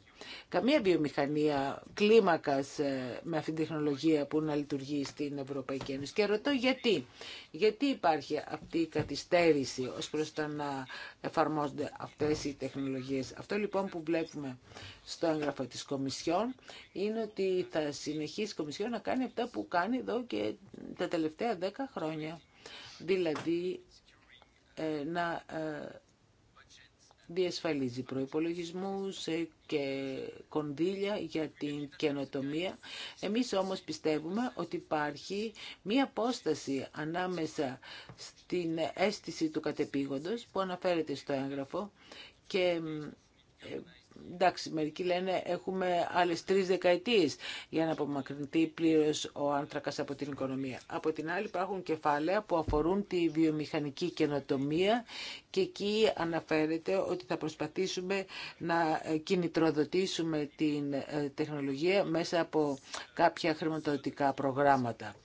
καμία βιομηχανία κλίμακας ε, με αυτήν την τεχνολογία που να λειτουργεί στην Ευρωπαϊκή Ένωση. Και ρωτώ γιατί. Γιατί υπάρχει αυτή η καθυστέρηση ως προς το να εφαρμόζονται αυτές οι τεχνολογίες. Αυτό λοιπόν που βλέπουμε στο έγγραφο της Κομισιόν είναι ότι θα συνεχίσει η Κομισιόν να κάνει αυτά που κάνει εδώ και τα τελευταία δέκα χρόνια. Δηλαδή ε, να ε, διασφαλίζει προϋπολογισμούς ε, και κονδύλια για την καινοτομία. Εμείς όμως πιστεύουμε ότι υπάρχει μία απόσταση ανάμεσα στην αίσθηση του κατεπήγοντος που αναφέρεται στο έγγραφο και εντάξει, μερικοί λένε έχουμε άλλε τρει δεκαετίε για να απομακρυνθεί πλήρως ο άνθρακας από την οικονομία. Από την άλλη υπάρχουν κεφάλαια που αφορούν τη βιομηχανική καινοτομία και εκεί αναφέρεται ότι θα προσπαθήσουμε να ε, κινητροδοτήσουμε την ε, τεχνολογία μέσα από κάποια χρηματοδοτικά προγράμματα.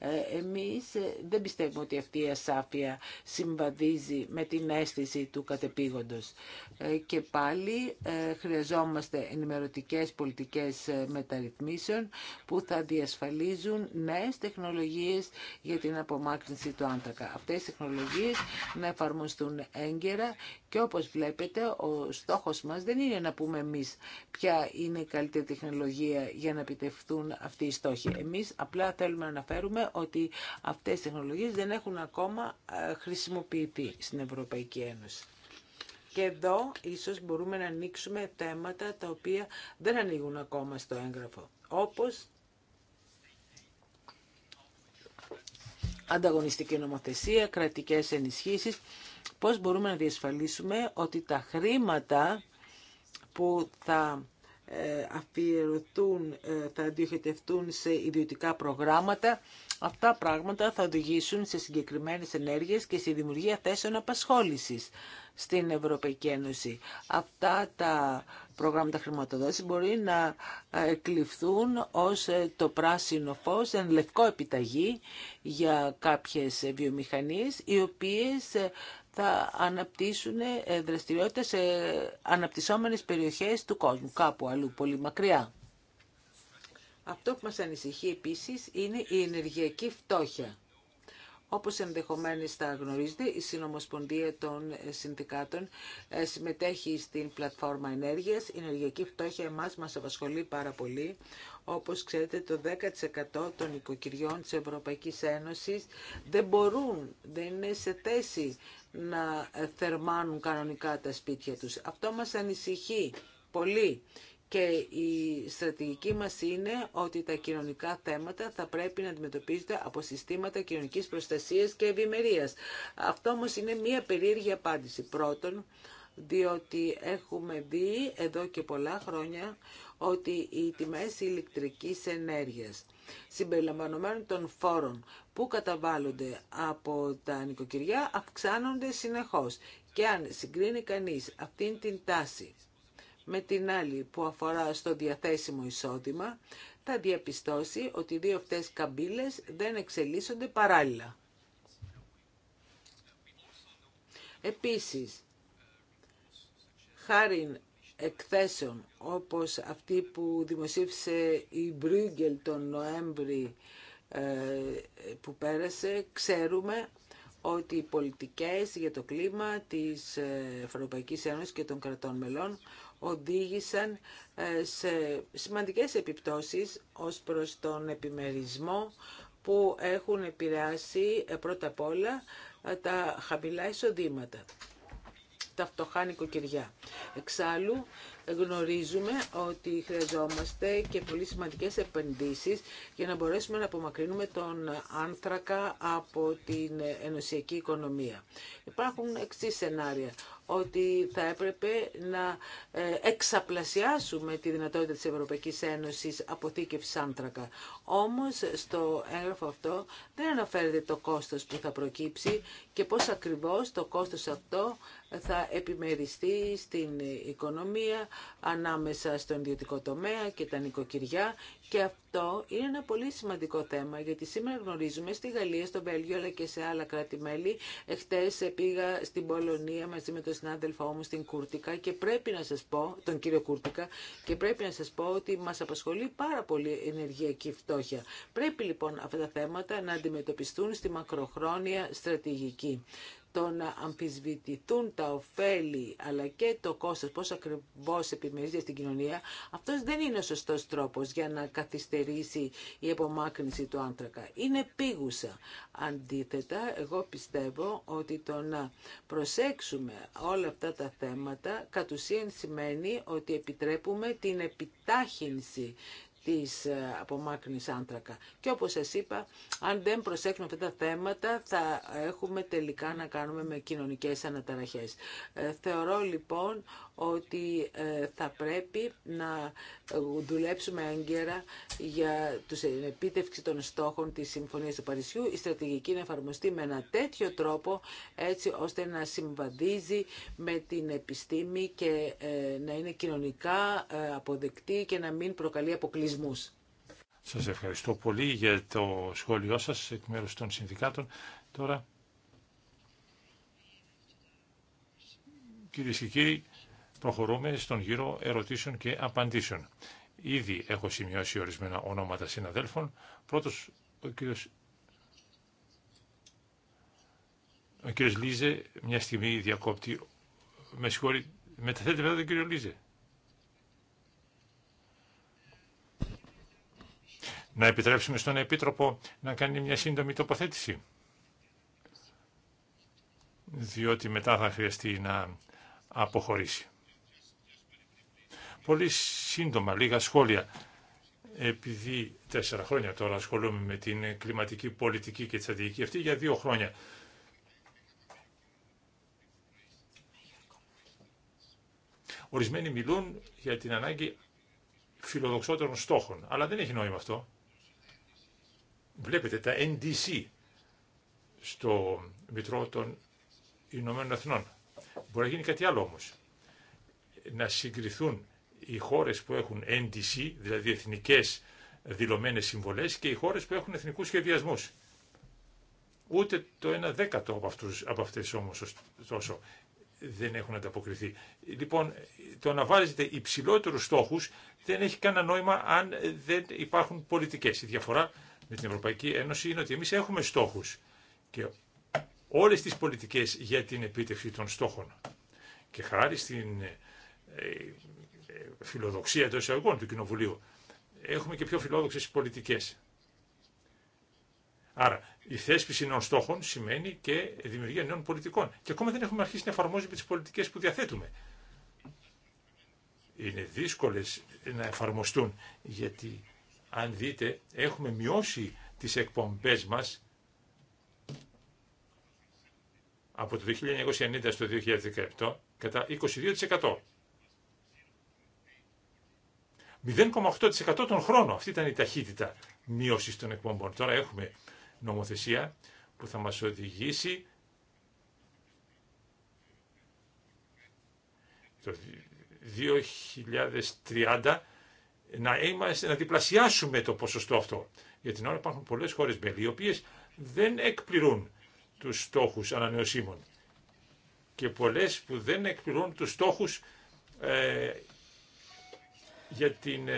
Ε, εμείς ε, δεν πιστεύουμε ότι αυτή η ασάφεια συμβαδίζει με την αίσθηση του κατεπήγοντος. Ε, και πάλι χρειαζόμαστε ενημερωτικές πολιτικές μεταρρυθμίσεων που θα διασφαλίζουν νέες τεχνολογίες για την απομάκρυνση του άνθρακα. Αυτές οι τεχνολογίες να εφαρμοστούν έγκαιρα και όπως βλέπετε ο στόχος μας δεν είναι να πούμε εμείς ποια είναι η καλύτερη τεχνολογία για να επιτευχθούν αυτοί οι στόχοι. Εμείς απλά θέλουμε να αναφέρουμε ότι αυτές οι τεχνολογίες δεν έχουν ακόμα ε, χρησιμοποιηθεί στην Ευρωπαϊκή Ένωση. Και εδώ ίσως μπορούμε να ανοίξουμε θέματα τα οποία δεν ανοίγουν ακόμα στο έγγραφο. Όπως ανταγωνιστική νομοθεσία, κρατικές ενισχύσεις, πώς μπορούμε να διασφαλίσουμε ότι τα χρήματα που θα ε, αφιερωθούν, ε, θα διοχετευτούν σε ιδιωτικά προγράμματα. Αυτά πράγματα θα οδηγήσουν σε συγκεκριμένες ενέργειες και στη δημιουργία θέσεων απασχόλησης στην Ευρωπαϊκή Ένωση. Αυτά τα προγράμματα χρηματοδότηση μπορεί να ε, εκλειφθούν ως το πράσινο φως, εν λευκό επιταγή για κάποιες βιομηχανίες, οι οποίες θα αναπτύσσουν ε, δραστηριότητες σε αναπτυσσόμενες περιοχές του κόσμου, κάπου αλλού, πολύ μακριά. Αυτό που μας ανησυχεί επίσης είναι η ενεργειακή φτώχεια. Όπως ενδεχομένως θα γνωρίζετε, η Συνομοσπονδία των ε, Συνδικάτων ε, συμμετέχει στην πλατφόρμα ενέργειας. Η ενεργειακή φτώχεια εμάς μας απασχολεί πάρα πολύ. Όπως ξέρετε, το 10% των οικοκυριών της Ευρωπαϊκής Ένωσης δεν μπορούν, δεν είναι σε θέση να θερμάνουν κανονικά τα σπίτια τους. Αυτό μας ανησυχεί πολύ και η στρατηγική μας είναι ότι τα κοινωνικά θέματα θα πρέπει να αντιμετωπίζονται από συστήματα κοινωνικής προστασίας και ευημερία. Αυτό όμως είναι μία περίεργη απάντηση. Πρώτον, διότι έχουμε δει εδώ και πολλά χρόνια ότι οι τιμές ηλεκτρικής ενέργειας συμπεριλαμβανομένων των φόρων που καταβάλλονται από τα νοικοκυριά αυξάνονται συνεχώς. Και αν συγκρίνει κανείς αυτήν την τάση με την άλλη που αφορά στο διαθέσιμο εισόδημα, θα διαπιστώσει ότι οι δύο αυτές καμπύλες δεν εξελίσσονται παράλληλα. Επίσης, χάρη εκθέσεων όπως αυτή που δημοσίευσε η Μπρούγκελ τον Νοέμβρη ε, που πέρασε, ξέρουμε ότι οι πολιτικές για το κλίμα της ε, Ευρωπαϊκής Ένωσης και των κρατών μελών οδήγησαν ε, σε σημαντικές επιπτώσεις ως προς τον επιμερισμό που έχουν επηρεάσει πρώτα απ' όλα τα χαμηλά εισοδήματα τα φτωχά νοικοκυριά. Εξάλλου γνωρίζουμε ότι χρειαζόμαστε και πολύ σημαντικές επενδύσεις για να μπορέσουμε να απομακρύνουμε τον άνθρακα από την ενωσιακή οικονομία. Υπάρχουν εξή σενάρια ότι θα έπρεπε να ε, εξαπλασιάσουμε τη δυνατότητα της Ευρωπαϊκής Ένωσης αποθήκευσης άνθρακα. Όμως στο έγγραφο αυτό δεν αναφέρεται το κόστος που θα προκύψει και πώς ακριβώς το κόστος αυτό θα επιμεριστεί στην οικονομία ανάμεσα στον ιδιωτικό τομέα και τα νοικοκυριά και αυτό είναι ένα πολύ σημαντικό θέμα, γιατί σήμερα γνωρίζουμε στη Γαλλία, στο Βέλγιο, αλλά και σε άλλα κράτη-μέλη. Εχθέ πήγα στην Πολωνία μαζί με τον συνάδελφό μου στην Κούρτικα και πρέπει να σα πω, τον κύριο Κούρτικα, και πρέπει να σα πω ότι μα απασχολεί πάρα πολύ η ενεργειακή φτώχεια. Πρέπει λοιπόν αυτά τα θέματα να αντιμετωπιστούν στη μακροχρόνια στρατηγική το να αμφισβητηθούν τα ωφέλη αλλά και το κόστος, πώς ακριβώς επιμερίζεται στην κοινωνία, αυτός δεν είναι ο σωστός τρόπος για να καθυστερήσει η απομάκρυνση του άνθρακα. Είναι πήγουσα. Αντίθετα, εγώ πιστεύω ότι το να προσέξουμε όλα αυτά τα θέματα κατ' ουσίαν σημαίνει ότι επιτρέπουμε την επιτάχυνση της ε, απομάκρυνης άνθρακα. Και όπως σας είπα, αν δεν προσέχουμε αυτά τα θέματα, θα έχουμε τελικά να κάνουμε με κοινωνικές αναταραχές. Ε, θεωρώ λοιπόν ότι ε, θα πρέπει να ε, δουλέψουμε έγκαιρα για τους ε, επίτευξη των στόχων της Συμφωνίας του Παρισιού. Η στρατηγική να εφαρμοστεί με ένα τέτοιο τρόπο έτσι ώστε να συμβαδίζει με την επιστήμη και να είναι κοινωνικά αποδεκτή και να μην προκαλεί αποκλεισμούς. Σας ευχαριστώ πολύ για το σχόλιο σας εκ μέρους των συνδικάτων. Τώρα, κυρίες και κύριοι, προχωρούμε στον γύρο ερωτήσεων και απαντήσεων. Ήδη έχω σημειώσει ορισμένα ονόματα συναδέλφων. Πρώτος ο κύριος, ο Λίζε, μια στιγμή διακόπτη. Με συγχωρεί, μεταθέτει βέβαια τον κύριο Λίζε. Να επιτρέψουμε στον Επίτροπο να κάνει μια σύντομη τοποθέτηση. Διότι μετά θα χρειαστεί να αποχωρήσει. Πολύ σύντομα, λίγα σχόλια. Επειδή τέσσερα χρόνια τώρα ασχολούμαι με την κλιματική πολιτική και τη στρατηγική αυτή για δύο χρόνια. Ορισμένοι μιλούν για την ανάγκη φιλοδοξότερων στόχων, αλλά δεν έχει νόημα αυτό. Βλέπετε τα NDC στο Μητρό των Ηνωμένων Εθνών. Μπορεί να γίνει κάτι άλλο όμως. Να συγκριθούν οι χώρες που έχουν NDC, δηλαδή εθνικές δηλωμένες συμβολές και οι χώρες που έχουν εθνικούς σχεδιασμούς. Ούτε το ένα δέκατο από, αυτούς, από αυτές όμως τόσο δεν έχουν ανταποκριθεί. Λοιπόν, το να βάζετε υψηλότερους στόχους δεν έχει κανένα νόημα αν δεν υπάρχουν πολιτικές. Η διαφορά με την Ευρωπαϊκή Ένωση είναι ότι εμείς έχουμε στόχους και όλες τις πολιτικές για την επίτευξη των στόχων. Και χάρη στην ε, φιλοδοξία εντό εισαγωγών του Κοινοβουλίου. Έχουμε και πιο φιλόδοξε πολιτικές. Άρα, η θέσπιση νέων στόχων σημαίνει και δημιουργία νέων πολιτικών. Και ακόμα δεν έχουμε αρχίσει να εφαρμόζουμε τι πολιτικέ που διαθέτουμε. Είναι δύσκολε να εφαρμοστούν, γιατί αν δείτε, έχουμε μειώσει τις εκπομπές μας από το 1990 στο 2017 κατά 22%. 0,8% τον χρόνο. Αυτή ήταν η ταχύτητα μειώση των εκπομπών. Τώρα έχουμε νομοθεσία που θα μας οδηγήσει το 2030 να, είμαστε, να διπλασιάσουμε το ποσοστό αυτό. Για την ώρα υπάρχουν πολλές χώρες μπέλη οι οποίες δεν εκπληρούν τους στόχους ανανεωσίμων και πολλές που δεν εκπληρούν τους στόχους ε, για την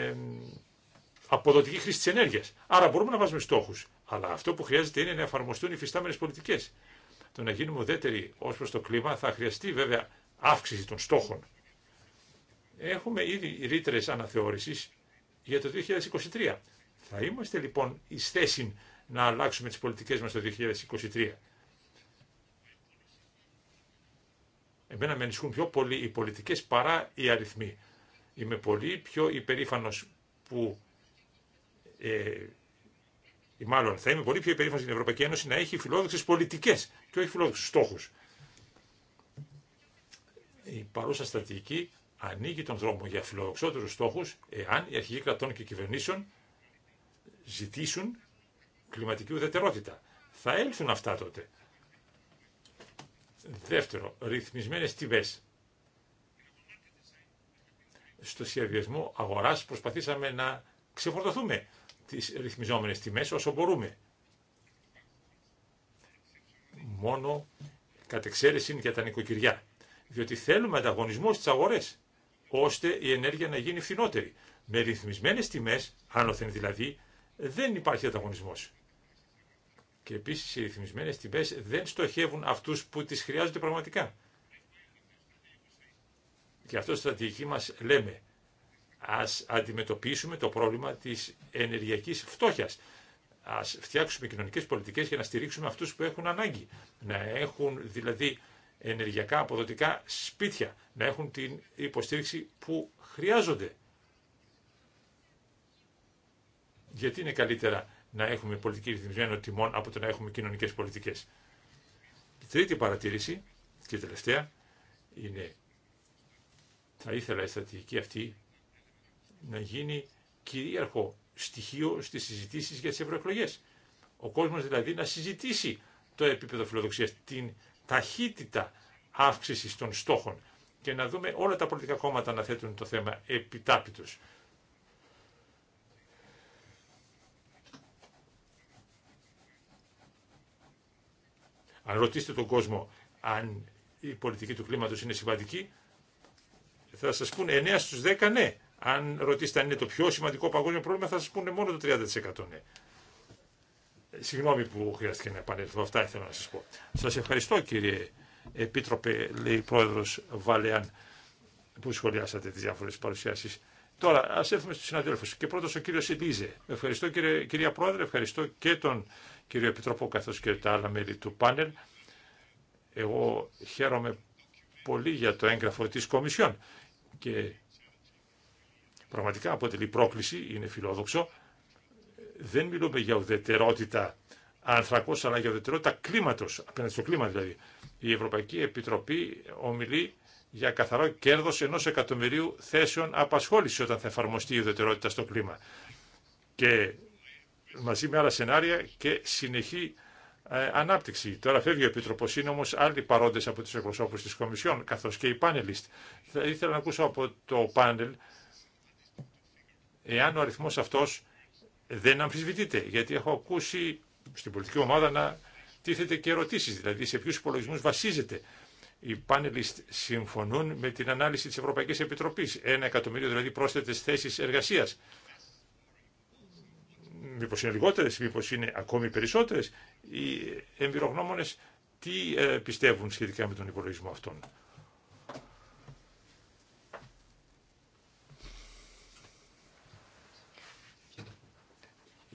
αποδοτική χρήση τη ενέργεια. Άρα μπορούμε να βάζουμε στόχους. Αλλά αυτό που χρειάζεται είναι να εφαρμοστούν οι φυστάμενε πολιτικές. Το να γίνουμε ουδέτεροι ως προς το κλίμα θα χρειαστεί βέβαια αύξηση των στόχων. Έχουμε ήδη ρήτρε αναθεώρησης για το 2023. Θα είμαστε λοιπόν ει θέση να αλλάξουμε τι πολιτικέ μα το 2023. Εμένα με ενισχύουν πιο πολύ οι πολιτικέ παρά οι αριθμοί. Είμαι πολύ πιο υπερήφανος που... Ε, μάλλον θα είμαι πολύ πιο υπερήφανος στην Ευρωπαϊκή Ένωση να έχει φιλόδοξες πολιτικές και όχι φιλόδοξους στόχους. Η παρούσα στρατηγική ανοίγει τον δρόμο για φιλοδοξότερους στόχους εάν οι αρχηγοί κρατών και κυβερνήσεων ζητήσουν κλιματική ουδετερότητα. Θα έλθουν αυτά τότε. Δεύτερο, ρυθμισμένες τιμές στο σχεδιασμό αγοράς προσπαθήσαμε να ξεφορτωθούμε τις ρυθμιζόμενε τιμές όσο μπορούμε. Μόνο κατ' εξαίρεση για τα νοικοκυριά. Διότι θέλουμε ανταγωνισμό στι αγορές, ώστε η ενέργεια να γίνει φθηνότερη. Με ρυθμισμένες τιμές, άνωθεν δηλαδή, δεν υπάρχει ανταγωνισμός. Και επίση οι ρυθμισμένε τιμέ δεν στοχεύουν αυτού που τι χρειάζονται πραγματικά. Και αυτό στη στρατηγική μας λέμε, ας αντιμετωπίσουμε το πρόβλημα της ενεργειακής φτώχειας. Ας φτιάξουμε κοινωνικές πολιτικές για να στηρίξουμε αυτούς που έχουν ανάγκη. Να έχουν δηλαδή ενεργειακά αποδοτικά σπίτια, να έχουν την υποστήριξη που χρειάζονται. Γιατί είναι καλύτερα να έχουμε πολιτική ρυθμισμένο τιμών από το να έχουμε κοινωνικές πολιτικές. Η τρίτη παρατήρηση και τελευταία είναι θα ήθελα η στρατηγική αυτή να γίνει κυρίαρχο στοιχείο στις συζητήσει για τις ευρωεκλογέ. Ο κόσμος δηλαδή να συζητήσει το επίπεδο φιλοδοξίας, την ταχύτητα αύξησης των στόχων και να δούμε όλα τα πολιτικά κόμματα να θέτουν το θέμα επιτάπητο. Αν ρωτήσετε τον κόσμο αν η πολιτική του κλίματος είναι σημαντική, θα σα πούνε 9 στου 10 ναι. Αν ρωτήσετε αν είναι το πιο σημαντικό παγκόσμιο πρόβλημα θα σα πούνε μόνο το 30% ναι. Ε, συγγνώμη που χρειάστηκε να επανέλθω. Αυτά ήθελα να σα πω. Σα ευχαριστώ κύριε Επίτροπε, λέει η πρόεδρος Βαλεάν, που σχολιάσατε τι διάφορε παρουσιάσει. Τώρα, α έρθουμε στου συναδέλφου. Και πρώτο ο κύριο Ελίζε. Ευχαριστώ κύριε, κυρία Πρόεδρε, ευχαριστώ και τον κύριο Επιτροπό καθώ και τα άλλα μέλη του πάνελ. Εγώ χαίρομαι πολύ για το έγγραφο τη Κομισιόν και πραγματικά αποτελεί πρόκληση, είναι φιλόδοξο. Δεν μιλούμε για ουδετερότητα ανθρακό, αλλά για ουδετερότητα κλίματο, απέναντι στο κλίμα δηλαδή. Η Ευρωπαϊκή Επιτροπή ομιλεί για καθαρό κέρδο ενό εκατομμυρίου θέσεων απασχόληση όταν θα εφαρμοστεί η ουδετερότητα στο κλίμα. Και μαζί με άλλα σενάρια και συνεχή ε, ανάπτυξη. Τώρα φεύγει ο Επίτροπο, είναι όμω άλλοι παρόντε από του εκπροσώπου τη Κομισιόν, καθώ και οι πάνελιστ. Θα ήθελα να ακούσω από το πάνελ εάν ο αριθμό αυτό δεν αμφισβητείται. Γιατί έχω ακούσει στην πολιτική ομάδα να τίθεται και ερωτήσει, δηλαδή σε ποιου υπολογισμού βασίζεται. Οι πάνελιστ συμφωνούν με την ανάλυση τη Ευρωπαϊκή Επιτροπή. Ένα εκατομμύριο δηλαδή πρόσθετε θέσει εργασία. Μήπω είναι λιγότερε, μήπω είναι ακόμη περισσότερες. Οι εμπειρογνώμονε τι ε, πιστεύουν σχετικά με τον υπολογισμό αυτόν.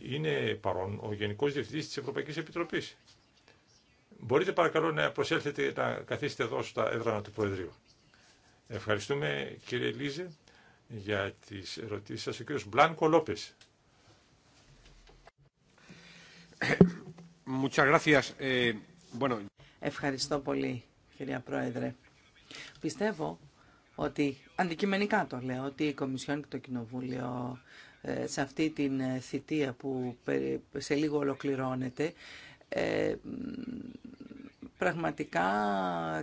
είναι παρόν ο Γενικός Διευθυντής της Ευρωπαϊκής Επιτροπής. Μπορείτε παρακαλώ να προσέλθετε να καθίσετε εδώ στα έδρανα του Προεδρείου. Ευχαριστούμε κύριε Λίζε για τις ερωτήσεις σας. Ο κύριος Μπλάνκο Λόπες. Eh, Ευχαριστώ πολύ, κυρία Πρόεδρε. Πιστεύω ότι, αντικειμενικά το λέω, ότι η Κομισιόν και το Κοινοβούλιο ε, σε αυτή την ε, θητεία που σε λίγο ολοκληρώνεται, ε, πραγματικά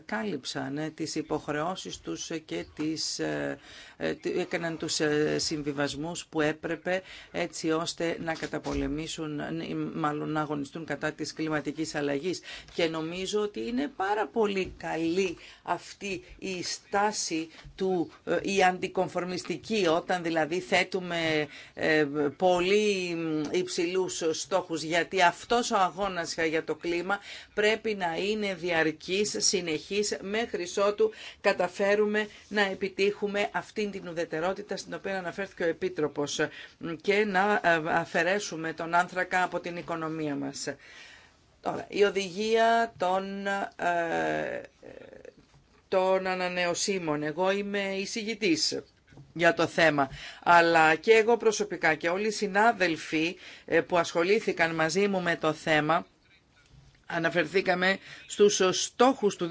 κάλυψαν τις υποχρεώσεις τους και τις ε, έκαναν τους ε, συμβιβασμούς που έπρεπε έτσι ώστε να καταπολεμήσουν, μάλλον να αγωνιστούν κατά της κλιματικής αλλαγής. Και νομίζω ότι είναι πάρα πολύ καλή αυτή η στάση του, ε, η αντικομφορμιστική, όταν δηλαδή θέτουμε πολύ υψηλούς στόχους, γιατί αυτός ο αγώνας για το κλίμα πρέπει να είναι διαρκής, συνεχής, μέχρι ότου καταφέρουμε να επιτύχουμε αυτήν την ουδετερότητα στην οποία αναφέρθηκε ο Επίτροπος ε, και να ε, αφαιρέσουμε τον άνθρακα από την οικονομία μας. Τώρα, η οδηγία των, ε, των ανανεωσίμων. Εγώ είμαι εισηγητής για το θέμα. Αλλά και εγώ προσωπικά και όλοι οι συνάδελφοι που ασχολήθηκαν μαζί μου με το θέμα αναφερθήκαμε στους στόχους του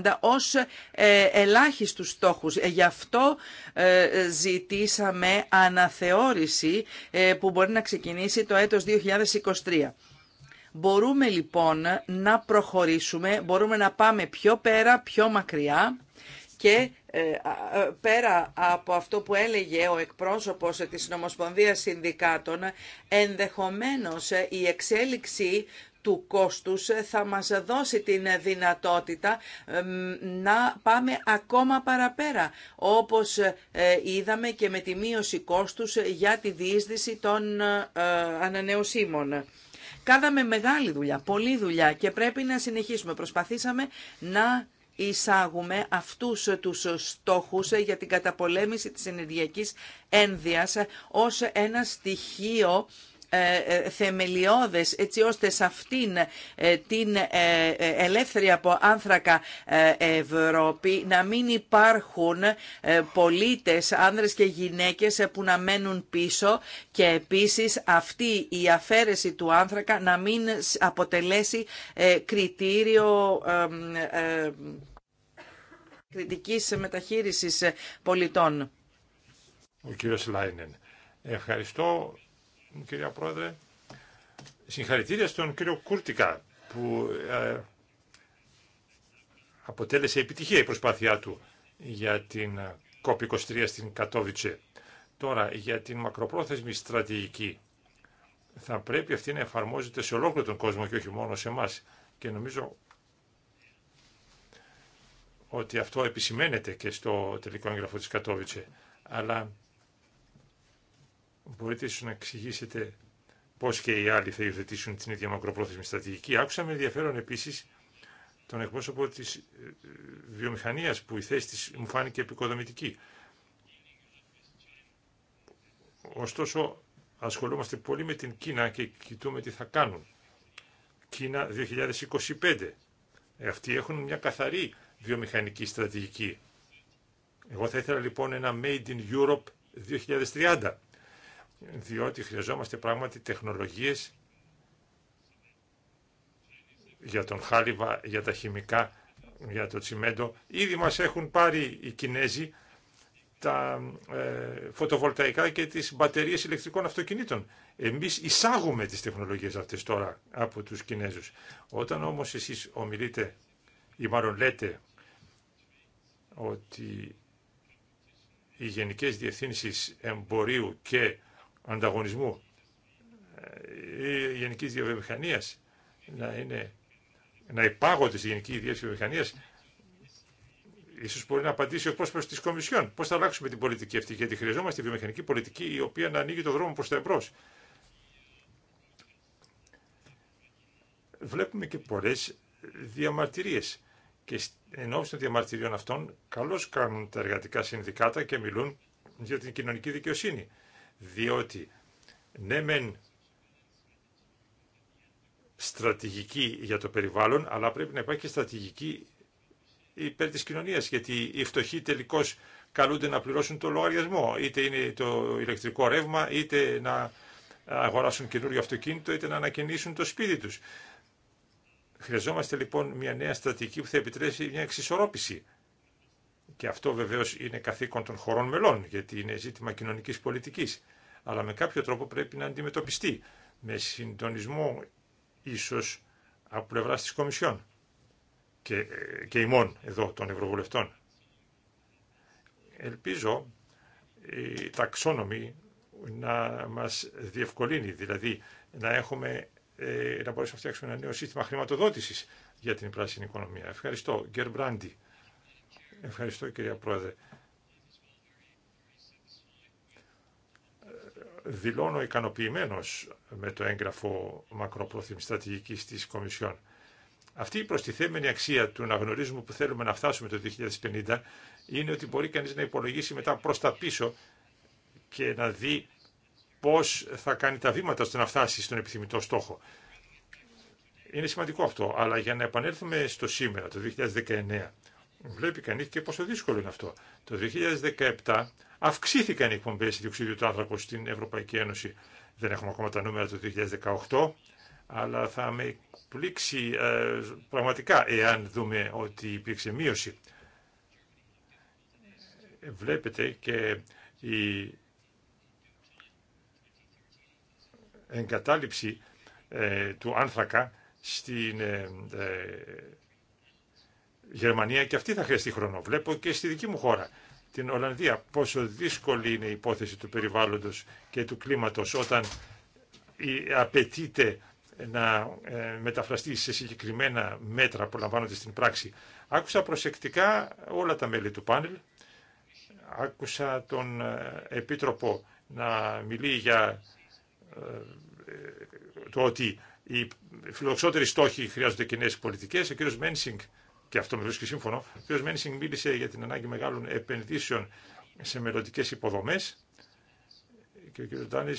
2030 ως ε, ελάχιστους στόχους. Ε, γι' αυτό ε, ζητήσαμε αναθεώρηση που μπορεί να ξεκινήσει το έτος 2023. Μπορούμε λοιπόν να προχωρήσουμε, μπορούμε να πάμε πιο πέρα, πιο μακριά και πέρα από αυτό που έλεγε ο εκπρόσωπος της Νομοσπονδίας Συνδικάτων, ενδεχομένως η εξέλιξη του κόστους ε, θα μας δώσει την δυνατότητα να πάμε ακόμα παραπέρα, όπως ε, είδαμε και με τη μείωση κόστους ε, για τη διείσδυση των ανανεωσίμων. Κάδαμε μεγάλη δουλειά, πολλή δουλειά και πρέπει να συνεχίσουμε. Προσπαθήσαμε να εισάγουμε αυτούς τους στόχους για την καταπολέμηση της ενεργειακής ένδυας ως ένα στοιχείο ε, ε, θεμελιώδες έτσι ώστε σε αυτήν ε, την ελεύθερη από άνθρακα Ευρώπη να μην υπάρχουν πολίτες, άνδρες και γυναίκες που να μένουν πίσω και επίσης αυτή η αφαίρεση του άνθρακα να μην αποτελέσει κριτήριο κριτικής μεταχείρισης πολιτών. Ο κύριος Ευχαριστώ κυρία Πρόεδρε. Συγχαρητήρια στον κύριο Κούρτικα που ε, αποτέλεσε επιτυχία η προσπάθειά του για την COP23 ε, στην Κατόβιτσε. Τώρα, για την μακροπρόθεσμη στρατηγική, θα πρέπει αυτή να εφαρμόζεται σε ολόκληρο τον κόσμο και όχι μόνο σε εμά. Και νομίζω ότι αυτό επισημαίνεται και στο τελικό έγγραφο της Κατόβιτσε. Αλλά Μπορείτε ίσως να εξηγήσετε πώ και οι άλλοι θα υιοθετήσουν την ίδια μακροπρόθεσμη στρατηγική. Άκουσα με ενδιαφέρον επίσης τον εκπρόσωπο τη ε, βιομηχανία που η θέση τη μου φάνηκε επικοδομητική. Ωστόσο, ασχολούμαστε πολύ με την Κίνα και κοιτούμε τι θα κάνουν. Κίνα 2025. Ε, αυτοί έχουν μια καθαρή βιομηχανική στρατηγική. Εγώ θα ήθελα λοιπόν ένα Made in Europe 2030 διότι χρειαζόμαστε πράγματι τεχνολογίες για τον χάλιβα, για τα χημικά, για το τσιμέντο. Ήδη μας έχουν πάρει οι Κινέζοι τα ε, φωτοβολταϊκά και τις μπαταρίες ηλεκτρικών αυτοκινήτων. Εμείς εισάγουμε τις τεχνολογίες αυτές τώρα από τους Κινέζους. Όταν όμως εσείς ομιλείτε ή μάλλον λέτε ότι οι Γενικές Διευθύνσεις Εμπορίου και ανταγωνισμού ή ε, γενικής διαβιομηχανίας να, είναι, να υπάγονται στη γενική διεύθυνση βιομηχανίας Ίσως μπορεί να απαντήσει ο πρόσωπο τη Κομισιόν. Πώ θα αλλάξουμε την πολιτική αυτή, γιατί χρειαζόμαστε βιομηχανική πολιτική η γενική διαβιομηχανιας να ειναι να υπαγονται στη γενικη διευθυνση βιομηχανία. ισως μπορει να απαντησει ο προσωπο τη κομισιον πω θα αλλαξουμε την πολιτικη αυτη γιατι χρειαζομαστε βιομηχανικη πολιτικη η οποια να ανοιγει το δρόμο προ τα εμπρό. Βλέπουμε και πολλέ διαμαρτυρίε. Και εν ώψη των διαμαρτυριών αυτών, καλώ κάνουν τα εργατικά συνδικάτα και μιλούν για την κοινωνική δικαιοσύνη διότι ναι μεν στρατηγική για το περιβάλλον, αλλά πρέπει να υπάρχει και στρατηγική υπέρ της κοινωνίας, γιατί οι φτωχοί τελικώς καλούνται να πληρώσουν το λογαριασμό, είτε είναι το ηλεκτρικό ρεύμα, είτε να αγοράσουν καινούριο αυτοκίνητο, είτε να ανακαινήσουν το σπίτι τους. Χρειαζόμαστε λοιπόν μια νέα στρατηγική που θα επιτρέψει μια εξισορρόπηση και αυτό βεβαίω είναι καθήκον των χωρών μελών, γιατί είναι ζήτημα κοινωνική πολιτική. Αλλά με κάποιο τρόπο πρέπει να αντιμετωπιστεί, με συντονισμό ίσω από πλευρά τη Κομισιόν και, και ημών εδώ των Ευρωβουλευτών. Ελπίζω η ταξόνομη να μας διευκολύνει, δηλαδή να, έχουμε, ε, να μπορέσουμε να φτιάξουμε ένα νέο σύστημα χρηματοδότησης για την πράσινη οικονομία. Ευχαριστώ. Γκέρ Μπράντι. Ευχαριστώ κυρία Πρόεδρε. δηλώνω ικανοποιημένος με το έγγραφο μακροπρόθυμη στρατηγικής της Κομισιόν. Αυτή η προστιθέμενη αξία του να γνωρίζουμε που θέλουμε να φτάσουμε το 2050 είναι ότι μπορεί κανείς να υπολογίσει μετά προς τα πίσω και να δει πώς θα κάνει τα βήματα ώστε να φτάσει στον επιθυμητό στόχο. Είναι σημαντικό αυτό, αλλά για να επανέλθουμε στο σήμερα, το 2019, βλέπει κανεί και πόσο δύσκολο είναι αυτό. Το 2017 αυξήθηκαν οι εκπομπέ διοξιδίου του άνθρακο στην Ευρωπαϊκή Ένωση. Δεν έχουμε ακόμα τα νούμερα του 2018, αλλά θα με πλήξει ε, πραγματικά εάν δούμε ότι υπήρξε μείωση. Βλέπετε και η εγκατάλειψη ε, του άνθρακα στην ε, ε Γερμανία και αυτή θα χρειαστεί χρόνο. Βλέπω και στη δική μου χώρα, την Ολλανδία, πόσο δύσκολη είναι η υπόθεση του περιβάλλοντος και του κλίματος όταν απαιτείται να ε, μεταφραστεί σε συγκεκριμένα μέτρα που λαμβάνονται στην πράξη. Άκουσα προσεκτικά όλα τα μέλη του πάνελ. Άκουσα τον ε, Επίτροπο να μιλεί για ε, το ότι οι φιλοξότεροι στόχοι χρειάζονται κοινέ πολιτικές. Ο κ. Μένσινγκ και αυτό με βρίσκει σύμφωνο, ο οποίο Μένσινγκ μίλησε για την ανάγκη μεγάλων επενδύσεων σε μελλοντικέ υποδομέ και ο κ. Ντάνη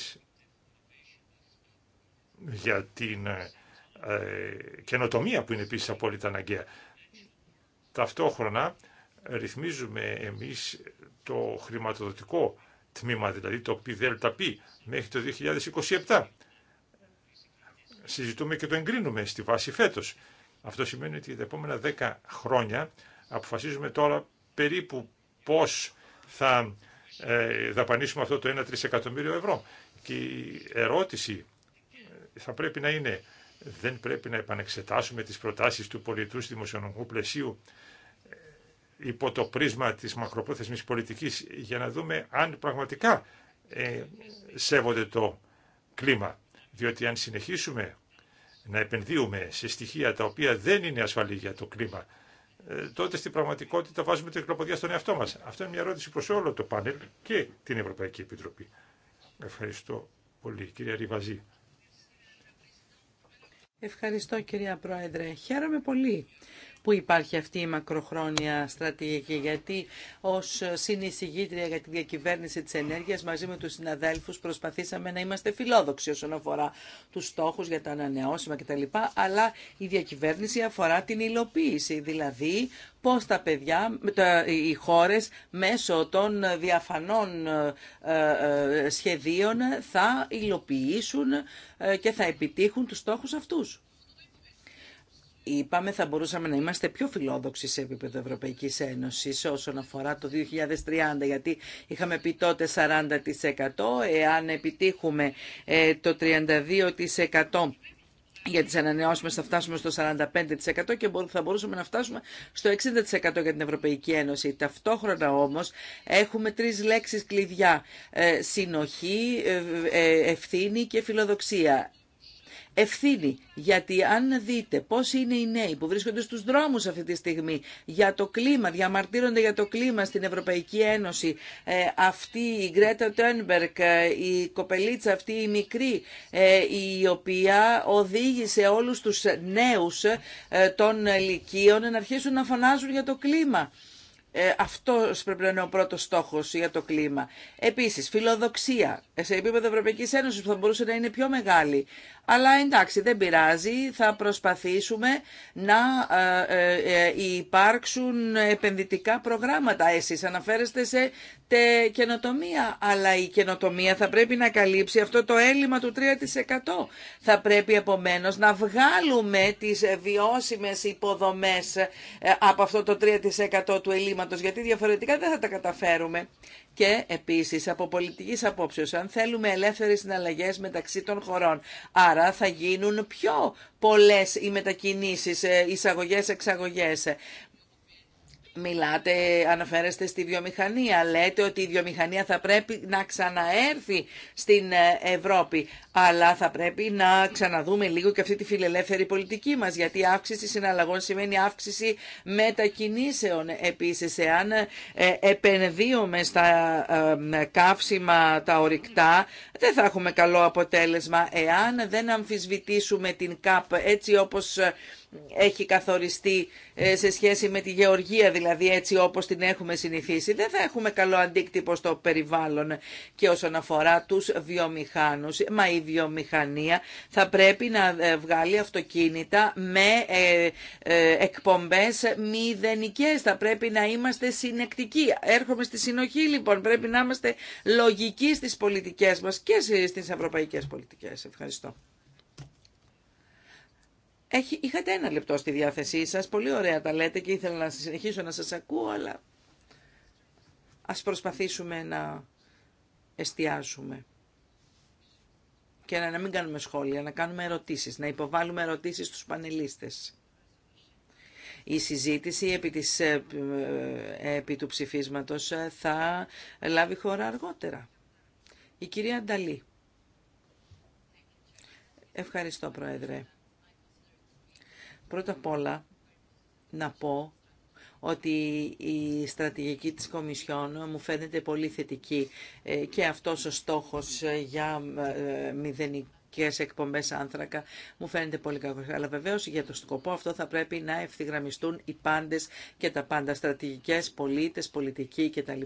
για την ε, καινοτομία που είναι επίση απόλυτα αναγκαία. Ταυτόχρονα ρυθμίζουμε εμείς το χρηματοδοτικό τμήμα, δηλαδή το πι μέχρι το 2027. Συζητούμε και το εγκρίνουμε στη βάση φέτος. Αυτό σημαίνει ότι τα επόμενα 10 χρόνια αποφασίζουμε τώρα περίπου πώς θα ε, δαπανίσουμε αυτό το 1 εκατομμύριο ευρώ. Και η ερώτηση ε, θα πρέπει να είναι δεν πρέπει να επανεξετάσουμε τις προτάσεις του πολιτού δημοσιονομικού πλαισίου ε, υπό το πρίσμα της μακροπρόθεσμης πολιτικής για να δούμε αν πραγματικά ε, σέβονται το κλίμα. Διότι αν συνεχίσουμε να επενδύουμε σε στοιχεία τα οποία δεν είναι ασφαλή για το κλίμα, ε, τότε στην πραγματικότητα βάζουμε την εκλοποδία στον εαυτό μας. Αυτό είναι μια ερώτηση προς όλο το πάνελ και την Ευρωπαϊκή Επιτροπή. Ευχαριστώ πολύ. Κυρία Ριβαζή. Ευχαριστώ κυρία Πρόεδρε. Χαίρομαι πολύ που υπάρχει αυτή η μακροχρόνια στρατηγική. Γιατί ως συνεισηγήτρια για τη διακυβέρνηση της ενέργειας μαζί με τους συναδέλφους προσπαθήσαμε να είμαστε φιλόδοξοι όσον αφορά τους στόχους για τα ανανεώσιμα κτλ. Αλλά η διακυβέρνηση αφορά την υλοποίηση, δηλαδή πώς τα παιδιά, οι χώρες μέσω των διαφανών ε, ε, σχεδίων θα υλοποιήσουν ε, και θα επιτύχουν τους στόχους αυτούς είπαμε θα μπορούσαμε να είμαστε πιο φιλόδοξοι σε επίπεδο ευρωπαϊκή Ένωση όσον αφορά το 2030 γιατί είχαμε πει τότε 40% εάν επιτύχουμε ε, το 32% για τις ανανεώσιμε θα φτάσουμε στο 45% και θα μπορούσαμε να φτάσουμε στο 60% για την Ευρωπαϊκή Ένωση. Ταυτόχρονα όμως έχουμε τρεις λέξεις κλειδιά. Ε, συνοχή, ε, ευθύνη και φιλοδοξία ευθύνη. Γιατί αν δείτε πώς είναι οι νέοι που βρίσκονται στους δρόμους αυτή τη στιγμή για το κλίμα, διαμαρτύρονται για το κλίμα στην Ευρωπαϊκή Ένωση, ε, αυτή η Γκρέτα Τένμπερκ, η κοπελίτσα αυτή η μικρή, ε, η οποία οδήγησε όλους τους νέους ε, των ηλικίων να αρχίσουν να φωνάζουν για το κλίμα. Ε, αυτό πρέπει να είναι ο πρώτο στόχο για το κλίμα. Επίση, φιλοδοξία σε επίπεδο Ευρωπαϊκή Ένωση που θα μπορούσε να είναι πιο μεγάλη. Αλλά εντάξει, δεν πειράζει, θα προσπαθήσουμε να ε, ε, ε, υπάρξουν επενδυτικά προγράμματα. Εσείς αναφέρεστε σε καινοτομία, αλλά η καινοτομία θα πρέπει να καλύψει αυτό το έλλειμμα του 3%. Θα πρέπει επομένως να βγάλουμε τις βιώσιμες υποδομές από αυτό το 3% του ελλείμματος, γιατί διαφορετικά δεν θα τα καταφέρουμε. Και επίση από πολιτικής απόψεως, αν θέλουμε ελεύθερες συναλλαγέ μεταξύ των χωρών, άρα θα γίνουν πιο πολλέ οι μετακινήσεις, ε, εισαγωγέ, εξαγωγέ. Μιλάτε, αναφέρεστε στη βιομηχανία, λέτε ότι η βιομηχανία θα πρέπει να ξαναέρθει στην ε, Ευρώπη, αλλά θα πρέπει να ξαναδούμε λίγο και αυτή τη φιλελεύθερη πολιτική μας, γιατί αύξηση συναλλαγών σημαίνει αύξηση μετακινήσεων. Επίσης, εάν ε, επενδύουμε στα ε, καύσιμα τα ορυκτά, δεν θα έχουμε καλό αποτέλεσμα. Εάν δεν αμφισβητήσουμε την ΚΑΠ έτσι όπως έχει καθοριστεί ε, σε σχέση με τη γεωργία, δηλαδή έτσι όπως την έχουμε συνηθίσει, δεν θα έχουμε καλό αντίκτυπο στο περιβάλλον και όσον αφορά τους βιομηχάνους. Μα η βιομηχανία θα πρέπει να ε, βγάλει αυτοκίνητα με ε, εκπομπές μηδενικές. Θα πρέπει να είμαστε συνεκτικοί. Έρχομαι στη συνοχή λοιπόν. Πρέπει να είμαστε λογικοί στις πολιτικές μας και στις ευρωπαϊκές πολιτικές. Ευχαριστώ. Έχει, είχατε ένα λεπτό στη διάθεσή σας, πολύ ωραία τα λέτε και ήθελα να συνεχίσω να σας ακούω, αλλά ας προσπαθήσουμε να εστιάσουμε και να, μην κάνουμε σχόλια, να κάνουμε ερωτήσεις, να υποβάλουμε ερωτήσεις στους πανελίστες. Η συζήτηση επί, της, ε, ε, επί του ψηφίσματος ε, θα λάβει χώρα αργότερα. Η κυρία Νταλή. Ευχαριστώ, Πρόεδρε. Πρώτα απ' όλα να πω ότι η στρατηγική της Κομισιόν μου φαίνεται πολύ θετική ε, και αυτός ο στόχος ε, για ε, μηδενικό και σε εκπομπέ άνθρακα. Μου φαίνεται πολύ κακό. Αλλά βεβαίω για το σκοπό αυτό θα πρέπει να ευθυγραμμιστούν οι πάντε και τα πάντα. Στρατηγικέ, πολίτε, πολιτικοί κτλ.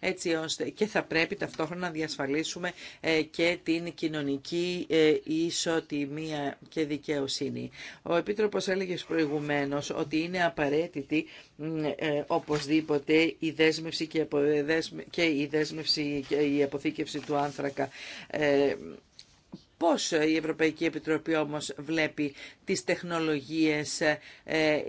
Έτσι ώστε και θα πρέπει ταυτόχρονα να διασφαλίσουμε ε, και την κοινωνική ε, ισοτιμία και δικαιοσύνη. Ο Επίτροπο έλεγε προηγουμένω ότι είναι απαραίτητη ε, οπωσδήποτε η δέσμευση και η αποθήκευση του άνθρακα Πώς η Ευρωπαϊκή Επιτροπή όμως βλέπει τις τεχνολογίες ε,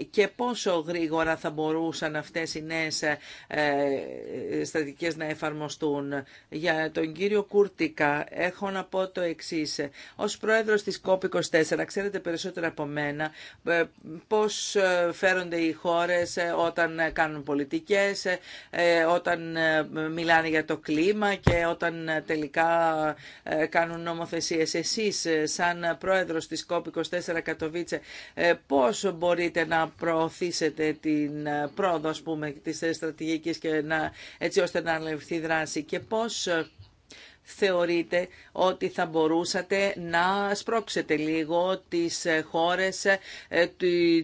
και πόσο γρήγορα θα μπορούσαν αυτές οι νέες ε, ε, στρατηγικές να εφαρμοστούν. Για τον κύριο Κούρτικα έχω να πω το εξής. Ως πρόεδρος της COP24 ξέρετε περισσότερα από μένα πώς φέρονται οι χώρες όταν κάνουν πολιτικές, όταν μιλάνε για το κλίμα και όταν τελικά κάνουν νομοθεσίες εσείς ε, σαν πρόεδρος της COP24 Κατοβίτσε ε, πώς μπορείτε να προωθήσετε την ε, πρόοδο ας πούμε και να, έτσι ώστε να αναλυφθεί δράση και πώς θεωρείτε ότι θα μπορούσατε να σπρώξετε λίγο τις ε, χώρες, ε,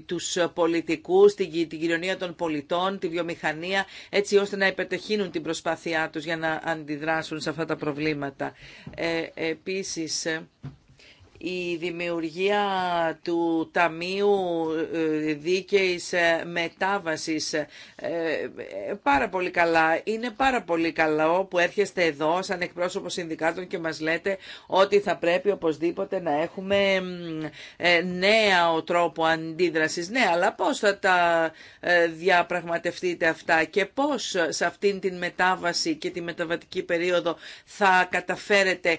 τους πολιτικούς, την κοινωνία των πολιτών, τη βιομηχανία, έτσι ώστε να επιτεχύνουν την προσπάθειά τους για να αντιδράσουν σε αυτά τα προβλήματα. Ε, επίσης, η δημιουργία του Ταμείου ε, Δίκαιης ε, Μετάβασης. Ε, πάρα πολύ καλά. Είναι πάρα πολύ καλό που έρχεστε εδώ σαν εκπρόσωπο συνδικάτων και μας λέτε ότι θα πρέπει οπωσδήποτε να έχουμε νέα τρόπο αντίδρασης. Ναι, αλλά πώς θα τα διαπραγματευτείτε αυτά και πώς σε αυτήν την μετάβαση και τη μεταβατική περίοδο θα καταφέρετε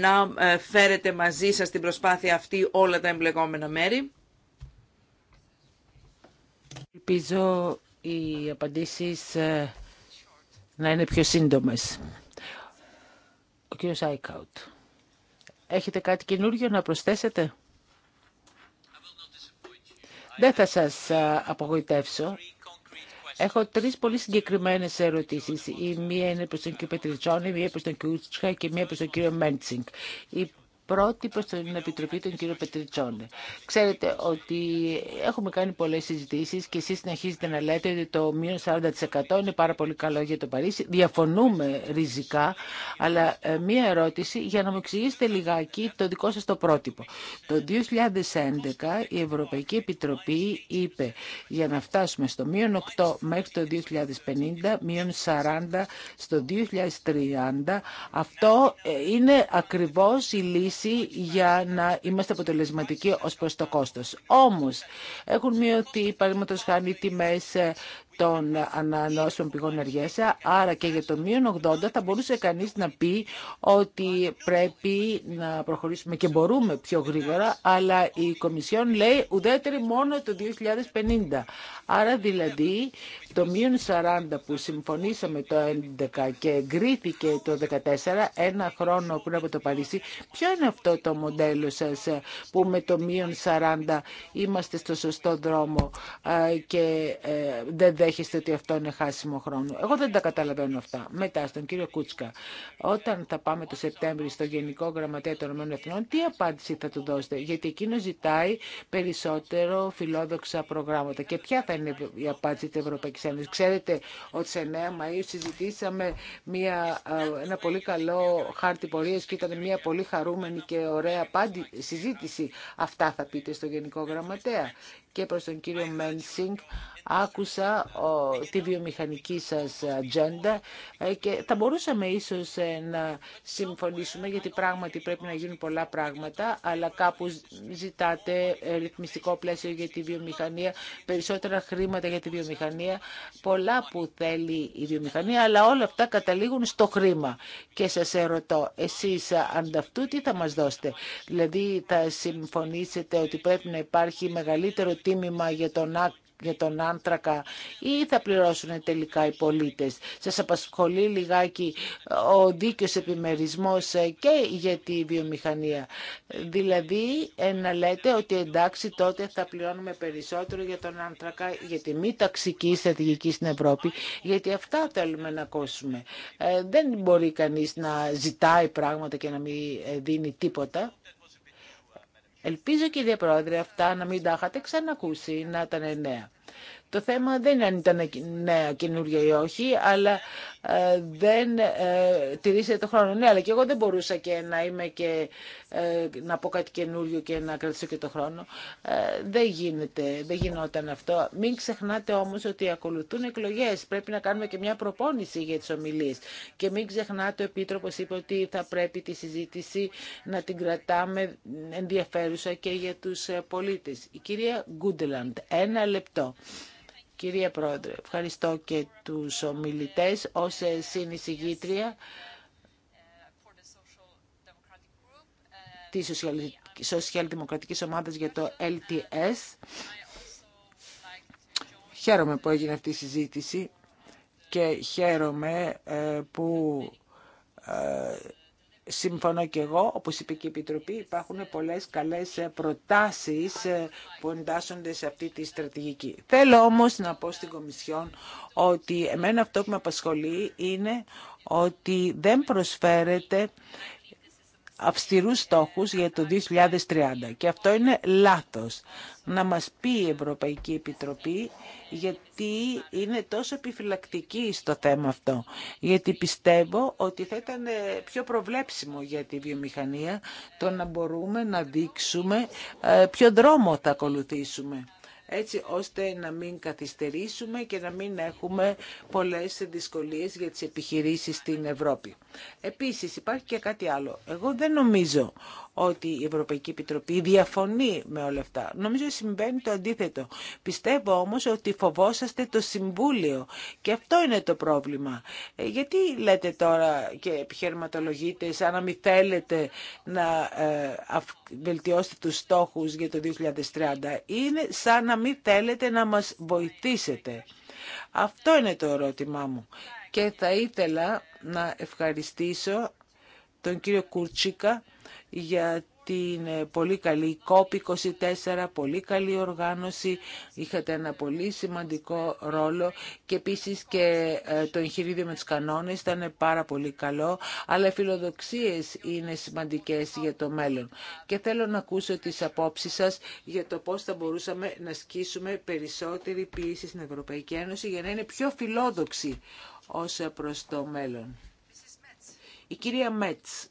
να φέρετε μαζί σας στην προσπάθεια αυτή όλα τα εμπλεκόμενα μέρη. Ελπίζω οι απαντήσεις ε, να είναι πιο σύντομες. Ο κύριος Άικαουτ. Έχετε κάτι καινούργιο να προσθέσετε? Δεν θα σας ε, απογοητεύσω. Έχω τρεις πολύ συγκεκριμένες ερωτήσεις. Η μία είναι προς τον κύριο Πετριτσόνη, η μία προς τον κύριο Τσχα και η μία προς τον κύριο Μέντσινγκ πρώτη στην την Επιτροπή τον κύριο Πετριτσόνε. Ξέρετε ότι έχουμε κάνει πολλέ συζητήσει και εσεί συνεχίζετε να λέτε ότι το μείον 40% είναι πάρα πολύ καλό για το Παρίσι. Διαφωνούμε ριζικά, αλλά ε, μία ερώτηση για να μου εξηγήσετε λιγάκι το δικό σα το πρότυπο. Το 2011 η Ευρωπαϊκή Επιτροπή είπε για να φτάσουμε στο μείον 8 μέχρι το 2050, μείον 40 στο 2030. Αυτό ε, είναι ακριβώ η λύση για να είμαστε αποτελεσματικοί ως προς το κόστος. Όμως έχουν μειωθεί παραδείγματος χάνει τιμές ε, των ανανεώσιμων πηγών ενεργείας. Άρα και για το μείον 80 θα μπορούσε κανείς να πει ότι πρέπει να προχωρήσουμε και μπορούμε πιο γρήγορα, αλλά η Κομισιόν λέει ουδέτερη μόνο το 2050. Άρα δηλαδή το μείον 40 που συμφωνήσαμε το 2011 και εγκρίθηκε το 2014, ένα χρόνο πριν από το Παρίσι, ποιο είναι αυτό το μοντέλο σας που με το μείον 40 είμαστε στο σωστό δρόμο ε, και ε, δεν δέχεστε ότι αυτό είναι χάσιμο χρόνο. Εγώ δεν τα καταλαβαίνω αυτά. Μετά στον κύριο Κούτσκα, όταν θα πάμε το Σεπτέμβριο στο Γενικό Γραμματέα των ΗΠΑ, τι απάντηση θα του δώσετε, γιατί εκείνο ζητάει περισσότερο φιλόδοξα προγράμματα. Και ποια θα είναι η απάντηση τη Ευρωπαϊκή Ένωση. Ξέρετε ότι σε 9 Μαΐου συζητήσαμε μια, ένα πολύ καλό χάρτη πορεία και ήταν μια πολύ χαρούμενη και ωραία συζήτηση. Αυτά θα πείτε στο Γενικό Γραμματέα και προς τον κύριο Μένσινγκ. Άκουσα ο, τη βιομηχανική σας ατζέντα ε, και θα μπορούσαμε ίσως ε, να συμφωνήσουμε γιατί πράγματι πρέπει να γίνουν πολλά πράγματα αλλά κάπου ζητάτε ε, ρυθμιστικό πλαίσιο για τη βιομηχανία, περισσότερα χρήματα για τη βιομηχανία, πολλά που θέλει η βιομηχανία αλλά όλα αυτά καταλήγουν στο χρήμα. Και σας ερωτώ, εσείς ανταυτού τι θα μας δώσετε. Δηλαδή θα συμφωνήσετε ότι πρέπει να υπάρχει μεγαλύτερο τίμημα για τον για τον άνθρακα ή θα πληρώσουν τελικά οι πολίτες. Σας απασχολεί λιγάκι ο δίκαιος επιμερισμός ε, και για τη βιομηχανία. Δηλαδή ε, να λέτε ότι εντάξει τότε θα πληρώνουμε περισσότερο για τον άνθρακα, για τη μη ταξική στρατηγική στην Ευρώπη, γιατί αυτά θέλουμε να ακούσουμε. Ε, δεν μπορεί κανείς να ζητάει πράγματα και να μην δίνει τίποτα. Ελπίζω, κύριε Πρόεδρε, αυτά να μην τα είχατε ξανακούσει, να ήταν νέα. Το θέμα δεν είναι αν ήταν νέα καινούργια ή όχι, αλλά ε, δεν ε, το χρόνο. Ναι, αλλά και εγώ δεν μπορούσα και να είμαι και ε, να πω κάτι καινούριο και να κρατήσω και το χρόνο. Ε, δεν γίνεται, δεν γινόταν αυτό. Μην ξεχνάτε όμως ότι ακολουθούν εκλογές. Πρέπει να κάνουμε και μια προπόνηση για τις ομιλίες. Και μην ξεχνάτε, ο Επίτροπος είπε ότι θα πρέπει τη συζήτηση να την κρατάμε ενδιαφέρουσα και για τους πολίτες. Η κυρία Γκούντελαντ, ένα λεπτό. Κυρία Πρόεδρε, ευχαριστώ και τους ομιλητές ως ε, συνεισηγήτρια της Σοσιαλδημοκρατικής Ομάδας για το LTS. Χαίρομαι που έγινε αυτή η συζήτηση και χαίρομαι ε, που ε, Συμφωνώ και εγώ, όπως είπε και η Επιτροπή, υπάρχουν πολλές καλές προτάσεις ε, που εντάσσονται σε αυτή τη στρατηγική. Θέλω όμως να πω στην Κομισιόν ότι εμένα αυτό που με απασχολεί είναι ότι δεν προσφέρεται αυστηρούς στόχους για το 2030 και αυτό είναι λάθος. Να μας πει η Ευρωπαϊκή Επιτροπή γιατί είναι τόσο επιφυλακτική στο θέμα αυτό. Γιατί πιστεύω ότι θα ήταν ε, πιο προβλέψιμο για τη βιομηχανία το να μπορούμε να δείξουμε ε, ποιο δρόμο θα ακολουθήσουμε έτσι ώστε να μην καθυστερήσουμε και να μην έχουμε πολλές δυσκολίες για τις επιχειρήσεις στην Ευρώπη. Επίσης υπάρχει και κάτι άλλο. Εγώ δεν νομίζω ότι η Ευρωπαϊκή Επιτροπή διαφωνεί με όλα αυτά. Νομίζω συμβαίνει το αντίθετο. Πιστεύω όμως ότι φοβόσαστε το Συμβούλιο και αυτό είναι το πρόβλημα. Ε, γιατί λέτε τώρα και επιχειρηματολογείτε σαν να μην θέλετε να ε, βελτιώσετε τους στόχους για το 2030. Είναι σαν να μην θέλετε να μας βοηθήσετε. Αυτό είναι το ερώτημά μου. Και θα ήθελα να ευχαριστήσω τον κύριο Κουρτσίκα για την ε, πολύ καλή COP24, πολύ καλή οργάνωση, είχατε ένα πολύ σημαντικό ρόλο και επίσης και ε, το εγχειρίδιο με τους κανόνες ήταν πάρα πολύ καλό, αλλά οι φιλοδοξίες είναι σημαντικές για το μέλλον. Και θέλω να ακούσω τις απόψεις σας για το πώς θα μπορούσαμε να σκίσουμε περισσότερη πίεση στην Ευρωπαϊκή Ένωση για να είναι πιο φιλόδοξη ως προς το μέλλον. Η κυρία Μέτς.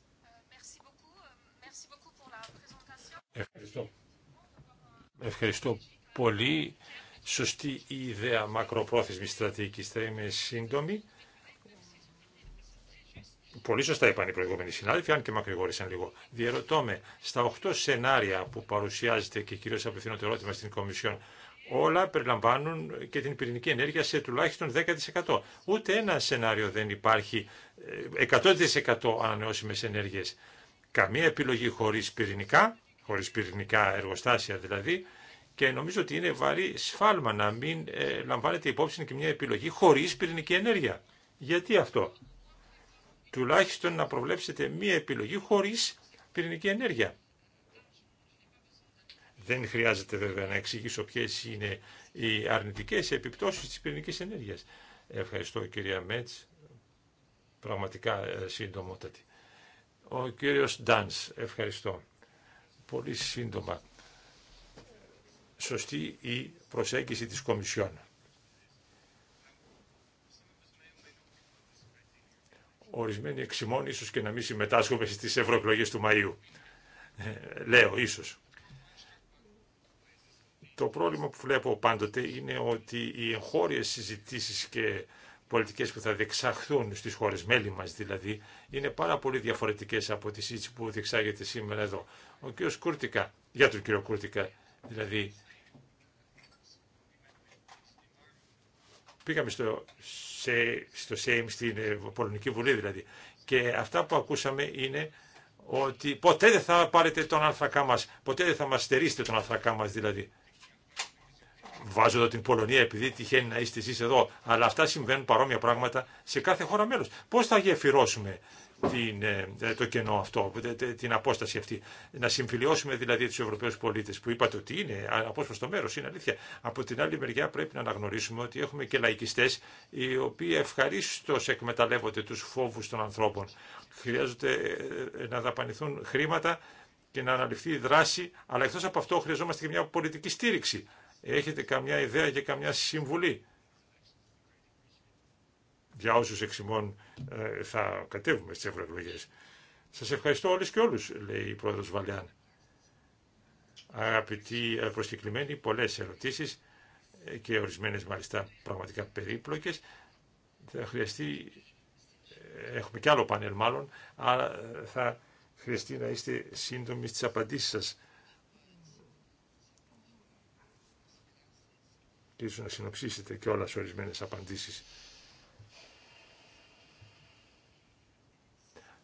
Ευχαριστώ. Ευχαριστώ πολύ. Σωστή η ιδέα μακροπρόθεσμη στρατηγική. Θα είμαι σύντομη. Πολύ σωστά είπαν οι προηγούμενοι συνάδελφοι, αν και μακρηγόρησαν λίγο. Διερωτώ με, στα οχτώ σενάρια που παρουσιάζεται και κυρίω απευθύνω το ερώτημα στην Κομισιόν, όλα περιλαμβάνουν και την πυρηνική ενέργεια σε τουλάχιστον 10%. Ούτε ένα σενάριο δεν υπάρχει 100% ε, ανανεώσιμε ενέργειες. Καμία επιλογή χωρί πυρηνικά χωρίς πυρηνικά εργοστάσια δηλαδή, και νομίζω ότι είναι βαρύ σφάλμα να μην λαμβάνετε λαμβάνεται υπόψη και μια επιλογή χωρίς πυρηνική ενέργεια. Γιατί αυτό. Τουλάχιστον να προβλέψετε μια επιλογή χωρίς πυρηνική ενέργεια. Δεν χρειάζεται βέβαια να εξηγήσω ποιε είναι οι αρνητικές επιπτώσεις της πυρηνικής ενέργειας. Ευχαριστώ κυρία Μέτς. Πραγματικά ε, σύντομότατη. Ο κύριος Ντάνς, ευχαριστώ πολύ σύντομα. Σωστή η προσέγγιση της Κομισιόν. Ορισμένοι εξημών ίσως και να μην συμμετάσχουμε στις ευρωεκλογές του Μαΐου. Ε, λέω ίσως. Το πρόβλημα που βλέπω πάντοτε είναι ότι οι εγχώριες συζητήσεις και πολιτικές που θα διεξαχθούν στις χώρε μέλη μας δηλαδή, είναι πάρα πολύ διαφορετικές από τη συζήτηση που διεξάγεται σήμερα εδώ. Ο κ. Κούρτικα, για τον κ. Κούρτικα, δηλαδή, πήγαμε στο, σε, στο ΣΕΙΜ στην Πολωνική Βουλή δηλαδή και αυτά που ακούσαμε είναι ότι ποτέ δεν θα πάρετε τον ανθρακά μας, ποτέ δεν θα μας στερήσετε τον ανθρακά μας δηλαδή. Βάζω εδώ την Πολωνία επειδή τυχαίνει να είστε εσεί εδώ. Αλλά αυτά συμβαίνουν παρόμοια πράγματα σε κάθε χώρα μέλο. Πώ θα γεφυρώσουμε την, ε, ε, το κενό αυτό, την απόσταση αυτή. Να συμφιλειώσουμε δηλαδή του Ευρωπαίου πολίτε που είπατε ότι είναι απόσπαστο μέρο, είναι αλήθεια. Από την άλλη μεριά πρέπει να αναγνωρίσουμε ότι έχουμε και λαϊκιστέ οι οποίοι ευχαρίστω εκμεταλλεύονται του φόβου των ανθρώπων. Χρειάζονται ε, να δαπανηθούν χρήματα και να αναλυφθεί η δράση, αλλά εκτό από αυτό χρειαζόμαστε και μια πολιτική στήριξη Έχετε καμιά ιδέα και καμιά συμβουλή για όσου εξημών ε, θα κατέβουμε στις ευρωεκλογέ. Σα ευχαριστώ όλες και όλου, λέει η πρόεδρος Βαλιάν. Αγαπητοί ε, προσκεκλημένοι, πολλέ ερωτήσεις ε, και ορισμένες μάλιστα πραγματικά περίπλοκες. Θα χρειαστεί, έχουμε κι άλλο πανελ μάλλον, αλλά θα χρειαστεί να είστε σύντομοι στι απαντήσεις σα. ίσως να συνοψίσετε και όλα σε ορισμένες απαντήσεις.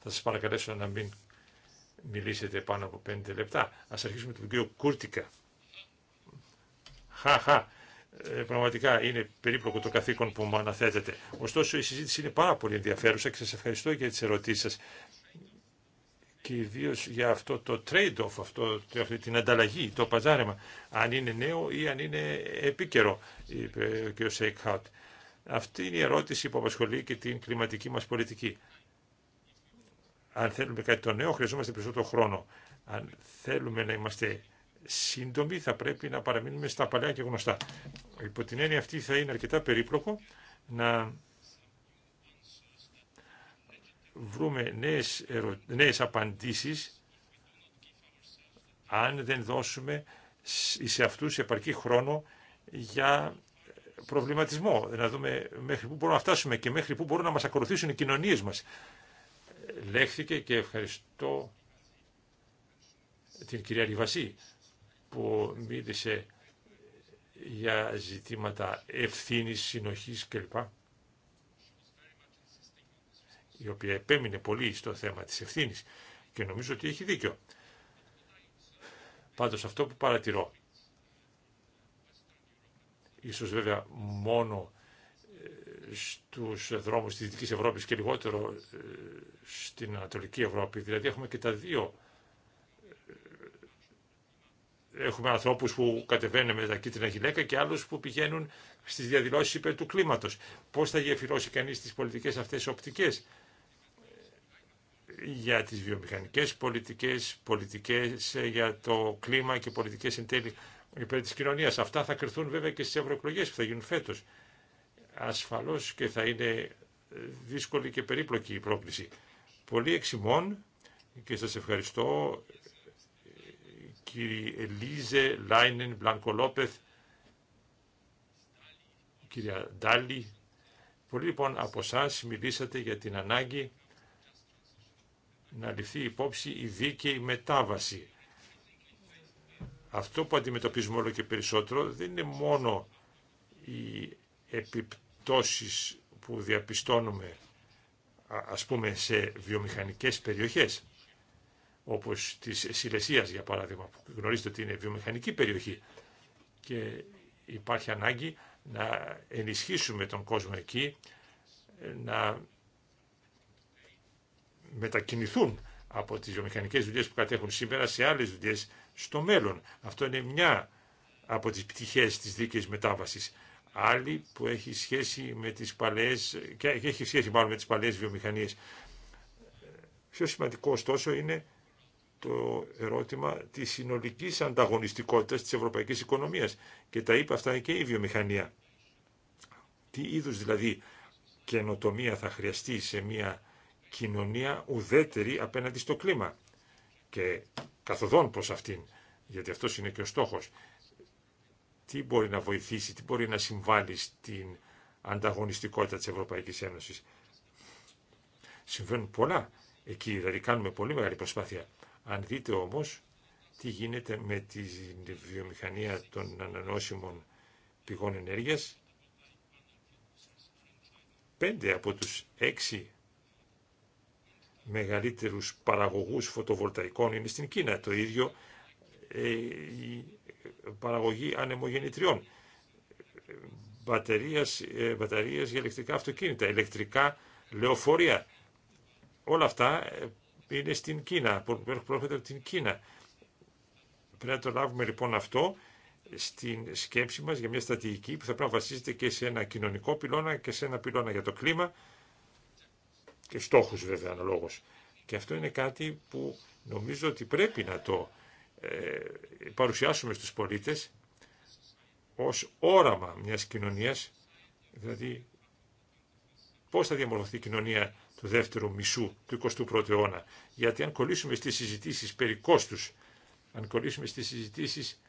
Θα σας παρακαλέσω να μην μιλήσετε πάνω από πέντε λεπτά. Ας αρχίσουμε τον κύριο Κούρτικα. Χα, χα. Ε, πραγματικά είναι περίπλοκο το καθήκον που μου αναθέτεται. Ωστόσο η συζήτηση είναι πάρα πολύ ενδιαφέρουσα και σας ευχαριστώ για τις ερωτήσεις σας και ιδίω για αυτό το trade-off, αυτό, αυτή την ανταλλαγή, το παζάρεμα, αν είναι νέο ή αν είναι επίκαιρο, είπε ο κ. Σέικχαουτ. Αυτή είναι η ερώτηση που απασχολεί και την κλιματική μας πολιτική. Αν θέλουμε κάτι το νέο, χρειαζόμαστε περισσότερο χρόνο. Αν θέλουμε να είμαστε σύντομοι, θα πρέπει να παραμείνουμε στα παλιά και γνωστά. Υπό την έννοια αυτή θα είναι αρκετά περίπλοκο να βρούμε νέες, ερω... απαντήσεις αν δεν δώσουμε σε αυτούς επαρκή χρόνο για προβληματισμό, να δούμε μέχρι πού μπορούμε να φτάσουμε και μέχρι πού μπορούν να μας ακολουθήσουν οι κοινωνίες μας. Λέχθηκε και ευχαριστώ την κυρία Ριβασί που μίλησε για ζητήματα ευθύνης, συνοχής κλπ η οποία επέμεινε πολύ στο θέμα της ευθύνη και νομίζω ότι έχει δίκιο. Πάντως αυτό που παρατηρώ, ίσως βέβαια μόνο ε, στους δρόμους της Δυτικής Ευρώπης και λιγότερο ε, στην Ανατολική Ευρώπη, δηλαδή έχουμε και τα δύο ε, έχουμε ανθρώπους που κατεβαίνουν με τα κίτρινα γυλαίκα και άλλους που πηγαίνουν στις διαδηλώσεις υπέρ του κλίματος. Πώς θα γεφυρώσει κανείς τις πολιτικές αυτές οπτικές για τις βιομηχανικές πολιτικές, πολιτικές ε, για το κλίμα και πολιτικές εν τέλει υπέρ της κοινωνίας. Αυτά θα κρυθούν βέβαια και στις ευρωεκλογέ που θα γίνουν φέτος. Ασφαλώς και θα είναι ε, δύσκολη και περίπλοκη η πρόκληση. Πολύ εξημών και σας ευχαριστώ ε, κύριε Ελίζε, Λάινεν, Μπλάνκο Λόπεθ, κυρία Ντάλι. Πολύ λοιπόν από εσά μιλήσατε για την ανάγκη να ληφθεί υπόψη η δίκαιη μετάβαση. Αυτό που αντιμετωπίζουμε όλο και περισσότερο δεν είναι μόνο οι επιπτώσεις που διαπιστώνουμε ας πούμε σε βιομηχανικές περιοχές όπως της Σιλεσίας για παράδειγμα που γνωρίζετε ότι είναι βιομηχανική περιοχή και υπάρχει ανάγκη να ενισχύσουμε τον κόσμο εκεί να μετακινηθούν από τις βιομηχανικές δουλειές που κατέχουν σήμερα σε άλλες δουλειές στο μέλλον. Αυτό είναι μια από τις πτυχές της δίκαιης μετάβασης. Άλλη που έχει σχέση με τις παλαιές, και έχει σχέση μάλλον με τις παλαιές βιομηχανίες. Πιο σημαντικό ωστόσο είναι το ερώτημα της συνολικής ανταγωνιστικότητας της ευρωπαϊκής οικονομίας. Και τα είπε αυτά και η βιομηχανία. Τι είδους δηλαδή καινοτομία θα χρειαστεί σε μια κοινωνία ουδέτερη απέναντι στο κλίμα και καθοδόν προς αυτήν, γιατί αυτός είναι και ο στόχος. Τι μπορεί να βοηθήσει, τι μπορεί να συμβάλλει στην ανταγωνιστικότητα της Ευρωπαϊκής Ένωσης. Συμβαίνουν πολλά. Εκεί δηλαδή κάνουμε πολύ μεγάλη προσπάθεια. Αν δείτε όμως τι γίνεται με τη βιομηχανία των ανανεώσιμων πηγών ενέργειας, πέντε από τους έξι μεγαλύτερους παραγωγούς φωτοβολταϊκών είναι στην Κίνα. Το ίδιο ε, η παραγωγή ανεμογεννητριών, μπαταρίες, ε, μπαταρίες για ηλεκτρικά αυτοκίνητα, ηλεκτρικά λεωφορεία. Όλα αυτά ε, είναι στην Κίνα, προέρχονται από την Κίνα. Πρέπει να το λάβουμε λοιπόν αυτό στην σκέψη μας για μια στρατηγική που θα πρέπει να βασίζεται και σε ένα κοινωνικό πυλώνα και σε ένα πυλώνα για το κλίμα και στόχους βέβαια αναλόγως. Και αυτό είναι κάτι που νομίζω ότι πρέπει να το ε, παρουσιάσουμε στους πολίτες ως όραμα μιας κοινωνίας, δηλαδή πώς θα διαμορφωθεί η κοινωνία του δεύτερου μισού του 21ου αιώνα. Γιατί αν κολλήσουμε στις συζητήσεις περί κόστους, αν κολλήσουμε στις συζητήσεις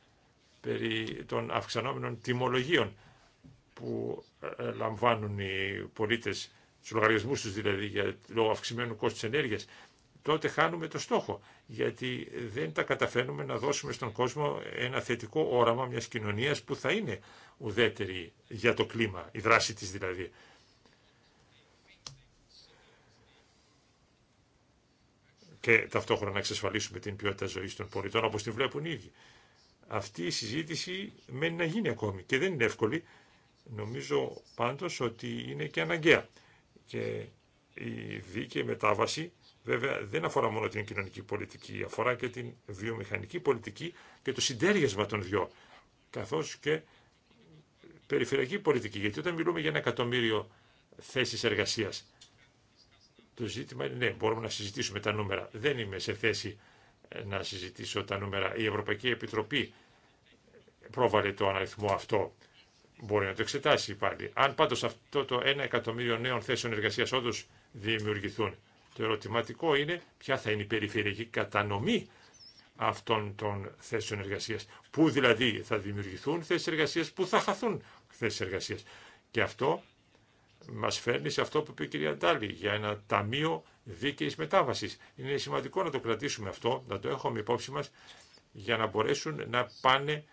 περί των αυξανόμενων τιμολογίων που ε, ε, λαμβάνουν οι πολίτες του λογαριασμού του δηλαδή για, λόγω αυξημένου κόστους ενέργειας, τότε χάνουμε το στόχο. Γιατί δεν τα καταφέρνουμε να δώσουμε στον κόσμο ένα θετικό όραμα μιας κοινωνίας που θα είναι ουδέτερη για το κλίμα, η δράση της δηλαδή. Και ταυτόχρονα να εξασφαλίσουμε την ποιότητα ζωή των πολιτών όπω την βλέπουν οι ίδιοι. Αυτή η συζήτηση μένει να γίνει ακόμη και δεν είναι εύκολη. Νομίζω πάντως ότι είναι και αναγκαία. Και η δίκαιη μετάβαση βέβαια δεν αφορά μόνο την κοινωνική πολιτική, αφορά και την βιομηχανική πολιτική και το συντέριασμα των δυο, καθώς και περιφερειακή πολιτική, γιατί όταν μιλούμε για ένα εκατομμύριο θέσεις εργασίας, το ζήτημα είναι, ναι, μπορούμε να συζητήσουμε τα νούμερα. Δεν είμαι σε θέση ε, να συζητήσω τα νούμερα. Η Ευρωπαϊκή Επιτροπή πρόβαλε το αναριθμό αυτό μπορεί να το εξετάσει πάλι. Αν πάντω αυτό το 1 εκατομμύριο νέων θέσεων εργασία όντω δημιουργηθούν, το ερωτηματικό είναι ποια θα είναι η περιφερειακή κατανομή αυτών των θέσεων εργασίας. Πού δηλαδή θα δημιουργηθούν θέσεις εργασίας, πού εργασία, που δηλαδη θα δημιουργηθουν θέσει εργασια που θα χαθουν θεσει εργασία. και αυτο μα φερνει σε αυτο που ειπε η κυρία Ντάλη για ένα ταμείο δίκαιης μετάβαση. Είναι σημαντικό να το κρατήσουμε αυτό, να το έχουμε υπόψη μα, για να μπορέσουν να πάνε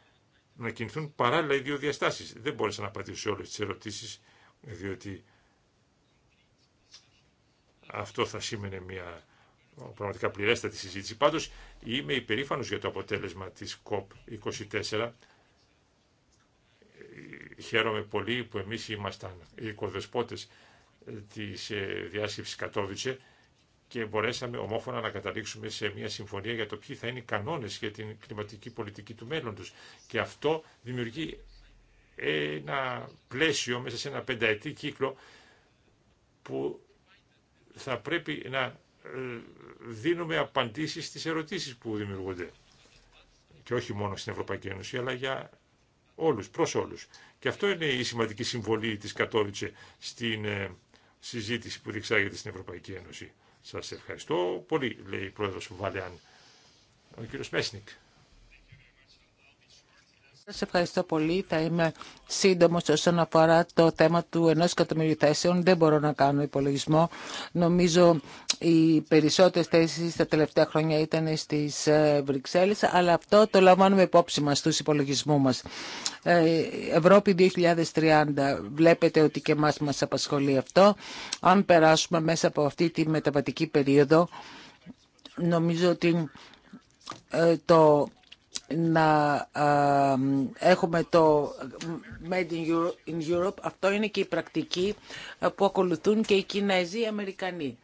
να κινηθούν παράλληλα οι δύο διαστάσεις. Δεν μπόρεσα να απαντήσω σε όλες τις ερωτήσεις, διότι αυτό θα σήμαινε μια πραγματικά πληρέστατη συζήτηση. Πάντως είμαι υπερήφανος για το αποτέλεσμα της COP24. Χαίρομαι πολύ που εμείς ήμασταν οι οικοδεσπότες της ε, διάσκεψης Κατόβιτσε και μπορέσαμε ομόφωνα να καταλήξουμε σε μια συμφωνία για το ποιοι θα είναι οι κανόνες για την κλιματική πολιτική του μέλλοντος. Και αυτό δημιουργεί ένα πλαίσιο μέσα σε ένα πενταετή κύκλο που θα πρέπει να ε, δίνουμε απαντήσεις στις ερωτήσεις που δημιουργούνται. Και όχι μόνο στην Ευρωπαϊκή Ένωση, αλλά για όλους, προς όλους. Και αυτό είναι η σημαντική συμβολή της Κατόβιτσε στην ε, συζήτηση που διεξάγεται στην Ευρωπαϊκή Ένωση. Σας ευχαριστώ πολύ, λέει η πρόεδρος Βαλεάν. Ο κύριος Μέσνικ. Σας ευχαριστώ πολύ. Θα είμαι σύντομο όσον αφορά το θέμα του ενός εκατομμυρίου θέσεων. Δεν μπορώ να κάνω υπολογισμό. Νομίζω οι περισσότερες θέσεις τα τελευταία χρόνια ήταν στις ε, Βρυξέλλες, αλλά αυτό το λαμβάνουμε υπόψη μας στους υπολογισμού μας. Ε, Ευρώπη 2030 βλέπετε ότι και εμάς μας απασχολεί αυτό. Αν περάσουμε μέσα από αυτή τη μεταβατική περίοδο, νομίζω ότι ε, το να έχουμε το Made in Europe. Αυτό είναι και η πρακτική που ακολουθούν και οι Κινέζοι, οι Αμερικανοί.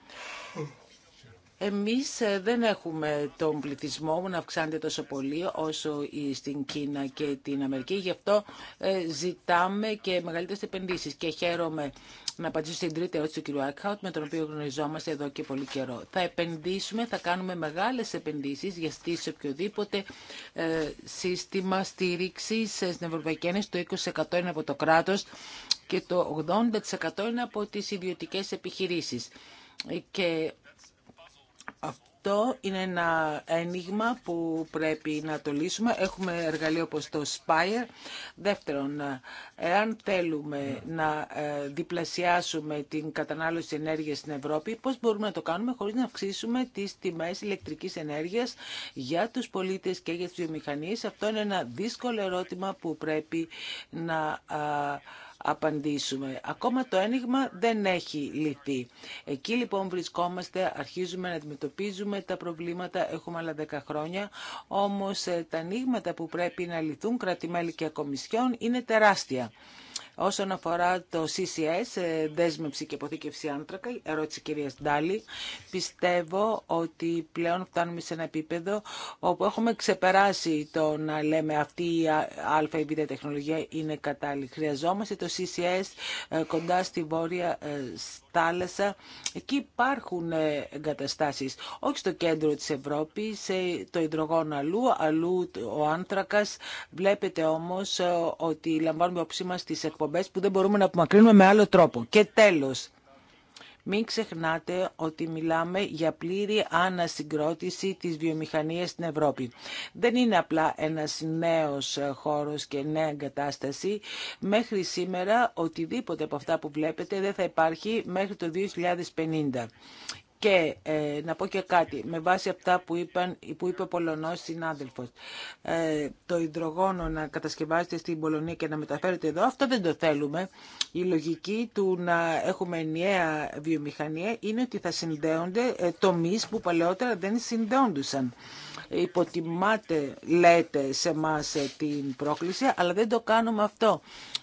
Εμείς ε, δεν έχουμε τον πληθυσμό να αυξάνεται τόσο πολύ όσο στην Κίνα και την Αμερική. Γι' αυτό ε, ζητάμε και μεγαλύτερες επενδύσεις. Και χαίρομαι να απαντήσω στην τρίτη ερώτηση του κ. Άκχαουτ, με τον οποίο γνωριζόμαστε εδώ και πολύ καιρό. Θα επενδύσουμε, θα κάνουμε μεγάλες επενδύσεις για στήσει οποιοδήποτε ε, σύστημα στήριξη ε, στην Ευρωπαϊκή Ένωση. Το 20% είναι από το κράτος και το 80% είναι από τις ιδιωτικές επιχειρήσεις. Ε, και αυτό είναι ένα ένιγμα που πρέπει να το λύσουμε. Έχουμε εργαλείο όπως το Spire. Δεύτερον, εάν θέλουμε να ε, διπλασιάσουμε την κατανάλωση ενέργειας στην Ευρώπη, πώς μπορούμε να το κάνουμε χωρίς να αυξήσουμε τις τιμές ηλεκτρικής ενέργειας για τους πολίτες και για τις βιομηχανίες. Αυτό είναι ένα δύσκολο ερώτημα που πρέπει να ε, απαντήσουμε. Ακόμα το ένιγμα δεν έχει λυθεί. Εκεί λοιπόν βρισκόμαστε, αρχίζουμε να αντιμετωπίζουμε τα προβλήματα, έχουμε άλλα 10 χρόνια, όμως ε, τα ανοίγματα που πρέπει να λυθούν κρατημέλη και ακομισιών είναι τεράστια. Όσον αφορά το CCS, ε, δέσμευση και αποθήκευση άνθρακα, ερώτηση κυρία Ντάλη, πιστεύω ότι πλέον φτάνουμε σε ένα επίπεδο όπου έχουμε ξεπεράσει το να λέμε αυτή η α ή τεχνολογία είναι κατάλληλη. Χρειαζόμαστε το CCS ε, κοντά στη βόρεια ε, θάλασσα. Εκεί υπάρχουν ε, εγκαταστάσεις, όχι στο κέντρο της Ευρώπης, σε το υδρογόνο αλλού, αλλού ο άνθρακας. Βλέπετε όμως ε, ότι λαμβάνουμε όψη μας τις εκπομπές που δεν μπορούμε να απομακρύνουμε με άλλο τρόπο. Και τέλος, μην ξεχνάτε ότι μιλάμε για πλήρη ανασυγκρότηση της βιομηχανίας στην Ευρώπη. Δεν είναι απλά ένας νέος χώρος και νέα εγκατάσταση. Μέχρι σήμερα οτιδήποτε από αυτά που βλέπετε δεν θα υπάρχει μέχρι το 2050. Και ε, να πω και κάτι, με βάση αυτά που, είπαν, που είπε ο Πολωνός συνάδελφος, ε, το υδρογόνο να κατασκευάζεται στην Πολωνία και να μεταφέρεται εδώ, αυτό δεν το θέλουμε. Η λογική του να έχουμε ενιαία βιομηχανία είναι ότι θα συνδέονται ε, τομεί που παλαιότερα δεν συνδέοντουσαν. Υποτιμάτε, λέτε, σε εμά την πρόκληση, αλλά δεν το κάνουμε αυτό.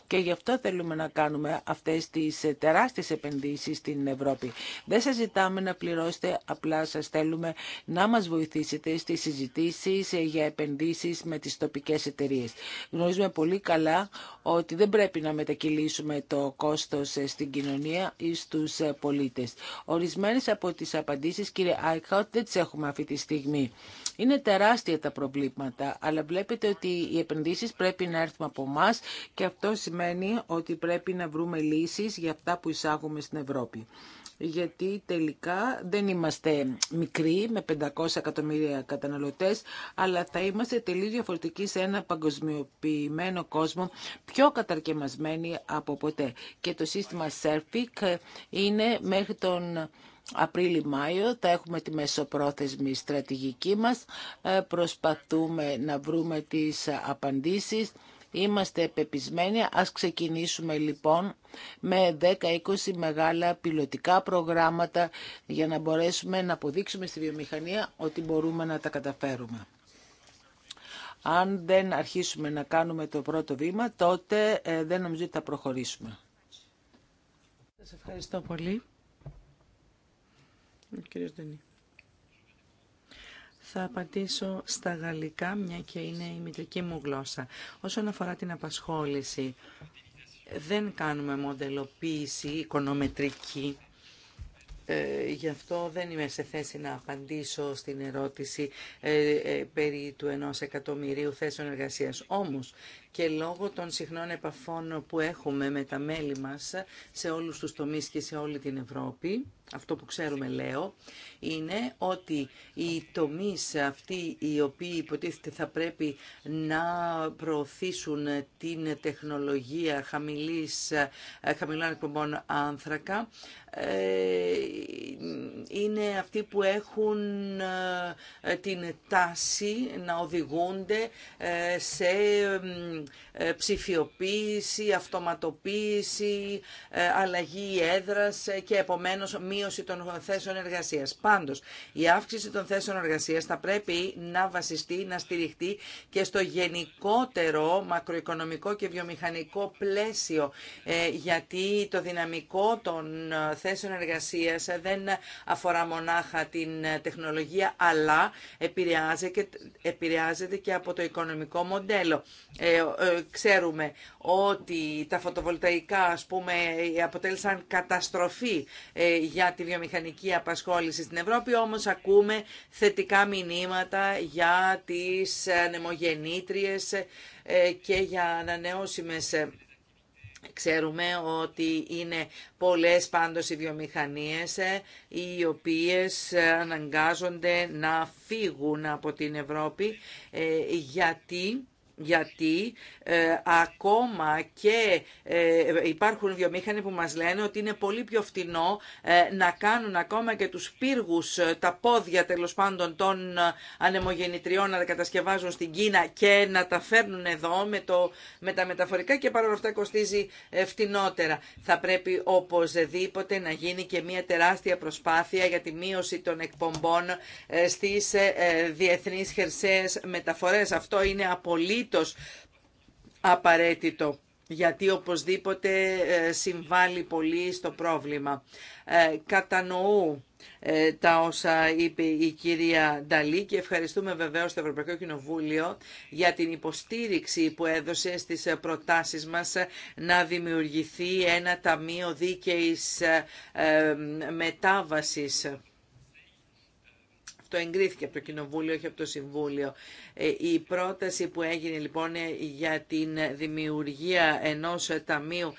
Και γι' αυτό θέλουμε να κάνουμε αυτές τις ε, τεράστιες επενδύσεις στην Ευρώπη. Δεν σας ζητάμε να πληρώσετε, απλά σας θέλουμε να μας βοηθήσετε στις συζητήσεις ε, για επενδύσεις με τις τοπικές εταιρείες. Γνωρίζουμε πολύ καλά ότι δεν πρέπει να μετακυλήσουμε το κόστος ε, στην κοινωνία ή στους πολίτες. Ορισμένες από τις απαντήσεις, κύριε Άικχαουτ, δεν τις έχουμε αυτή τη στιγμή. Είναι τεράστια τα προβλήματα, αλλά βλέπετε ότι οι επενδύσεις πρέπει να έρθουν από εμά και αυτό σημαίνει ότι πρέπει να βρούμε λύσεις για αυτά που εισάγουμε στην Ευρώπη. Γιατί τελικά δεν είμαστε μικροί με 500 εκατομμύρια καταναλωτές, αλλά θα είμαστε τελείως διαφορετικοί σε ένα παγκοσμιοποιημένο κόσμο, πιο καταρκεμασμένοι από ποτέ. Και το σύστημα σέρφικ είναι μέχρι τον Απρίλιο μαιο θα έχουμε τη μεσοπρόθεσμη στρατηγική μας. Ε, προσπαθούμε να βρούμε τις απαντήσεις Είμαστε επεπισμένοι, Ας ξεκινήσουμε λοιπόν με 10-20 μεγάλα πιλωτικά προγράμματα για να μπορέσουμε να αποδείξουμε στη βιομηχανία ότι μπορούμε να τα καταφέρουμε. Αν δεν αρχίσουμε να κάνουμε το πρώτο βήμα, τότε ε, δεν νομίζω ότι θα προχωρήσουμε. Σας ευχαριστώ πολύ. Κύριε θα απαντήσω στα γαλλικά, μια και είναι η μητρική μου γλώσσα. Όσον αφορά την απασχόληση, δεν κάνουμε μοντελοποίηση οικονομετρική ε, γι' αυτό δεν είμαι σε θέση να απαντήσω στην ερώτηση ε, ε, περί του ενός εκατομμυρίου θέσεων εργασίας. Όμως, και λόγω των συχνών επαφών που έχουμε με τα μέλη μας σε όλους τους τομείς και σε όλη την Ευρώπη, αυτό που ξέρουμε λέω, είναι ότι οι τομείς αυτοί οι οποίοι υποτίθεται θα πρέπει να προωθήσουν την τεχνολογία χαμηλής, χαμηλών εκπομπών άνθρακα, ε, είναι αυτοί που έχουν ε, την τάση να οδηγούνται ε, σε ε, ψηφιοποίηση, αυτοματοποίηση, ε, αλλαγή έδρας ε, και επομένως μείωση των θέσεων εργασίας. Πάντως, η αύξηση των θέσεων εργασίας θα πρέπει να βασιστεί, να στηριχτεί και στο γενικότερο μακροοικονομικό και βιομηχανικό πλαίσιο, γιατί το δυναμικό των θέσεων εργασίας δεν αφορά μονάχα την τεχνολογία, αλλά επηρεάζεται και από το οικονομικό μοντέλο. Ε, ξέρουμε ότι τα φωτοβολταϊκά ας πούμε αποτέλεσαν καταστροφή ε, για τη βιομηχανική απασχόληση στην Ευρώπη, όμως ακούμε θετικά μηνύματα για τις ανεμογεννήτριες ε, και για ανανεώσιμες Ξέρουμε ότι είναι πολλές πάντως οι βιομηχανίες οι οποίες αναγκάζονται να φύγουν από την Ευρώπη γιατί γιατί ε, ακόμα και ε, υπάρχουν βιομήχανοι που μας λένε ότι είναι πολύ πιο φτηνό ε, να κάνουν ακόμα και τους πύργους, τα πόδια τέλο πάντων των ανεμογεννητριών να τα κατασκευάζουν στην Κίνα και να τα φέρνουν εδώ με, το, με τα μεταφορικά και παρόλα αυτά κοστίζει φτηνότερα. Θα πρέπει οπωσδήποτε να γίνει και μια τεράστια προσπάθεια για τη μείωση των εκπομπών στις διεθνείς χερσαίες μεταφορές. Αυτό είναι απολύτως απολύτως απαραίτητο γιατί οπωσδήποτε ε, συμβάλλει πολύ στο πρόβλημα. Ε, κατανοώ ε, τα όσα είπε η κυρία Νταλή και ευχαριστούμε βεβαίως το Ευρωπαϊκό Κοινοβούλιο για την υποστήριξη που έδωσε στις προτάσεις μας να δημιουργηθεί ένα ταμείο δίκαιης μετάβασης το εγκρίθηκε από το Κοινοβούλιο, όχι από το Συμβούλιο. Ε, η πρόταση που έγινε λοιπόν ε, για την δημιουργία ενός ταμείου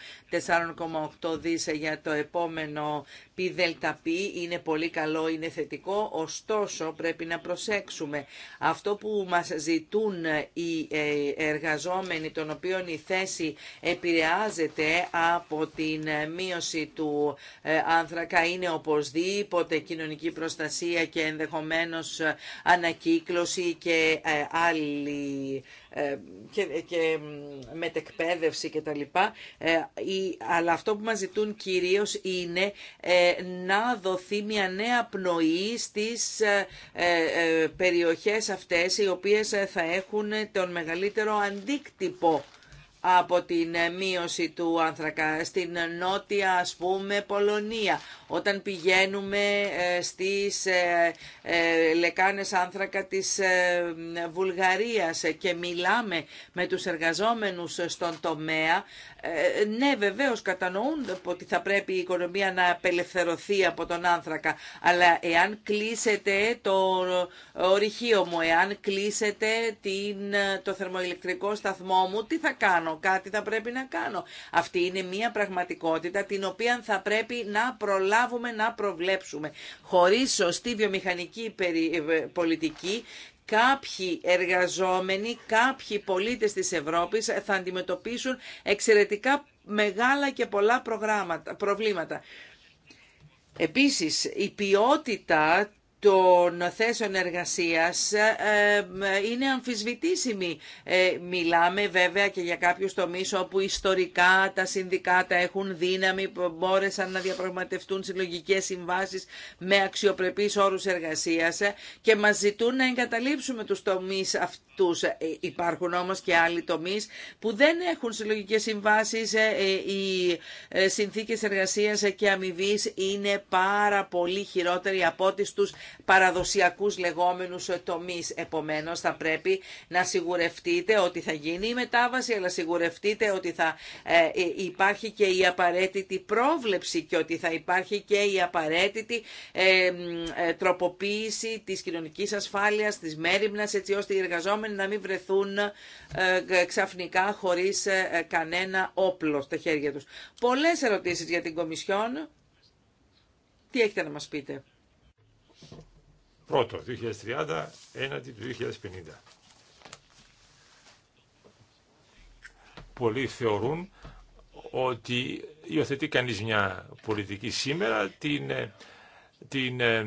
4,8 δις ε, για το επόμενο πι δελτα είναι πολύ καλό, είναι θετικό, ωστόσο πρέπει να προσέξουμε. Αυτό που μας ζητούν οι ε, εργαζόμενοι, των οποίων η θέση επηρεάζεται από την μείωση του ε, άνθρακα, είναι οπωσδήποτε κοινωνική προστασία και ενδεχομένως ανακύκλωση και ε, άλλη ε, και, και μετεκπαίδευση κτλ. Ε, αλλά αυτό που μας ζητούν κυρίως είναι ε, να δοθεί μια νέα πνοή στις περιοχές αυτές οι οποίες θα έχουν τον μεγαλύτερο αντίκτυπο από την μείωση του άνθρακα στην νότια ας πούμε Πολωνία όταν πηγαίνουμε ε, στις ε, ε, λεκάνες άνθρακα της Βουλγαρίας και μιλάμε με τους εργαζόμενους στον τομέα, ναι βεβαίως κατανοούν ότι θα πρέπει η οικονομία να απελευθερωθεί από τον άνθρακα, αλλά εάν κλείσετε το ορυχείο μου, εάν κλείσετε την, το θερμοηλεκτρικό σταθμό μου, τι θα κάνω, κάτι θα πρέπει να κάνω. Αυτή είναι μια πραγματικότητα την οποία θα πρέπει να προλάβουμε να προβλέψουμε. Χωρίς σωστή βιομηχανική ε, πολιτική κάποιοι εργαζόμενοι, κάποιοι πολίτες της Ευρώπης θα αντιμετωπίσουν εξαιρετικά μεγάλα και πολλά προγράμματα, προβλήματα. Επίσης, η ποιότητα των θέσεων εργασίας είναι αμφισβητήσιμη. Ε, μιλάμε βέβαια και για κάποιους τομείς όπου ιστορικά τα συνδικάτα έχουν δύναμη, μπόρεσαν να διαπραγματευτούν συλλογικές συμβάσεις με αξιοπρεπείς όρους εργασίας και μας ζητούν να εγκαταλείψουμε τους τομείς αυτούς. Ε, υπάρχουν όμως και άλλοι τομείς που δεν έχουν συλλογικές συμβάσεις, ε, οι συνθήκες εργασίας και αμοιβή είναι πάρα πολύ χειρότεροι από ό,τι στους παραδοσιακούς λεγόμενους τομείς. Επομένως θα πρέπει να σιγουρευτείτε ότι θα γίνει η μετάβαση, αλλά σιγουρευτείτε ότι θα ε, ε, υπάρχει και η απαραίτητη πρόβλεψη και ότι θα υπάρχει και η απαραίτητη ε, τροποποίηση της κοινωνικής ασφάλειας, της μέρημνας, έτσι ώστε οι εργαζόμενοι να μην βρεθούν ξαφνικά χωρίς κανένα όπλο στα χέρια τους. Πολλές ερωτήσεις για την Κομισιόν. Τι έχετε να μας πείτε. Πρώτο, 2030 έναντι του 2050. Πολλοί θεωρούν ότι υιοθετεί κανείς μια πολιτική σήμερα, την, ε, την ε,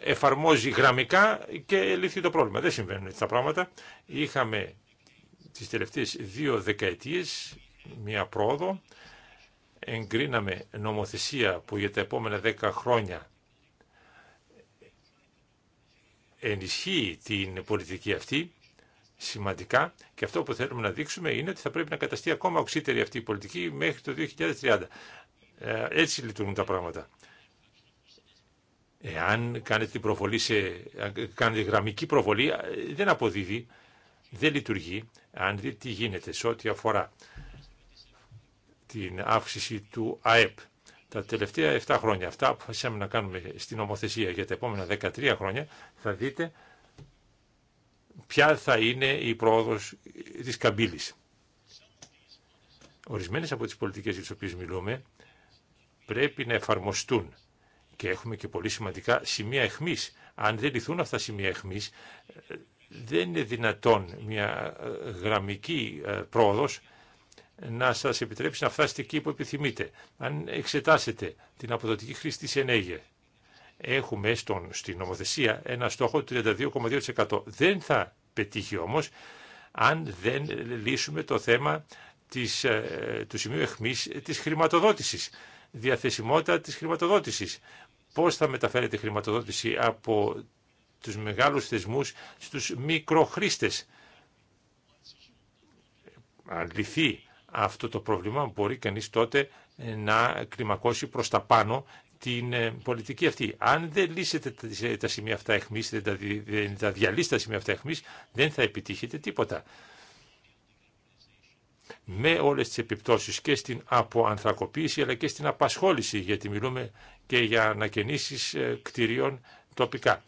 εφαρμόζει γραμμικά και λύθει το πρόβλημα. Δεν συμβαίνουν έτσι τα πράγματα. Είχαμε τις τελευταίες δύο δεκαετίες μια πρόοδο, εγκρίναμε νομοθεσία που για τα επόμενα δέκα χρόνια ενισχύει την πολιτική αυτή σημαντικά και αυτό που θέλουμε να δείξουμε είναι ότι θα πρέπει να καταστεί ακόμα οξύτερη αυτή η πολιτική μέχρι το 2030. Ε, έτσι λειτουργούν τα πράγματα. Εάν κάνετε, την προβολή σε, κάνετε γραμμική προβολή ε, δεν αποδίδει, δεν λειτουργεί. Αν δείτε τι γίνεται σε ό,τι αφορά την αύξηση του ΑΕΠ τα τελευταία 7 χρόνια, αυτά που αποφασίσαμε να κάνουμε στην Ομοθεσία για τα επόμενα 13 χρόνια, θα δείτε ποια θα είναι η πρόοδος της καμπύλης. Ορισμένες από τις πολιτικές για τις μιλούμε πρέπει να εφαρμοστούν και έχουμε και πολύ σημαντικά σημεία εχμής. Αν δεν λυθούν αυτά τα σημεία εχμής, ε, δεν είναι δυνατόν μια ε, γραμμική ε, πρόοδος να σας επιτρέψει να φτάσετε εκεί που επιθυμείτε. Αν εξετάσετε την αποδοτική χρήση της ΕΝΕΓΕ έχουμε στον, στην νομοθεσία ένα στόχο 32,2%. Δεν θα πετύχει όμως αν δεν λύσουμε το θέμα της, ε, του σημείου εχμής της χρηματοδότησης, διαθεσιμότητα της χρηματοδότησης. Πώς θα μεταφέρεται η χρηματοδότηση από τους μεγάλους θεσμούς στους μικροχρήστες. Αν αυτό το πρόβλημα μπορεί κανείς τότε ε, να κλιμακώσει προς τα πάνω την ε, πολιτική αυτή. Αν δεν λύσετε τα σημεία αυτά εχμής, δεν τα, διαλύσετε τα σημεία αυτά εχμής, δεν θα επιτύχετε τίποτα. Με όλες τις επιπτώσεις και στην αποανθρακοποίηση αλλά και στην απασχόληση, γιατί μιλούμε και για ανακαινήσεις ε, κτηρίων τοπικά.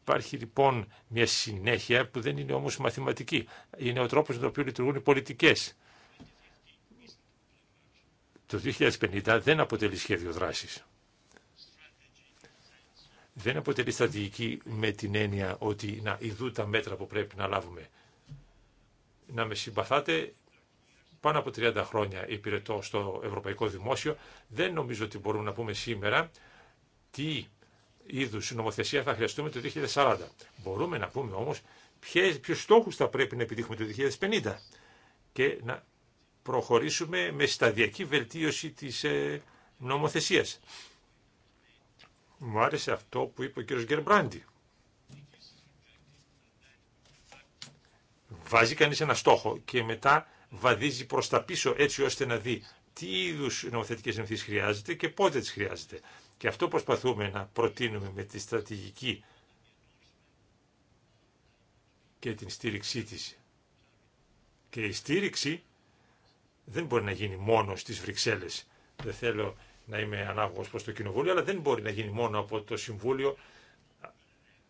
Υπάρχει λοιπόν μια συνέχεια που δεν είναι όμως μαθηματική. Είναι ο τρόπος με τον οποίο λειτουργούν οι πολιτικές το 2050 δεν αποτελεί σχέδιο δράσης. Δεν αποτελεί στρατηγική με την έννοια ότι να ειδού τα μέτρα που πρέπει να λάβουμε. Να με συμπαθάτε, πάνω από 30 χρόνια υπηρετώ στο Ευρωπαϊκό Δημόσιο, δεν νομίζω ότι μπορούμε να πούμε σήμερα τι είδους νομοθεσία θα χρειαστούμε το 2040. Μπορούμε να πούμε όμως ποιες, ποιους στόχους θα πρέπει να επιτύχουμε το 2050 και να προχωρήσουμε με σταδιακή βελτίωση της ε, νομοθεσίας. Μου άρεσε αυτό που είπε ο κ. Γκερμπράντι. Βάζει κανείς ένα στόχο και μετά βαδίζει προς τα πίσω έτσι ώστε να δει τι είδους νομοθετικές συνθήκες χρειάζεται και πότε τις χρειάζεται. Και αυτό προσπαθούμε να προτείνουμε με τη στρατηγική και την στήριξή της. Και η στήριξη δεν μπορεί να γίνει μόνο στις Βρυξέλλες. Δεν θέλω να είμαι ανάγωγος προς το Κοινοβούλιο, αλλά δεν μπορεί να γίνει μόνο από το Συμβούλιο,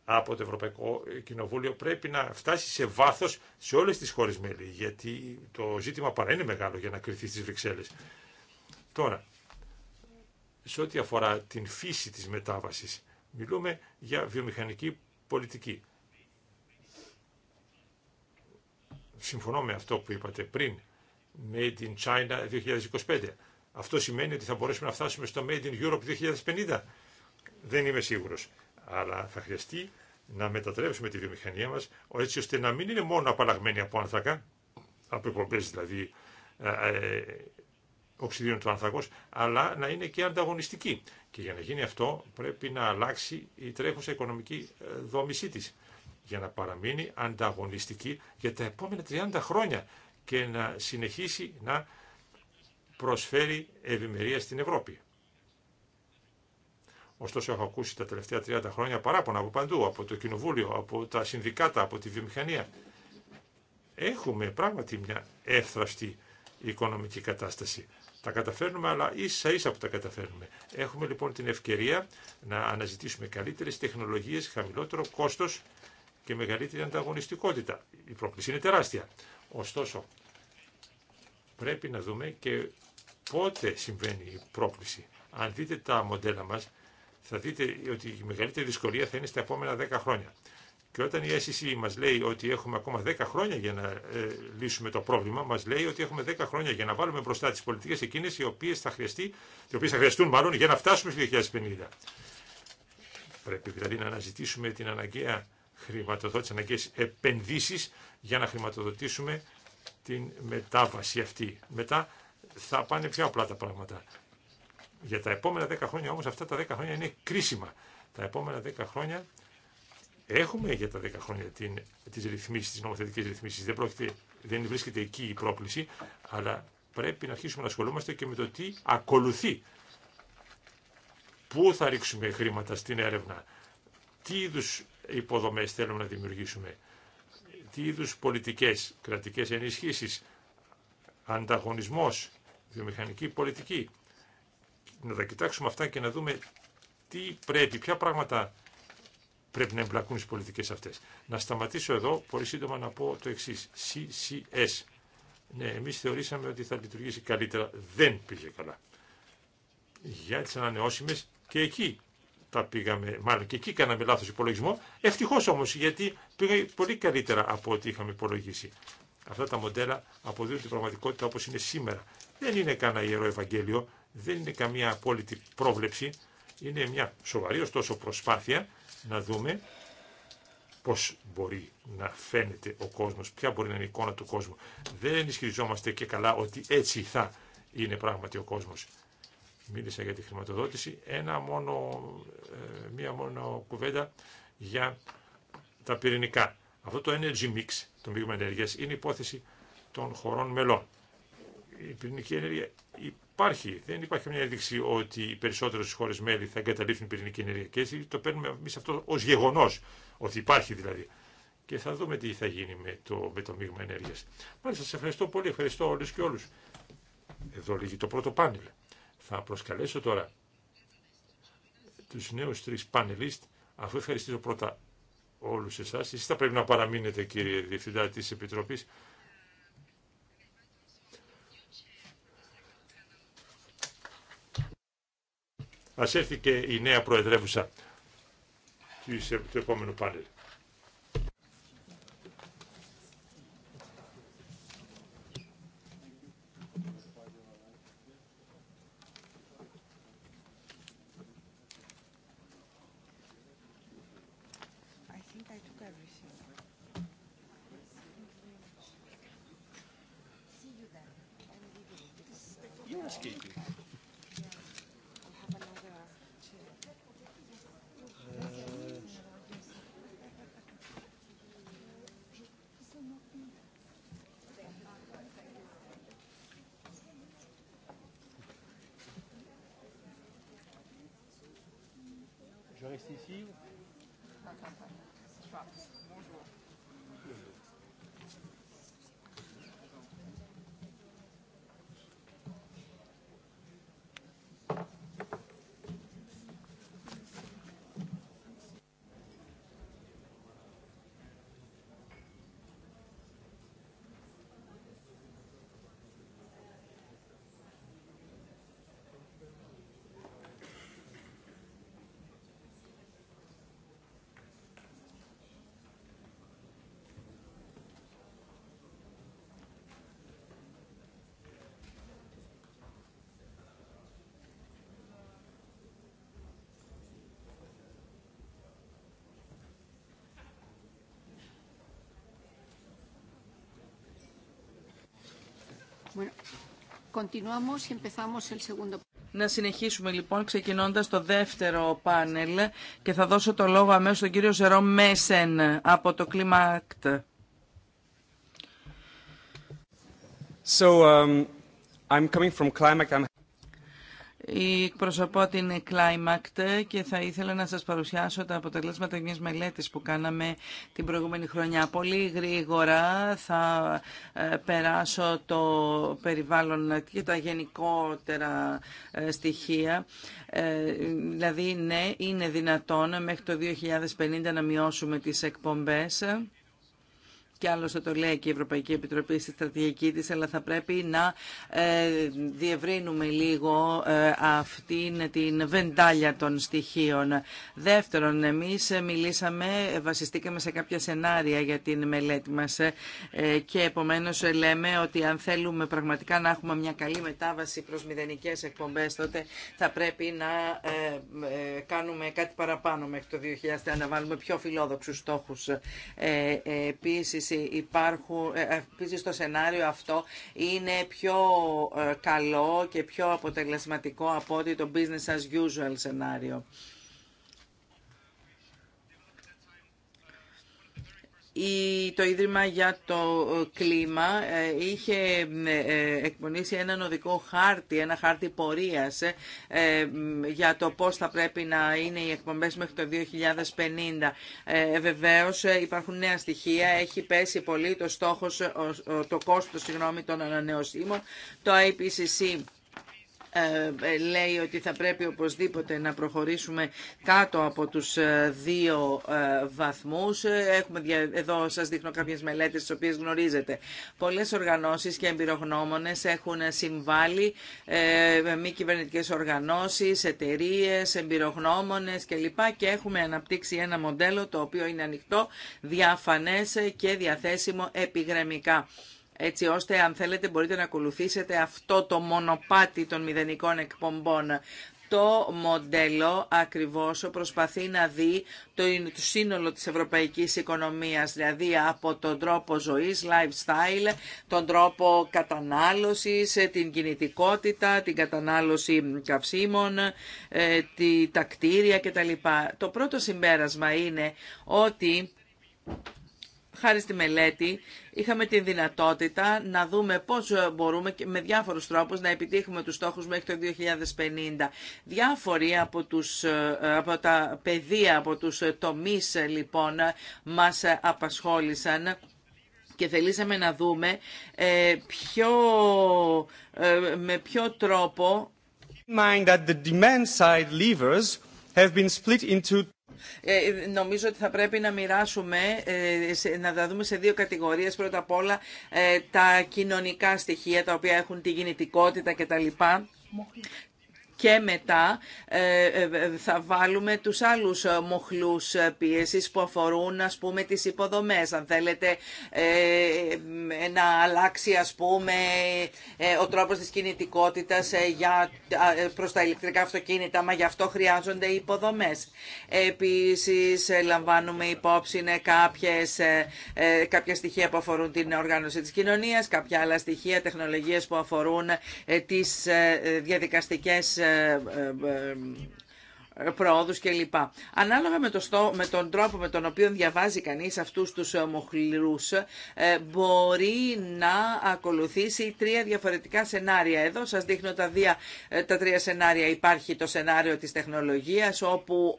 από το Ευρωπαϊκό Κοινοβούλιο. Πρέπει να φτάσει σε βάθος σε όλες τις χώρες μέλη, γιατί το ζήτημα παρά είναι μεγάλο για να κρυθεί στις Βρυξέλλες. Τώρα, σε ό,τι αφορά την φύση της μετάβασης, μιλούμε για βιομηχανική πολιτική. Συμφωνώ με αυτό που είπατε πριν Made in China 2025. Αυτό σημαίνει ότι θα μπορέσουμε να φτάσουμε στο Made in Europe 2050. Δεν είμαι σίγουρος. Αλλά θα χρειαστεί να μετατρέψουμε τη βιομηχανία μας έτσι ώστε να μην είναι μόνο απαλλαγμένη από άνθρακα, από υπομπές δηλαδή ε, ε, οξυδίων του άνθρακος, αλλά να είναι και ανταγωνιστική. Και για να γίνει αυτό πρέπει να αλλάξει η τρέχουσα οικονομική ε, δόμησή της για να παραμείνει ανταγωνιστική για τα επόμενα 30 χρόνια και να συνεχίσει να προσφέρει ευημερία στην Ευρώπη. Ωστόσο, έχω ακούσει τα τελευταία 30 χρόνια παράπονα από παντού, από το Κοινοβούλιο, από τα συνδικάτα, από τη βιομηχανία. Έχουμε πράγματι μια εύθραυστη οικονομική κατάσταση. Τα καταφέρνουμε, αλλά ίσα ίσα που τα καταφέρνουμε. Έχουμε λοιπόν την ευκαιρία να αναζητήσουμε καλύτερες τεχνολογίες, χαμηλότερο κόστος και μεγαλύτερη ανταγωνιστικότητα. Η πρόκληση είναι τεράστια. Ωστόσο, πρέπει να δούμε και πότε συμβαίνει η πρόκληση. Αν δείτε τα μοντέλα μας, θα δείτε ότι η μεγαλύτερη δυσκολία θα είναι στα επόμενα 10 χρόνια. Και όταν η SEC μας λέει ότι έχουμε ακόμα 10 χρόνια για να ε, λύσουμε το πρόβλημα, μας λέει ότι έχουμε 10 χρόνια για να βάλουμε μπροστά τις πολιτικές εκείνες οι οποίες θα, χρειαστεί, οι οποίες θα χρειαστούν μάλλον για να φτάσουμε στο 2050. Πρέπει δηλαδή να αναζητήσουμε την αναγκαία χρηματοδότηση, αναγκαίες επενδύσεις για να χρηματοδοτήσουμε την μετάβαση αυτή. Μετά θα πάνε πιο απλά τα πράγματα. Για τα επόμενα 10 χρόνια όμως αυτά τα 10 χρόνια είναι κρίσιμα. Τα επόμενα 10 χρόνια έχουμε για τα 10 χρόνια την, τις ρυθμίσεις, τις νομοθετικές ρυθμίσεις. Δεν, πρόκειται, βρίσκεται εκεί η πρόκληση, αλλά πρέπει να αρχίσουμε να ασχολούμαστε και με το τι ακολουθεί. Πού θα ρίξουμε χρήματα στην έρευνα, τι είδου υποδομές θέλουμε να δημιουργήσουμε τι είδου πολιτικές, κρατικές ενισχύσεις, ανταγωνισμός, βιομηχανική πολιτική. Να τα κοιτάξουμε αυτά και να δούμε τι πρέπει, ποια πράγματα πρέπει να εμπλακούν στις πολιτικές αυτές. Να σταματήσω εδώ, πολύ σύντομα να πω το εξή CCS. Ναι, εμείς θεωρήσαμε ότι θα λειτουργήσει καλύτερα. Δεν πήγε καλά. Για τις ανανεώσιμες και εκεί τα πήγαμε, μάλλον και εκεί κάναμε λάθος υπολογισμό. Ευτυχώς όμως, γιατί πήγα πολύ καλύτερα από ό,τι είχαμε υπολογίσει. Αυτά τα μοντέλα αποδίδουν την πραγματικότητα όπως είναι σήμερα. Δεν είναι κανένα ιερό Ευαγγέλιο, δεν είναι καμία απόλυτη πρόβλεψη. Είναι μια σοβαρή ωστόσο προσπάθεια να δούμε πώς μπορεί να φαίνεται ο κόσμος, ποια μπορεί να είναι η εικόνα του κόσμου. Δεν ισχυριζόμαστε και καλά ότι έτσι θα είναι πράγματι ο κόσμος μίλησα για τη χρηματοδότηση, ένα μόνο, ε, μία μόνο κουβέντα για τα πυρηνικά. Αυτό το energy mix, το μείγμα ενέργεια είναι υπόθεση των χωρών μελών. Η πυρηνική ενέργεια υπάρχει. Δεν υπάρχει μια ένδειξη ότι οι περισσότερε χώρε μέλη θα εγκαταλείψουν πυρηνική ενέργεια. Και έτσι το παίρνουμε εμεί αυτό ω γεγονό, ότι υπάρχει δηλαδή. Και θα δούμε τι θα γίνει με το, με το μείγμα ενέργεια. Μάλιστα, σα ευχαριστώ πολύ. Ευχαριστώ όλου και όλου. Εδώ λύγει το πρώτο πάνελ. Θα προσκαλέσω τώρα τους νέους τρεις πανελίστ, αφού ευχαριστήσω πρώτα όλους εσάς. Εσείς θα πρέπει να παραμείνετε κύριε Διευθυντά της Επιτροπής. Ας έρθει και η νέα προεδρεύουσα του επόμενου πάνελ. Να συνεχίσουμε λοιπόν ξεκινώντας το δεύτερο πάνελ και θα δώσω το λόγο αμέσως στον κύριο Ζερό Μέσεν από το Κλίμακτ. So, um, I'm coming Εκπροσωπώ την Climact και θα ήθελα να σας παρουσιάσω τα αποτελέσματα μιας μελέτης που κάναμε την προηγούμενη χρονιά. Πολύ γρήγορα θα ε, περάσω το περιβάλλον και τα γενικότερα ε, στοιχεία. Ε, δηλαδή, ναι, είναι δυνατόν μέχρι το 2050 να μειώσουμε τις εκπομπές κι άλλωστε το λέει και η Ευρωπαϊκή Επιτροπή στη στρατηγική της, αλλά θα πρέπει να ε, διευρύνουμε λίγο ε, αυτήν την βεντάλια των στοιχείων. Δεύτερον, εμείς μιλήσαμε, βασιστήκαμε σε κάποια σενάρια για την μελέτη μας ε, και επομένως λέμε ότι αν θέλουμε πραγματικά να έχουμε μια καλή μετάβαση προς μηδενικές εκπομπές, τότε θα πρέπει να κάνουμε κάτι παραπάνω μέχρι το 2000, να βάλουμε πιο φιλόδοξους στόχους. Επίσης, επίση υπάρχουν, ε, ε, το σενάριο αυτό είναι πιο ε, καλό και πιο αποτελεσματικό από ότι το business as usual σενάριο. το Ίδρυμα για το ε, Κλίμα ε, είχε ε, εκπονήσει έναν οδικό χάρτη, ένα χάρτη πορείας για το πώς θα πρέπει να είναι οι εκπομπές μέχρι το 2050. Βεβαίως υπάρχουν νέα στοιχεία, έχει πέσει πολύ το, στόχος, το κόστος συγγνώμη, των ανανεωσίμων, το IPCC ε, ε, λέει ότι θα πρέπει οπωσδήποτε να προχωρήσουμε κάτω από τους ε, δύο βαθμούς. Έχουμε εδώ σας δείχνω κάποιες μελέτες τις οποίες γνωρίζετε. Πολλές οργανώσεις και εμπειρογνώμονες έχουν συμβάλει μη κυβερνητικές οργανώσεις, εταιρείε, εμπειρογνώμονες κλπ. Και έχουμε αναπτύξει ένα μοντέλο το οποίο είναι ανοιχτό, διαφανές και διαθέσιμο επιγραμμικά έτσι ώστε αν θέλετε μπορείτε να ακολουθήσετε αυτό το μονοπάτι των μηδενικών εκπομπών. Το μοντέλο ακριβώς προσπαθεί να δει το σύνολο της ευρωπαϊκής οικονομίας, δηλαδή από τον τρόπο ζωής, lifestyle, τον τρόπο κατανάλωσης, ε, την κινητικότητα, την κατανάλωση καυσίμων, ε, τα κτίρια κτλ. Το πρώτο συμπέρασμα είναι ότι χάρη στη μελέτη είχαμε τη δυνατότητα να δούμε πώς μπορούμε και με διάφορους τρόπους να επιτύχουμε τους στόχους μέχρι το 2050. Διάφοροι από, τους, ε, από τα πεδία, από τους τομείς ε, λοιπόν μας απασχόλησαν και θελήσαμε να δούμε ε, ε με ποιο τρόπο Mind that the demand side levers have been split into ε, νομίζω ότι θα πρέπει να μοιράσουμε, ε, να τα δούμε σε δύο κατηγορίες. Πρώτα απ' όλα ε, τα κοινωνικά στοιχεία, τα οποία έχουν τη γεννητικότητα κτλ και μετά ε, ε, ε, θα βάλουμε τους άλλους μοχλούς πίεσης που αφορούν ας πούμε τις υποδομές. Αν θέλετε να αλλάξει ας πούμε ο τρόπος της κινητικότητας για, προς τα ηλεκτρικά αυτοκίνητα, μα γι' αυτό χρειάζονται υποδομές. Επίσης λαμβάνουμε υπόψη κάποιες, κάποια στοιχεία που αφορούν την οργάνωση της κοινωνίας, κάποια άλλα στοιχεία, τεχνολογίες που αφορούν τις διαδικαστικές Εμμύχια. Ε, ε, ε, κλπ. Ανάλογα με, το στο, με τον τρόπο με τον οποίο διαβάζει κανείς αυτούς τους ε, μοχληρούς ε, μπορεί να ακολουθήσει τρία διαφορετικά σενάρια. Εδώ σας δείχνω τα, δια τα τρία σενάρια. Υπάρχει το σενάριο της τεχνολογίας όπου,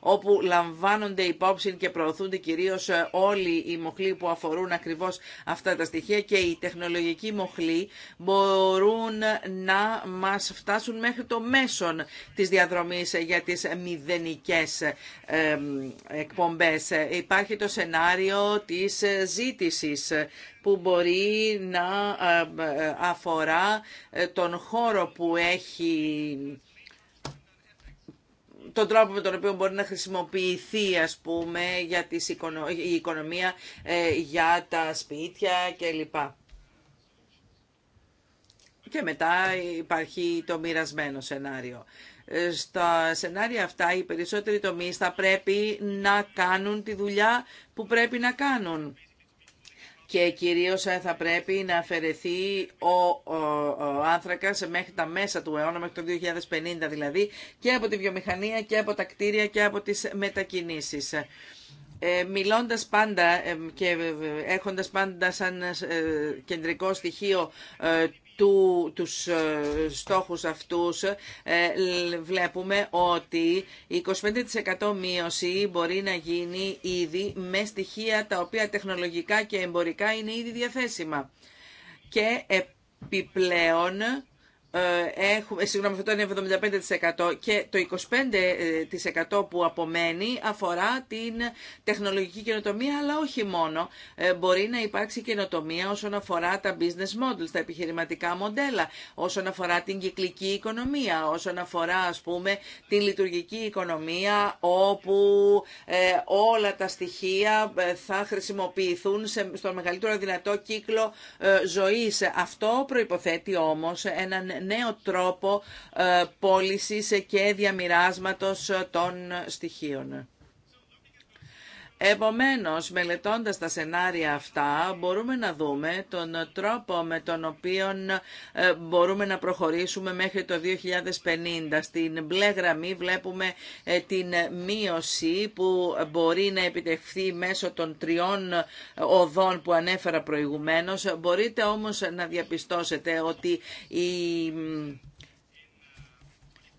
όπου λαμβάνονται υπόψη και προωθούνται κυρίως όλοι οι μοχλοί που αφορούν ακριβώς αυτά τα στοιχεία και οι τεχνολογικοί μοχλοί μπορούν να μας φτάσουν μέχρι το μέσον της διαδρομής για τις μηδενικές εκπομπές. Υπάρχει το σενάριο της ζήτησης που μπορεί να αφορά ε, τον χώρο που έχει τον τρόπο με τον οποίο μπορεί να χρησιμοποιηθεί ας πούμε για τις η οικονομία ε, για τα σπίτια κλπ. Και μετά υπάρχει το μοιρασμένο σενάριο. Ε, στα σενάρια αυτά οι περισσότεροι τομεί θα πρέπει να κάνουν τη δουλειά που πρέπει να κάνουν και κυρίως ε, θα πρέπει να αφαιρεθεί ο, ο, ο άνθρακας μέχρι τα μέσα του αιώνα, μέχρι το 2050 δηλαδή, και από τη βιομηχανία και από τα κτίρια και από τις μετακινήσεις. Ε, μιλώντας πάντα ε, και έχοντας πάντα σαν κεντρικό στοιχείο του, τους ε, στόχους αυτούς ε, βλέπουμε ότι 25% μείωση μπορεί να γίνει ήδη με στοιχεία τα οποία τεχνολογικά και εμπορικά είναι ήδη διαθέσιμα. Και επιπλέον ε, έχουμε, ε, συγγνώμη, αυτό είναι 75% και το 25% που απομένει αφορά την τεχνολογική καινοτομία, αλλά όχι μόνο. Ε, μπορεί να υπάρξει καινοτομία όσον αφορά τα business models, τα επιχειρηματικά μοντέλα, όσον αφορά την κυκλική οικονομία, όσον αφορά, ας πούμε, την λειτουργική οικονομία, όπου όλα τα στοιχεία θα χρησιμοποιηθούν στον μεγαλύτερο δυνατό κύκλο ζωής. Αυτό προϋποθέτει όμως έναν νέο τρόπο ε, πώλησης και διαμοιράσματος των στοιχείων. Επομένως, μελετώντας τα σενάρια αυτά, μπορούμε να δούμε τον τρόπο με τον οποίο ε, μπορούμε να προχωρήσουμε μέχρι το 2050. Στην μπλε γραμμή βλέπουμε ε, την μείωση που μπορεί να επιτευχθεί μέσω των τριών ε, οδών που ανέφερα προηγουμένως. Μπορείτε όμως να διαπιστώσετε ότι η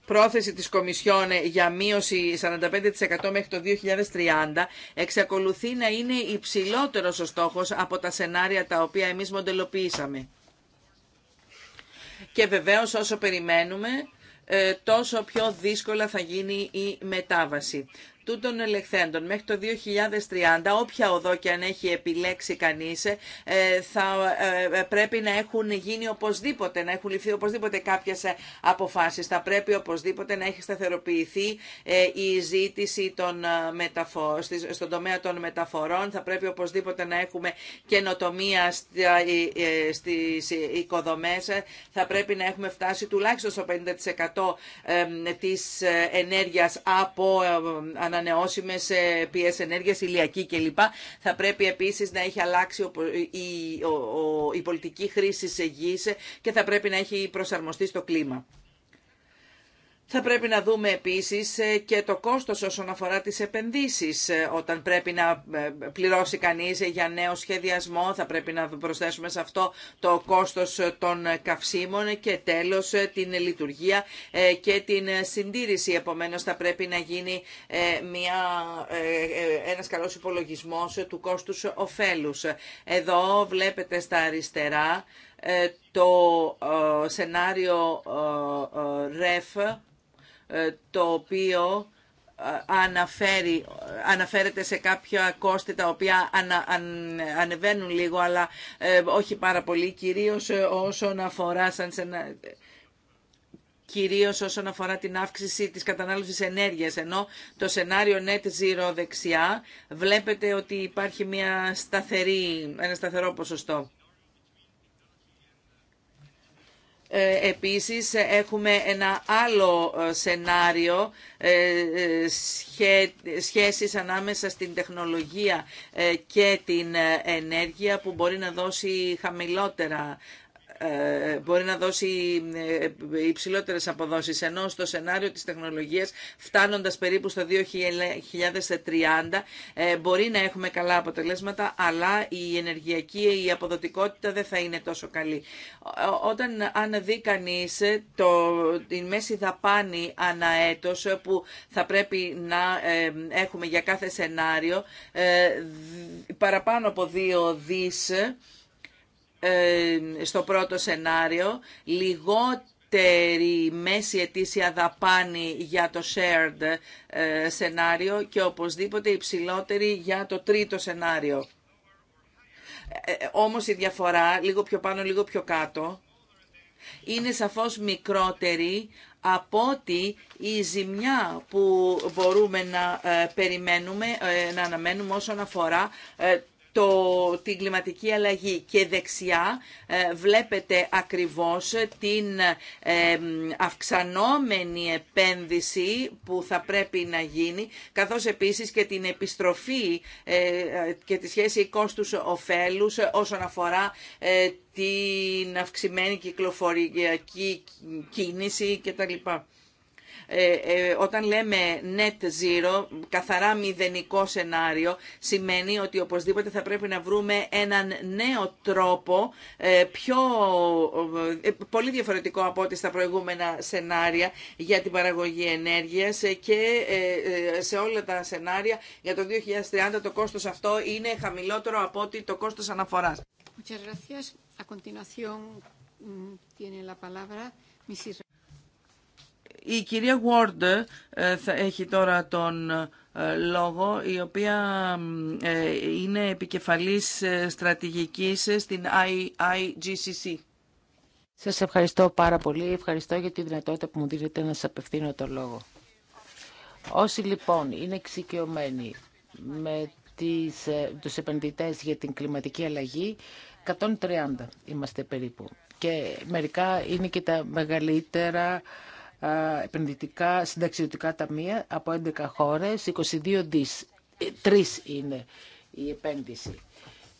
πρόθεση της Κομισιόν για μείωση 45% μέχρι το 2030 εξακολουθεί να είναι υψηλότερος ο στόχος από τα σενάρια τα οποία εμείς μοντελοποιήσαμε. Και βεβαίως όσο περιμένουμε ε, τόσο πιο δύσκολα θα γίνει η μετάβαση. Τούτων ελεγχθέντων μέχρι το 2030, όποια οδό και αν έχει επιλέξει κανείς, ε, θα ε, πρέπει να έχουν γίνει οπωσδήποτε, να έχουν ληφθεί οπωσδήποτε κάποιες ε, αποφάσεις. Θα πρέπει οπωσδήποτε να έχει σταθεροποιηθεί η ζήτηση των μεταφο... στον τομέα των μεταφορών. Θα πρέπει οπωσδήποτε να έχουμε καινοτομία στις οικοδομές. Θα πρέπει να έχουμε φτάσει τουλάχιστον στο 50% της ενέργειας από ανανεώσιμε ε, πηγές ενέργειας, ηλιακή κλπ. Θα πρέπει επίσης να έχει αλλάξει ε, η πολιτική χρήση γη και θα πρέπει να έχει προσαρμοστεί στο κλίμα. Θα πρέπει να δούμε επίσης ε, και το κόστος όσον αφορά τις επενδύσεις. Ε, όταν πρέπει να ε, πληρώσει κανείς για νέο σχεδιασμό θα πρέπει να προσθέσουμε σε αυτό το κόστος των καυσίμων και τέλος την λειτουργία και την συντήρηση. Επομένως θα πρέπει να γίνει μια, ένας καλός υπολογισμός του κόστους ωφέλους. Εδώ βλέπετε στα αριστερά το σενάριο ΡΕΦ. Ε, το οποίο ε, αναφέρει, αναφέρεται σε κάποια κόστη τα οποία ανεβαίνουν λίγο αλλά ε, όχι πάρα πολύ κυρίως όσον αφορά σαν σε κυρίως όσον αφορά την αύξηση της κατανάλωσης ενέργειας, ενώ το σενάριο net zero δεξιά βλέπετε ότι υπάρχει μια σταθερή, ένα σταθερό ποσοστό. Ε, επίσης έχουμε ένα άλλο ε, σενάριο ε, σχέσεις ανάμεσα στην τεχνολογία και την ενέργεια που μπορεί να δώσει χαμηλότερα ε, μπορεί να δώσει ε, υψηλότερες αποδόσεις ενώ στο σενάριο της τεχνολογίας φτάνοντας περίπου στο 2030 ε, μπορεί να έχουμε καλά αποτελέσματα αλλά η ενεργειακή η αποδοτικότητα δεν θα είναι τόσο καλή. Όταν αν δει κανείς το, την μέση δαπάνη αναέτος που θα πρέπει να έχουμε για κάθε σενάριο παραπάνω από δύο δις ε, στο πρώτο σενάριο, λιγότερη μέση ετήσια δαπάνη για το shared ε, σενάριο και οπωσδήποτε υψηλότερη για το τρίτο σενάριο. Ε, όμως η διαφορά, λίγο πιο πάνω, λίγο πιο κάτω, είναι σαφώς μικρότερη από ότι η ζημιά που μπορούμε να περιμένουμε, να αναμένουμε όσον αφορά το, την κλιματική αλλαγή και δεξιά ε, βλέπετε ακριβώς την ε, αυξανόμενη επένδυση που θα πρέπει να γίνει καθώς επίσης και την επιστροφή ε, και τη σχέση κόστους οφέλους όσον αφορά ε, την αυξημένη κυκλοφοριακή κίνηση κτλ. Ε, ε, όταν λέμε net zero, καθαρά μηδενικό σενάριο, σημαίνει ότι οπωσδήποτε θα πρέπει να βρούμε έναν νέο τρόπο, ε, πιο πολύ διαφορετικό από ό,τι στα προηγούμενα σενάρια για την παραγωγή ενέργειας και σε όλα τα σενάρια για το 2030 το κόστος αυτό είναι χαμηλότερο από ότι το κόστος αναφοράς. Muchas gracias. A continuación mm, tiene la palabra Mrs. Η κυρία Ward ε, θα έχει τώρα τον ε, λόγο, η οποία ε, είναι επικεφαλής στρατηγικής στην IIGCC. Σας ευχαριστώ πάρα πολύ. Ευχαριστώ για τη δυνατότητα που μου δίνετε να σας απευθύνω το λόγο. Όσοι λοιπόν είναι εξοικειωμένοι με τις, τους επενδυτές για την κλιματική αλλαγή, 130 είμαστε περίπου. Και μερικά είναι και τα μεγαλύτερα ε, επενδυτικά συνταξιωτικά ταμεία από 11 χώρες, 22 δις. Ε, τρεις είναι η επένδυση.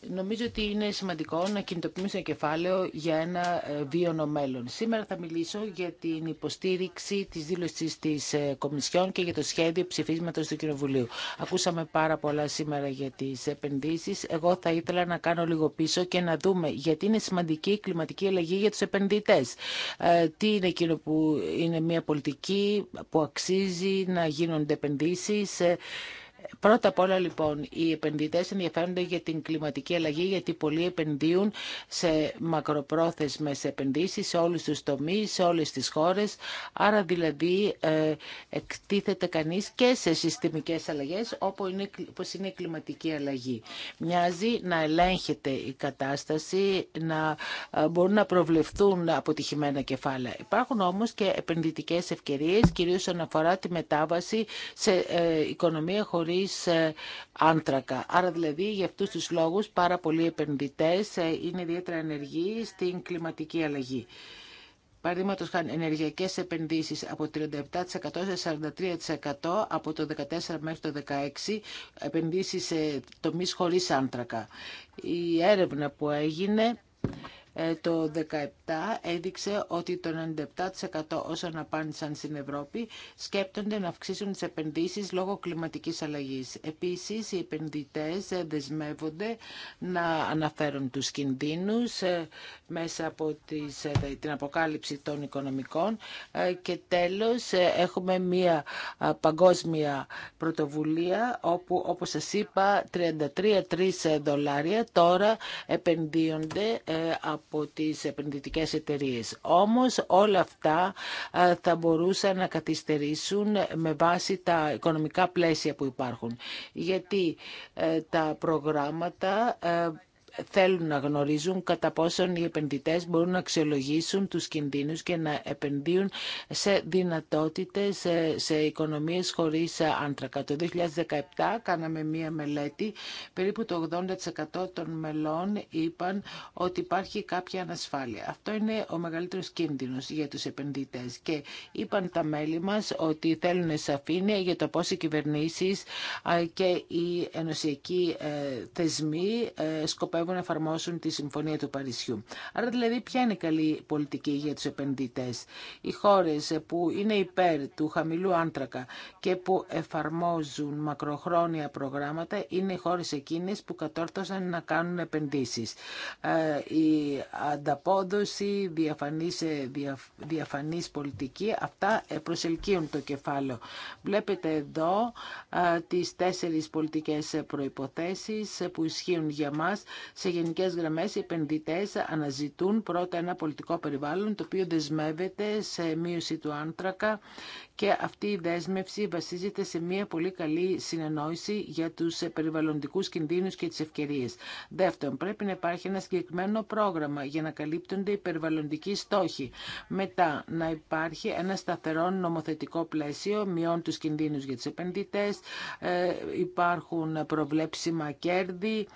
Νομίζω ότι είναι σημαντικό να κινητοποιούμε κεφάλαιο για ένα ε, βίωνο μέλλον. Σήμερα θα μιλήσω για την υποστήριξη της δήλωσης της ε, Κομισιόν και για το σχέδιο ψηφίσματος του Κοινοβουλίου. Ακούσαμε πάρα πολλά σήμερα για τις επενδύσεις. Εγώ θα ήθελα να κάνω λίγο πίσω και να δούμε γιατί είναι σημαντική η κλιματική αλλαγή για τους επενδυτές. Ε, τι είναι εκείνο που είναι μια πολιτική που αξίζει να γίνονται επενδύσεις Πρώτα απ' όλα λοιπόν, οι επενδυτές ενδιαφέρονται για την κλιματική αλλαγή γιατί πολλοί επενδύουν σε μακροπρόθεσμες επενδύσεις σε όλους τους τομείς, σε όλες τις χώρες. Άρα δηλαδή ε, εκτίθεται κανείς και σε συστημικές αλλαγές όπως είναι, η κλιματική αλλαγή. Μοιάζει να ελέγχεται η κατάσταση, να ε, μπορούν να προβλεφθούν αποτυχημένα κεφάλαια. Υπάρχουν όμως και επενδυτικές ευκαιρίες, κυρίως όσον αφορά τη μετάβαση σε ε, οικονομία χωρίς ε, άντρακα, Άρα δηλαδή για αυτούς τους λόγους πάρα πολλοί επενδυτές ε, είναι ιδιαίτερα ενεργοί στην κλιματική αλλαγή. Παραδείγματο χάνει ενεργειακέ επενδύσει από 37% σε 43% από το 2014 μέχρι το 2016 επενδύσει σε τομεί χωρί άντρακα. Η έρευνα που έγινε ε, το 2017 έδειξε ότι το 97% όσων απάντησαν στην Ευρώπη σκέπτονται να αυξήσουν τις επενδύσεις λόγω κλιματικής αλλαγής. Επίσης, οι επενδυτές δεσμεύονται να αναφέρουν τους κινδύνους ε, μέσα από τις, ε, την αποκάλυψη των οικονομικών και τέλος έχουμε μία παγκόσμια πρωτοβουλία όπου όπως σας είπα δολάρια τώρα επενδύονται από από τις επενδυτικές εταιρείες. Όμως όλα αυτά θα μπορούσαν να καθυστερήσουν με βάση τα οικονομικά πλαίσια που υπάρχουν. Γιατί ε, τα προγράμματα ε, θέλουν να γνωρίζουν κατά πόσον οι επενδυτές μπορούν να αξιολογήσουν τους κινδύνους και να επενδύουν σε δυνατότητες, σε οικονομίες χωρίς άνθρακα. Το 2017 κάναμε μία μελέτη. Περίπου το 80% των μελών είπαν ότι υπάρχει κάποια ανασφάλεια. Αυτό είναι ο μεγαλύτερος κίνδυνος για τους επενδυτές. Και είπαν τα μέλη μας ότι θέλουν σαφήνεια για το πώς οι κυβερνήσεις και οι ενωσιακοί ε, θεσμοί ε, σκοπεύουν που να εφαρμόσουν τη Συμφωνία του Παρισιού. Άρα δηλαδή ποια είναι η καλή πολιτική για τους επενδυτές. Οι χώρες που είναι υπέρ του χαμηλού άνθρακα και που εφαρμόζουν μακροχρόνια προγράμματα είναι οι χώρες εκείνες που κατόρθωσαν να κάνουν επενδύσεις. Ε, η ανταπόδοση, διαφανής, ε, διαφανής πολιτική, αυτά προσελκύουν το κεφάλαιο. Βλέπετε εδώ ε, τις τέσσερις πολιτικές προϋποθέσεις που ισχύουν για μας σε γενικέ γραμμέ, οι επενδυτέ αναζητούν πρώτα ένα πολιτικό περιβάλλον το οποίο δεσμεύεται σε μείωση του άνθρακα και αυτή η δέσμευση βασίζεται σε μια πολύ καλή συνεννόηση για του περιβαλλοντικού κινδύνου και τι ευκαιρίε. Δεύτερον, πρέπει να υπάρχει ένα συγκεκριμένο πρόγραμμα για να καλύπτονται οι περιβαλλοντικοί στόχοι. Μετά, να υπάρχει ένα σταθερό νομοθετικό πλαίσιο, μειών του κινδύνου για του επενδυτέ, ε, υπάρχουν προβλέψιμα κέρδη,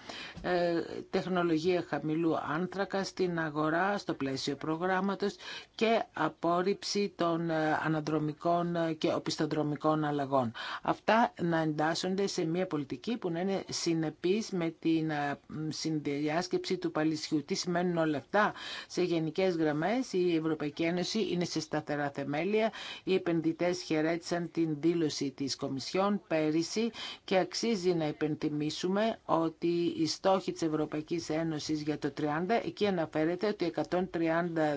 ε, τεχνολογία χαμηλού άνθρακα στην αγορά στο πλαίσιο προγράμματος και απόρριψη των ε, αναδρομικών ε, και οπισθοδρομικών αλλαγών. Αυτά να εντάσσονται σε μια πολιτική που να είναι συνεπής με την ε, συνδυάσκεψη του Παλισιού. Τι σημαίνουν όλα αυτά. Σε γενικές γραμμές η Ευρωπαϊκή Ένωση είναι σε σταθερά θεμέλια. Οι επενδυτές χαιρέτησαν την δήλωση της Κομισιόν πέρυσι και αξίζει να υπενθυμίσουμε ότι οι στόχοι της Ευρωπαϊκής Ένωσης για το 30, εκεί αναφέρεται ότι 130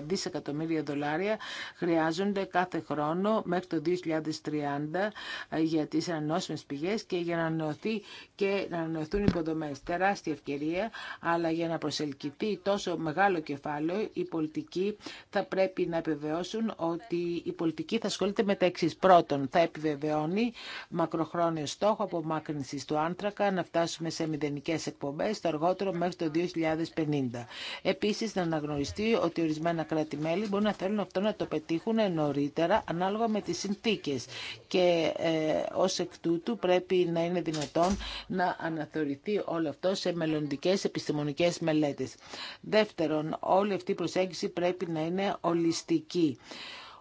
δισεκατομμύρια δολάρια χρειάζονται κάθε χρόνο μέχρι το 2030 ε, για τις ανανεώσιμε πηγές και για να νοωθεί και να νοηθούν υποδομές. Τεράστια ευκαιρία, αλλά για να προσελκυθεί τόσο μεγάλο κεφάλαιο, οι πολιτικοί θα πρέπει να επιβεβαιώσουν ότι η πολιτική θα ασχολείται με τα εξή. Πρώτον, θα επιβεβαιώνει μακροχρόνιο στόχο απομάκρυνση του άνθρακα, να φτάσουμε σε μηδενικές εκπομπές, το αργότερο μέχρι το 2050. Επίσης, να αναγνωριστεί ότι ορισμένα κράτη-μέλη μπορεί να θέλουν αυτό να το πετύχουν νωρίτερα, ανάλογα με τις συνθήκες. Και ε, ως εκ τούτου πρέπει να είναι δυνατόν να αναθεωρηθεί όλο αυτό σε μελλοντικέ επιστημονικές μελέτες. Δεύτερον, όλη αυτή η προσέγγιση πρέπει να είναι ολιστική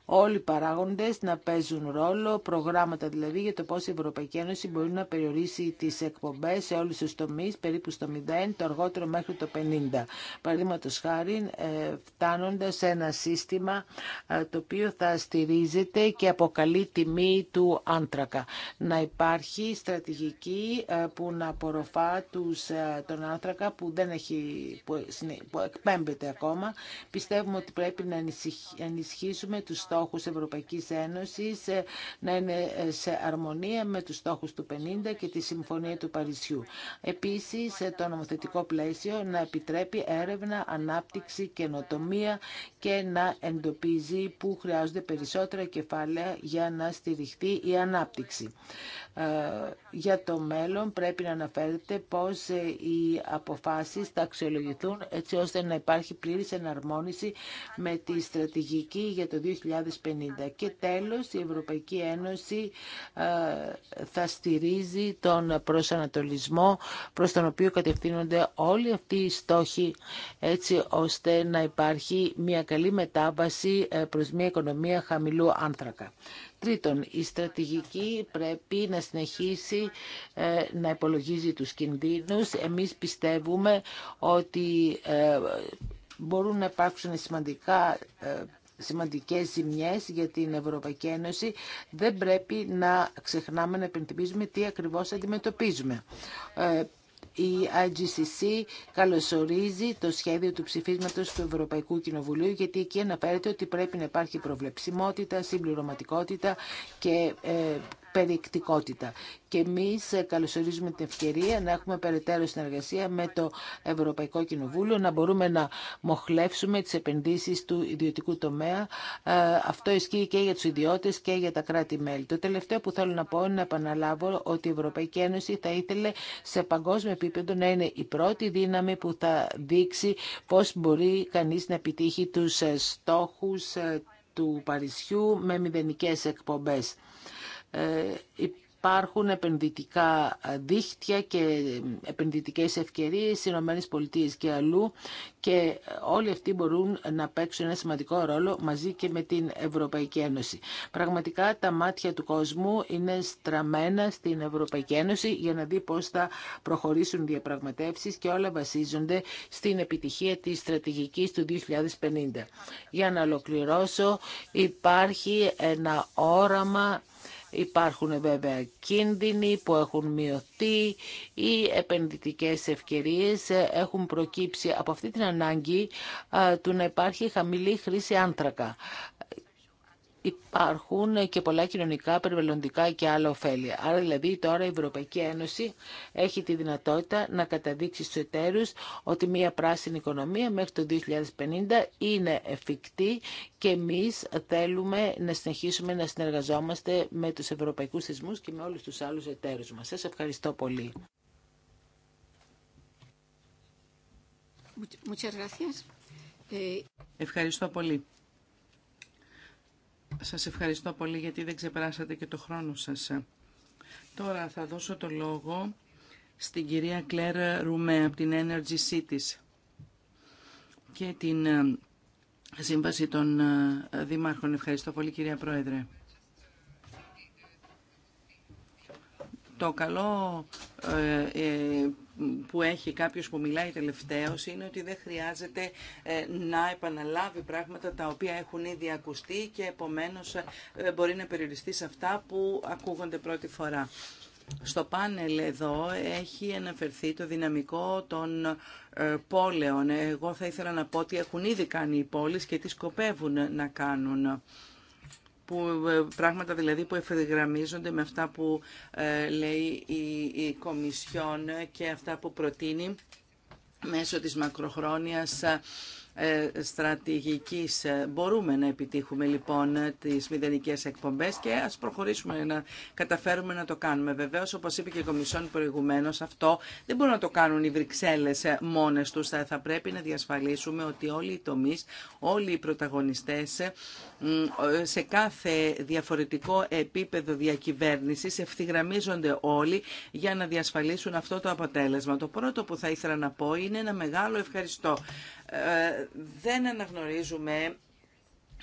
όλοι οι παράγοντες να παίζουν ρόλο, προγράμματα δηλαδή για το πώ η Ευρωπαϊκή Ένωση μπορεί να περιορίσει τις εκπομπές σε όλου του τομείς, περίπου στο 0, το αργότερο μέχρι το 50. Παραδείγματο χάρη, ε, φτάνοντας σε ένα σύστημα ε, το οποίο θα στηρίζεται και αποκαλεί τιμή του άνθρακα. Να υπάρχει στρατηγική ε, που να απορροφά τον άνθρακα που, δεν έχει, που, εκπέμπεται ακόμα. Πιστεύουμε ότι πρέπει να ενισχύσουμε τους στόχους Ευρωπαϊκής Ένωσης ε, να είναι ε, σε αρμονία με τους στόχους του 50 και τη Συμφωνία του Παρισιού. Επίσης, ε, το νομοθετικό πλαίσιο να επιτρέπει έρευνα, ανάπτυξη, καινοτομία και να εντοπίζει που χρειάζονται περισσότερα κεφάλαια για να στηριχθεί η ανάπτυξη. Για το μέλλον πρέπει να αναφέρεται πώς οι αποφάσεις θα αξιολογηθούν έτσι ώστε να υπάρχει πλήρης εναρμόνιση με τη στρατηγική για το 2050. Και τέλος, η Ευρωπαϊκή Ένωση ε, θα στηρίζει τον προσανατολισμό προς τον οποίο κατευθύνονται όλοι αυτοί οι στόχοι, έτσι ώστε να υπάρχει μια καλή μετάβαση ε, προς μια οικονομία χαμηλού άνθρακα. Τρίτον, η στρατηγική πρέπει να συνεχίσει ε, να υπολογίζει τους κινδύνους. Εμείς πιστεύουμε ότι μπορούν να υπάρξουν σημαντικά σημαντικές ζημιές για την Ευρωπαϊκή Ένωση, δεν πρέπει να ξεχνάμε να επενθυμίζουμε τι ακριβώς αντιμετωπίζουμε. Ε, η IGCC καλωσορίζει το σχέδιο του ψηφίσματος του Ευρωπαϊκού Κοινοβουλίου γιατί εκεί αναφέρεται ότι πρέπει να υπάρχει προβλεψιμότητα, συμπληρωματικότητα και ε, περιεκτικότητα. Και εμεί ε, καλωσορίζουμε την ευκαιρία να έχουμε περαιτέρω συνεργασία με το Ευρωπαϊκό Κοινοβούλιο, να μπορούμε να μοχλεύσουμε τι επενδύσει του ιδιωτικού τομέα. Ε, αυτό ισχύει και για του ιδιώτε και για τα κράτη-μέλη. Το τελευταίο που θέλω να πω είναι να επαναλάβω ότι η Ευρωπαϊκή Ένωση θα ήθελε σε παγκόσμιο επίπεδο να είναι η πρώτη δύναμη που θα δείξει πώ μπορεί κανεί να επιτύχει του ε, στόχου του Παρισιού με μηδενικέ εκπομπές. Ε, υπάρχουν επενδυτικά δίχτυα και επενδυτικές ευκαιρίες στις Ηνωμένες Πολιτείες και αλλού και όλοι αυτοί μπορούν να παίξουν ένα σημαντικό ρόλο μαζί και με την Ευρωπαϊκή Ένωση. Πραγματικά τα μάτια του κόσμου είναι στραμμένα στην Ευρωπαϊκή Ένωση για να δει πώς θα προχωρήσουν οι διαπραγματεύσεις και όλα βασίζονται στην επιτυχία της στρατηγικής του 2050. Για να ολοκληρώσω, υπάρχει ένα όραμα Υπάρχουν βέβαια κίνδυνοι που έχουν μειωθεί ή επενδυτικές ευκαιρίες έχουν προκύψει από αυτή την ανάγκη του να υπάρχει χαμηλή χρήση άνθρακα υπάρχουν και πολλά κοινωνικά, περιβαλλοντικά και άλλα ωφέλη. Άρα δηλαδή τώρα η Ευρωπαϊκή Ένωση έχει τη δυνατότητα να καταδείξει στους εταίρους ότι μια πράσινη οικονομία μέχρι το 2050 είναι εφικτή και εμείς θέλουμε να συνεχίσουμε να συνεργαζόμαστε με τους ευρωπαϊκούς θεσμούς και με όλους τους άλλους εταίρους μας. Σας ευχαριστώ πολύ. Ευχαριστώ πολύ. Σας ευχαριστώ πολύ γιατί δεν ξεπεράσατε και το χρόνο σας. Τώρα θα δώσω το λόγο στην κυρία Κλέρ Ρουμέ από την Energy Cities και την ε, Σύμβαση των ε, Δημάρχων. Ευχαριστώ πολύ κυρία Πρόεδρε. Το καλό ε, που έχει κάποιος που μιλάει τελευταίος είναι ότι δεν χρειάζεται ε, να επαναλάβει πράγματα τα οποία έχουν ήδη ακουστεί και επομένως ε, μπορεί να περιοριστεί σε αυτά που ακούγονται πρώτη φορά. Στο πάνελ εδώ έχει αναφερθεί το δυναμικό των ε, πόλεων. Εγώ θα ήθελα να πω ότι έχουν ήδη κάνει οι πόλεις και τι σκοπεύουν να κάνουν που, ε, πράγματα δηλαδή που ευθυγραμμίζονται με αυτά που ε, λέει η, η Κομισιόν και αυτά που προτείνει μέσω της μακροχρόνιας ε, ε, στρατηγικής. Ε, μπορούμε να επιτύχουμε λοιπόν τις μηδενικές εκπομπές και ας προχωρήσουμε να καταφέρουμε να το κάνουμε. Βεβαίως, όπως είπε και η Κομισιόν προηγουμένως, αυτό δεν μπορούν να το κάνουν οι Βρυξέλλες ε, μόνες τους. Θα πρέπει να διασφαλίσουμε ότι όλοι οι τομείς, όλοι οι πρωταγωνιστές σε κάθε διαφορετικό επίπεδο διακυβέρνησης ευθυγραμμίζονται όλοι για να διασφαλίσουν αυτό το αποτέλεσμα. Το πρώτο που θα ήθελα να πω είναι ένα μεγάλο ευχαριστώ ε, δεν αναγνωρίζουμε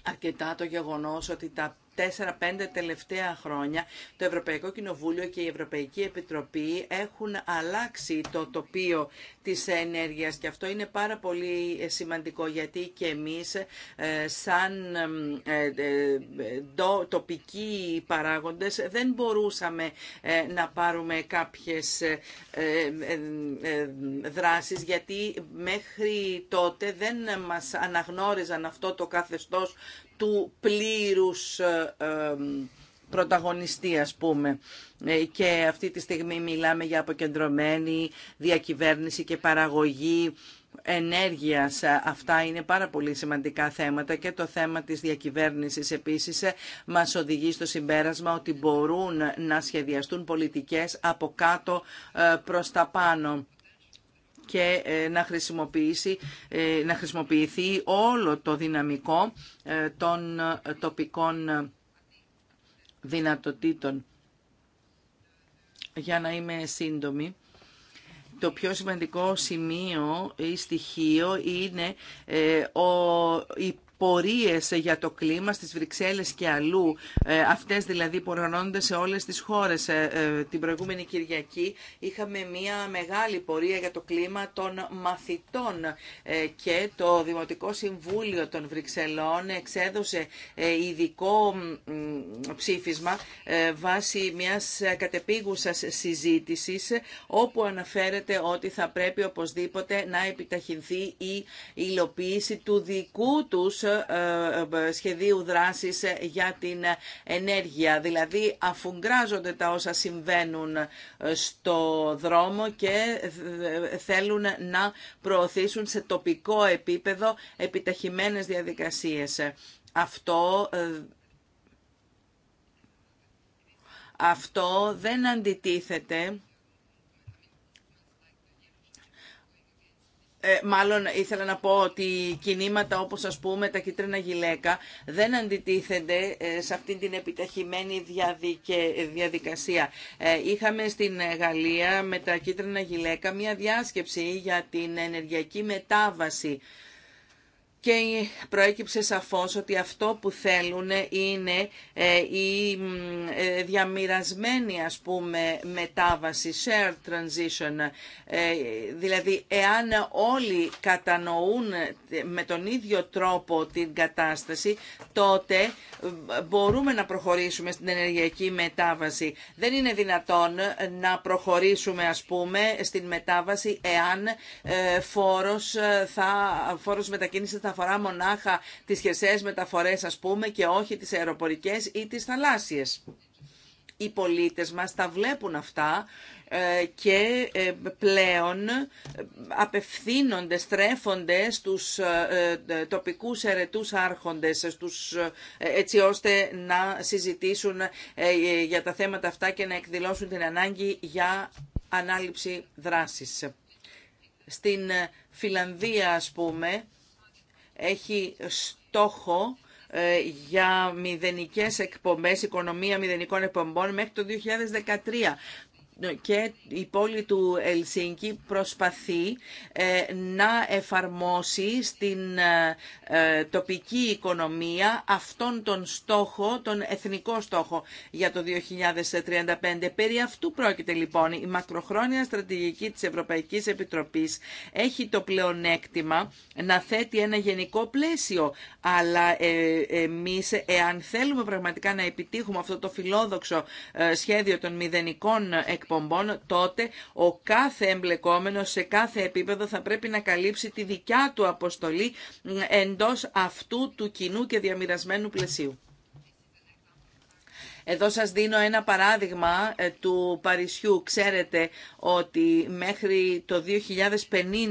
αρκετά το γεγονός ότι τα 4-5 τελευταία χρόνια το Ευρωπαϊκό Κοινοβούλιο και η Ευρωπαϊκή Επιτροπή έχουν αλλάξει το τοπίο της ενέργειας και αυτό είναι πάρα πολύ ε, σημαντικό γιατί και εμείς ε, σαν ε, τοπικοί παράγοντες δεν μπορούσαμε να πάρουμε κάποιες δράσεις γιατί μέχρι τότε δεν μας αναγνώριζαν αυτό το καθεστώς του πλήρους ε, ε, πρωταγωνιστή ας πούμε. Ε, και αυτή τη στιγμή μιλάμε για αποκεντρωμένη διακυβέρνηση και παραγωγή ενέργειας. Αυτά είναι πάρα πολύ σημαντικά θέματα και το θέμα της διακυβέρνησης επίσης μας οδηγεί στο συμπέρασμα ότι μπορούν να σχεδιαστούν πολιτικές από κάτω προς τα πάνω και ε, να, χρησιμοποιήσει, ε, να χρησιμοποιηθεί όλο το δυναμικό ε, των τοπικών δυνατοτήτων. Για να είμαι σύντομη το πιο σημαντικό σημείο ή στοιχείο είναι ο, για το κλίμα στις Βρυξέλλες και αλλού, ε, αυτές δηλαδή που οργανώνονται σε όλες τις χώρες. Ε, ε, την προηγούμενη Κυριακή είχαμε μια μεγάλη πορεία για το κλίμα των μαθητών και το Δημοτικό Συμβούλιο των Βρυξελών εξέδωσε ειδικό ψήφισμα βάσει μιας κατεπίγουσας συζήτησης όπου αναφέρεται ότι θα πρέπει οπωσδήποτε να επιταχυνθεί η υλοποίηση του δικού τους ε, ε, σχεδίου δράσης για την ενέργεια. Δηλαδή αφουγκράζονται τα όσα συμβαίνουν ε, στο δρόμο και θέλουν να προωθήσουν σε τοπικό επίπεδο επιταχυμένες διαδικασίες. Αυτό αυτό δεν αντιτίθεται ε, μάλλον ήθελα να πω ότι κινήματα όπως ας πούμε τα κίτρινα γυλαίκα δεν αντιτίθενται ε, σε αυτή την επιταχυμένη διαδικασία. Ε, είχαμε στην Γαλλία με τα κίτρινα γυλαίκα μια διάσκεψη για την ενεργειακή μετάβαση και προέκυψε σαφώς ότι αυτό που θέλουν είναι ε, η ε, διαμοιρασμένη ας πούμε μετάβαση, share transition, ε, δηλαδή εάν όλοι κατανοούν με τον ίδιο τρόπο την κατάσταση, τότε μπορούμε να προχωρήσουμε στην ενεργειακή μετάβαση. Δεν είναι δυνατόν να προχωρήσουμε ας πούμε στην μετάβαση εάν φόρος, θα, φόρος μετακίνησης αφορά μονάχα τις χερσαίες μεταφορές ας πούμε και όχι τις αεροπορικές ή τις θαλάσσιες. Οι πολίτες μας τα βλέπουν αυτά ε, και ε, πλέον ε, απευθύνονται, στρέφονται στους τοπικούς ερετούς άρχοντες στους, έτσι ώστε να συζητήσουν για τα θέματα αυτά και να εκδηλώσουν την ανάγκη για ανάληψη δράσης. Στην Φιλανδία, ας πούμε, έχει στόχο ε, για μηδενικές εκπομπές, οικονομία μηδενικών εκπομπών μέχρι το 2013. Ναι, και η πόλη του Ελσίνκη προσπαθεί ε, να εφαρμόσει στην ε, ε, τοπική οικονομία αυτόν τον στόχο, τον εθνικό στόχο για το 2035. Περί αυτού πρόκειται λοιπόν η μακροχρόνια στρατηγική της Ευρωπαϊκής Επιτροπής έχει το πλεονέκτημα να θέτει ένα γενικό πλαίσιο, αλλά εμείς εάν θέλουμε πραγματικά να επιτύχουμε αυτό το φιλόδοξο σχέδιο των μηδενικών τότε ο κάθε εμπλεκόμενος σε κάθε επίπεδο θα πρέπει να καλύψει τη δικιά του αποστολή εντός αυτού του κοινού και διαμοιρασμένου πλαισίου. Εδώ σας δίνω ένα παράδειγμα ε, του Παρισιού. Ξέρετε ότι μέχρι το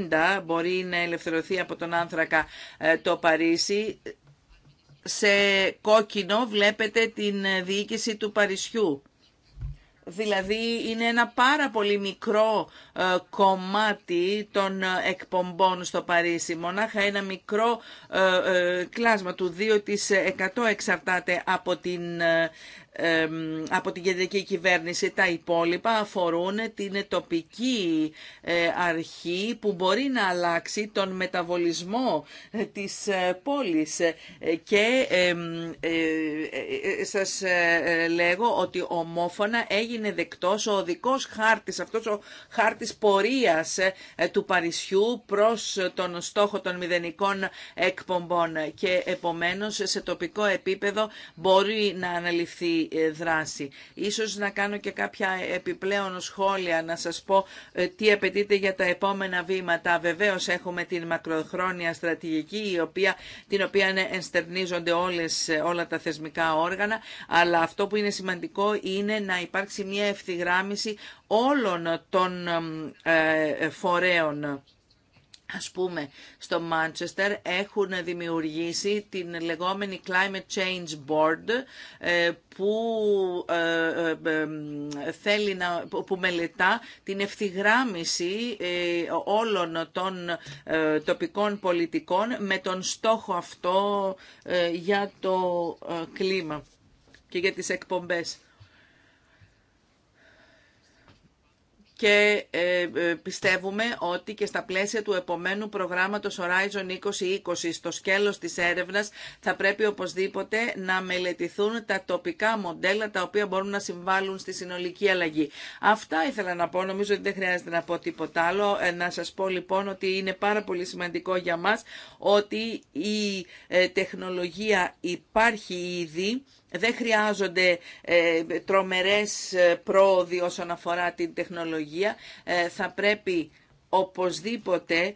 2050 μπορεί να ελευθερωθεί από τον άνθρακα ε, το Παρίσι. Σε κόκκινο βλέπετε την ε, διοίκηση του Παρισιού. Δηλαδή είναι ένα πάρα πολύ μικρό ε, κομμάτι των ε, εκπομπών στο Παρίσι. Μονάχα ένα μικρό ε, κλάσμα του 2% εξαρτάται από την από την κεντρική κυβέρνηση. Τα υπόλοιπα αφορούν την τοπική ε, αρχή που μπορεί να αλλάξει τον μεταβολισμό ε, της ε, πόλης. Και σας λέγω ότι ομόφωνα έγινε δεκτός ο οδικός χάρτης, αυτός ο χάρτης πορείας του Παρισιού προς τον στόχο των μηδενικών εκπομπών. Και επομένως σε τοπικό επίπεδο μπορεί να αναλυθεί ε, Ίσως να κάνω και κάποια επιπλέον σχόλια, να σας πω ε, τι απαιτείται για τα επόμενα βήματα. Βεβαίως έχουμε την μακροχρόνια στρατηγική, η οποία, την οποία ενστερνίζονται όλες, ε, όλα τα θεσμικά όργανα, αλλά αυτό που είναι σημαντικό είναι να υπάρξει μια ευθυγράμμιση όλων των φορέων ας πούμε, στο Μάντσεστερ έχουν δημιουργήσει την λεγόμενη Climate Change Board ε, που, ε, ε, θέλει να, που μελετά την ευθυγράμμιση όλων των τοπικών πολιτικών με τον στόχο αυτό για το κλίμα και για τις εκπομπές. και ε, ε, πιστεύουμε ότι και στα πλαίσια του επομένου προγράμματος Horizon 2020 στο σκέλος της έρευνας θα πρέπει οπωσδήποτε να μελετηθούν τα τοπικά μοντέλα τα οποία μπορούν να συμβάλλουν στη συνολική αλλαγή. Αυτά ήθελα να πω, νομίζω ότι δεν χρειάζεται να πω τίποτα άλλο. Ε, να σας πω λοιπόν ότι είναι πάρα πολύ σημαντικό για μας ότι η τεχνολογία υπάρχει ήδη δεν χρειάζονται ε, τρομερές ε, πρόοδοι όσον αφορά την τεχνολογία. Ε, θα πρέπει οπωσδήποτε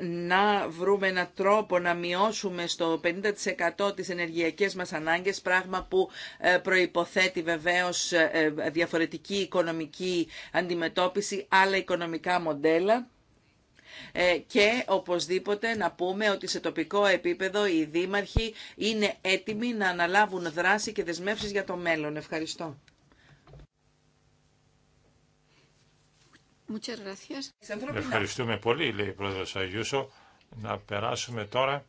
να βρούμε έναν τρόπο να μειώσουμε στο 50% τις ενεργειακές μας ανάγκες, πράγμα που προϋποθέτει βεβαίως διαφορετική οικονομική αντιμετώπιση, άλλα οικονομικά μοντέλα ε, και οπωσδήποτε να πούμε ότι σε τοπικό επίπεδο οι δήμαρχοι είναι έτοιμοι να αναλάβουν δράση και δεσμεύσεις για το μέλλον. Ευχαριστώ. Ευχαριστούμε πολύ, λέει η πρόεδρος Αγιούσο. Να περάσουμε τώρα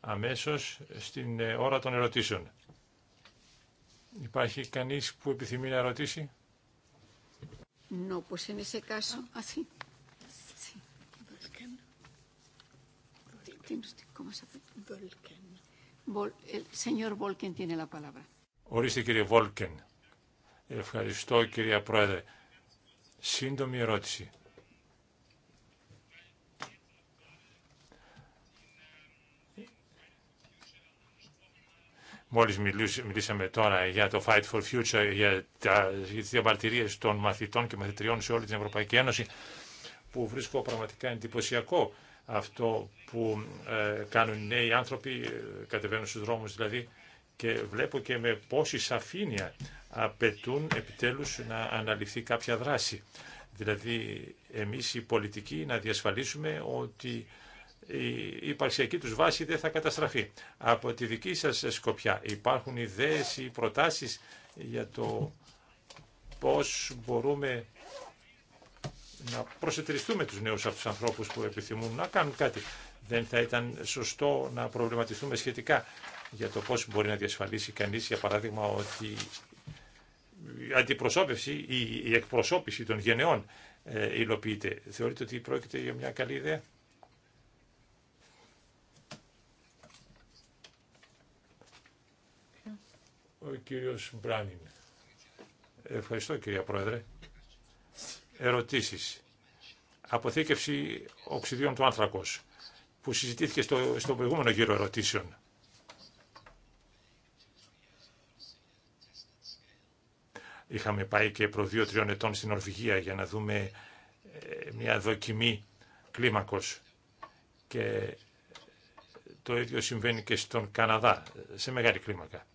αμέσως στην ε, ώρα των ερωτήσεων. Υπάρχει κανείς που επιθυμεί να ερωτήσει. No, pues en κάσο, Ορίστε κύριε Βόλκεν. Ευχαριστώ κυρία Πρόεδρε. Σύντομη ερώτηση. Μόλις μιλήσαμε τώρα για το Fight for Future, για, για τις των μαθητών και μαθητριών σε όλη την Ευρωπαϊκή Ένωση, που βρίσκω πραγματικά εντυπωσιακό αυτό που ε, κάνουν οι νέοι άνθρωποι, ε, κατεβαίνουν στους δρόμους δηλαδή και βλέπω και με πόση σαφήνεια απαιτούν επιτέλους να αναλυθεί κάποια δράση. Δηλαδή εμείς οι πολιτικοί να διασφαλίσουμε ότι η υπαρξιακή τους βάση δεν θα καταστραφεί. Από τη δική σας σκοπιά υπάρχουν ιδέες ή προτάσεις για το πώς μπορούμε να προσετριστούμε τους νέους αυτούς ανθρώπους που επιθυμούν να κάνουν κάτι. Δεν θα ήταν σωστό να προβληματιστούμε σχετικά για το πώς μπορεί να διασφαλίσει κανείς, για παράδειγμα, ότι η αντιπροσώπευση ή η εκπροσώπηση των γενεών ε, υλοποιείται. Θεωρείτε ότι πρόκειται για μια καλή ιδέα. Ο κύριος Μπράνιν. Ευχαριστώ κυρία Πρόεδρε ερωτήσεις. Αποθήκευση οξυδίων του άνθρακος, που συζητήθηκε στο, στο προηγούμενο γύρο ερωτήσεων. Είχαμε πάει και προ δύο-τριών ετών στην Ορβηγία για να δούμε ε, μια δοκιμή κλίμακος. Και το ίδιο συμβαίνει και στον Καναδά, σε μεγάλη κλίμακα.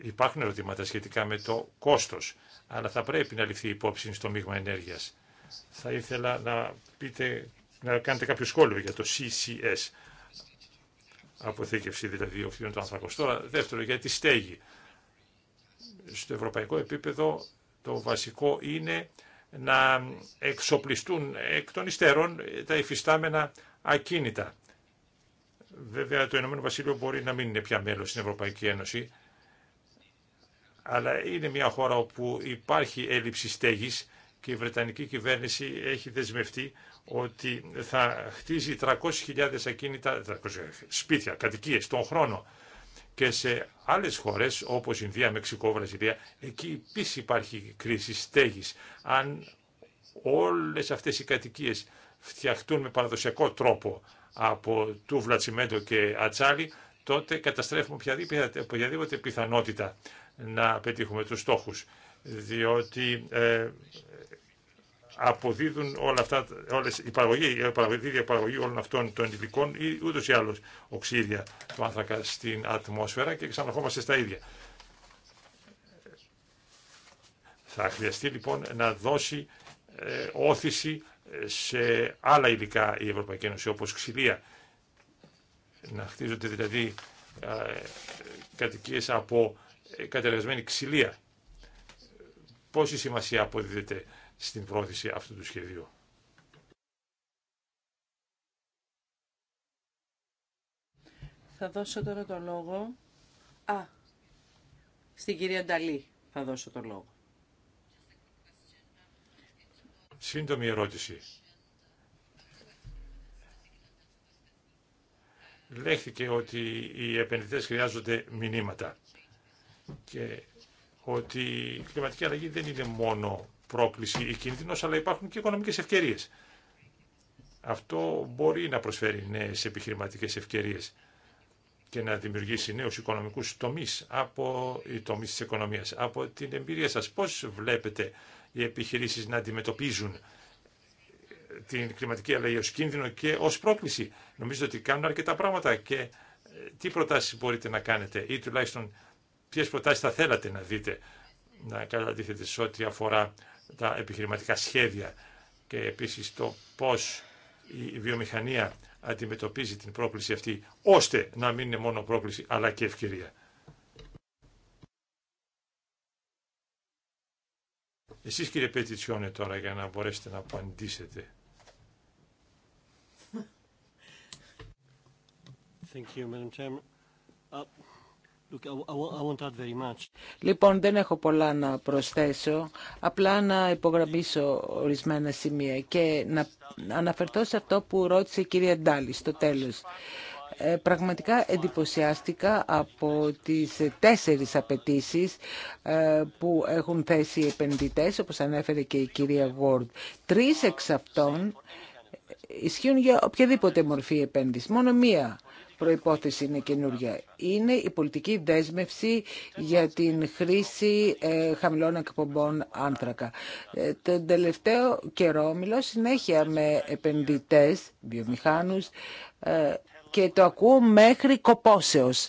Υπάρχουν ερωτήματα σχετικά με το κόστος, αλλά θα πρέπει να ληφθεί υπόψη στο μείγμα ενέργειας. Θα ήθελα να, πείτε, να κάνετε κάποιο σχόλιο για το CCS, αποθήκευση δηλαδή οφείων του ανθρακός. Τώρα, δεύτερο, για τη στέγη. Στο ευρωπαϊκό επίπεδο το βασικό είναι να εξοπλιστούν εκ των υστέρων τα υφιστάμενα ακίνητα. Βέβαια, το Ηνωμένο Βασίλειο μπορεί να μην είναι πια μέλος στην Ευρωπαϊκή Ένωση, αλλά είναι μια χώρα όπου υπάρχει έλλειψη στέγης και η Βρετανική κυβέρνηση έχει δεσμευτεί ότι θα χτίζει 300.000 ακίνητα 300, σπίτια, κατοικίες τον χρόνο. Και σε άλλες χώρες όπως Ινδία, Μεξικό, Βραζιλία, εκεί επίση υπάρχει κρίση στέγης. Αν όλες αυτές οι κατοικίες φτιαχτούν με παραδοσιακό τρόπο από τούβλα, τσιμέντο και ατσάλι, τότε καταστρέφουμε οποιαδήποτε πιθανότητα να πετύχουμε τους στόχους, διότι ε, αποδίδουν όλα αυτά, όλες, η παραγωγή, η παραγωγή, η παραγωγή όλων αυτών των υλικών ή ούτως ή άλλως οξύδια του άνθρακα στην ατμόσφαιρα και ξαναρχόμαστε στα ίδια. Θα χρειαστεί λοιπόν να δώσει ε, όθηση ε, σε άλλα υλικά η Ευρωπαϊκή Ένωση, όπως ξυλία. Να χτίζονται δηλαδή ε, κατοικίες από ε, κατελεσμένη ξυλία. Πόση σημασία αποδίδεται στην πρόθεση αυτού του σχεδίου. Θα δώσω τώρα το λόγο. Α, στην κυρία Νταλή θα δώσω το λόγο. Σύντομη ερώτηση. Λέχθηκε ότι οι επενδυτές χρειάζονται μηνύματα και ότι η κλιματική αλλαγή δεν είναι μόνο πρόκληση ή κίνδυνο, αλλά υπάρχουν και οικονομικέ ευκαιρίε. Αυτό μπορεί να προσφέρει νέε επιχειρηματικέ ευκαιρίε και να δημιουργήσει νέου οικονομικού τομεί από οι τομείς τη οικονομίας. Από την εμπειρία σα. Πώ βλέπετε οι επιχειρήσει να αντιμετωπίζουν την κλιματική αλλαγή ω κίνδυνο και ω πρόκληση. Νομίζω ότι κάνουν αρκετά πράγματα και ε, τι προτάσει μπορείτε να κάνετε ή τουλάχιστον Ποιε προτάσει θα θέλατε να δείτε να καταδείχνετε σε ό,τι αφορά τα επιχειρηματικά σχέδια και επίσης το πώς η βιομηχανία αντιμετωπίζει την πρόκληση αυτή, ώστε να μην είναι μόνο πρόκληση αλλά και ευκαιρία. Εσείς κύριε Πετιτσιόνε τώρα για να μπορέσετε να απαντήσετε. Thank you, Madam uh, Λοιπόν, δεν έχω πολλά να προσθέσω, απλά να υπογραμμίσω ορισμένα σημεία και να αναφερθώ σε αυτό που ρώτησε η κυρία Ντάλη στο τέλος. Ε, πραγματικά εντυπωσιάστηκα από τις τέσσερις απαιτήσει ε, που έχουν θέσει οι επενδυτές, όπως ανέφερε και η κυρία Γουόρντ. Τρεις εξ αυτών ισχύουν για οποιαδήποτε μορφή επένδυση. Μόνο μία προϋπόθεση είναι καινούργια. Είναι η πολιτική δέσμευση για την χρήση ε, χαμηλών εκπομπών άνθρακα. Ε, τον τελευταίο καιρό μιλώ συνέχεια με επενδυτές, βιομηχάνους ε, και το ακούω μέχρι κοπόσεως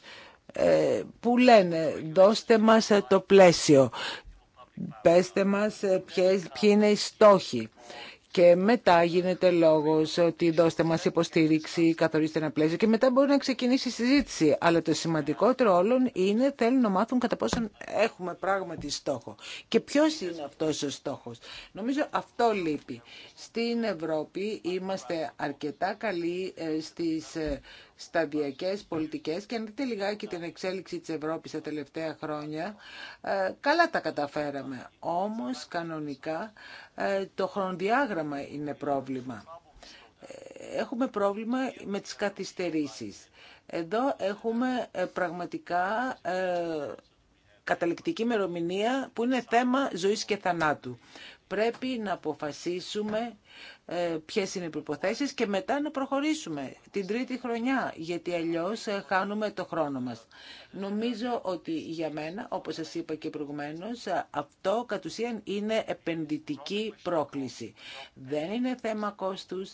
που λένε δώστε μας το πλαίσιο, πέστε μας ποιοι είναι οι στόχοι και μετά γίνεται λόγος ότι δώστε μας υποστήριξη, καθορίστε ένα πλαίσιο και μετά μπορεί να ξεκινήσει η συζήτηση. Αλλά το σημαντικότερο όλων είναι θέλουν να μάθουν κατά πόσον έχουμε πράγματι στόχο. Και ποιο είναι αυτό ο στόχο. Νομίζω αυτό λείπει. Στην Ευρώπη είμαστε αρκετά καλοί ε, στις ε, σταδιακές πολιτικές και αν δείτε λιγάκι την εξέλιξη της Ευρώπης τα τελευταία χρόνια, ε, καλά τα καταφέραμε. Όμως κανονικά ε, το χρονοδιάγραμμα είναι πρόβλημα. Ε, έχουμε πρόβλημα με τις καθυστερήσεις. Εδώ έχουμε πραγματικά καταληκτική μερομηνία που είναι θέμα ζωής και θανάτου. Πρέπει να αποφασίσουμε ε, Ποιε είναι οι προποθέσει και μετά να προχωρήσουμε την τρίτη χρονιά, γιατί αλλιώ ε, χάνουμε το χρόνο μας. Νομίζω ότι για μένα, όπως σα είπα και προηγουμένω, ε, αυτό κατ' ουσίαν είναι επενδυτική πρόκληση. Δεν είναι θέμα κόστου,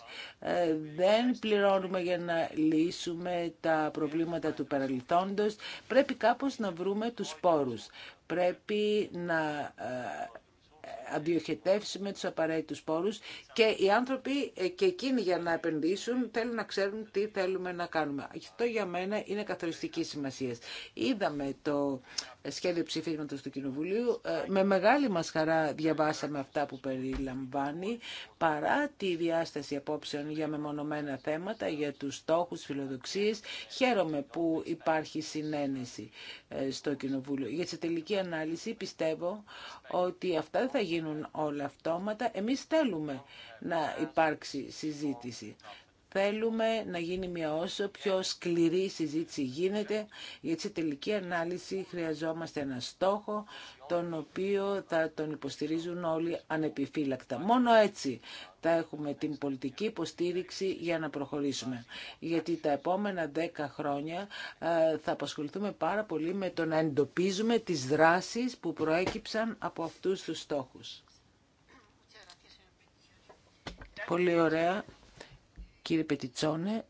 δεν πληρώνουμε για να λύσουμε τα προβλήματα του παρελθόντο. Πρέπει κάπως να βρούμε του πόρους. Πρέπει να με τους απαραίτητους πόρους και οι άνθρωποι και εκείνοι για να επενδύσουν θέλουν να ξέρουν τι θέλουμε να κάνουμε. Αυτό για μένα είναι καθοριστική σημασία. Είδαμε το σχέδιο ψηφίσματος του Κοινοβουλίου. Ε, με μεγάλη μας χαρά διαβάσαμε αυτά που περιλαμβάνει, παρά τη διάσταση απόψεων για μεμονωμένα θέματα, για τους στόχους, φιλοδοξίες. Χαίρομαι που υπάρχει συνένεση ε, στο Κοινοβούλιο. Για τη τελική ανάλυση πιστεύω ότι αυτά θα γίνουν όλα αυτόματα. Εμείς θέλουμε να υπάρξει συζήτηση. Θέλουμε να γίνει μια όσο πιο σκληρή συζήτηση γίνεται, γιατί σε τελική ανάλυση χρειαζόμαστε ένα στόχο, τον οποίο θα τον υποστηρίζουν όλοι ανεπιφύλακτα. Μόνο έτσι θα έχουμε την πολιτική υποστήριξη για να προχωρήσουμε. Γιατί τα επόμενα δέκα χρόνια ε, θα απασχοληθούμε πάρα πολύ με το να εντοπίζουμε τις δράσεις που προέκυψαν από αυτούς τους στόχους. Πολύ ωραία. Κύριε Πετιτσόνε,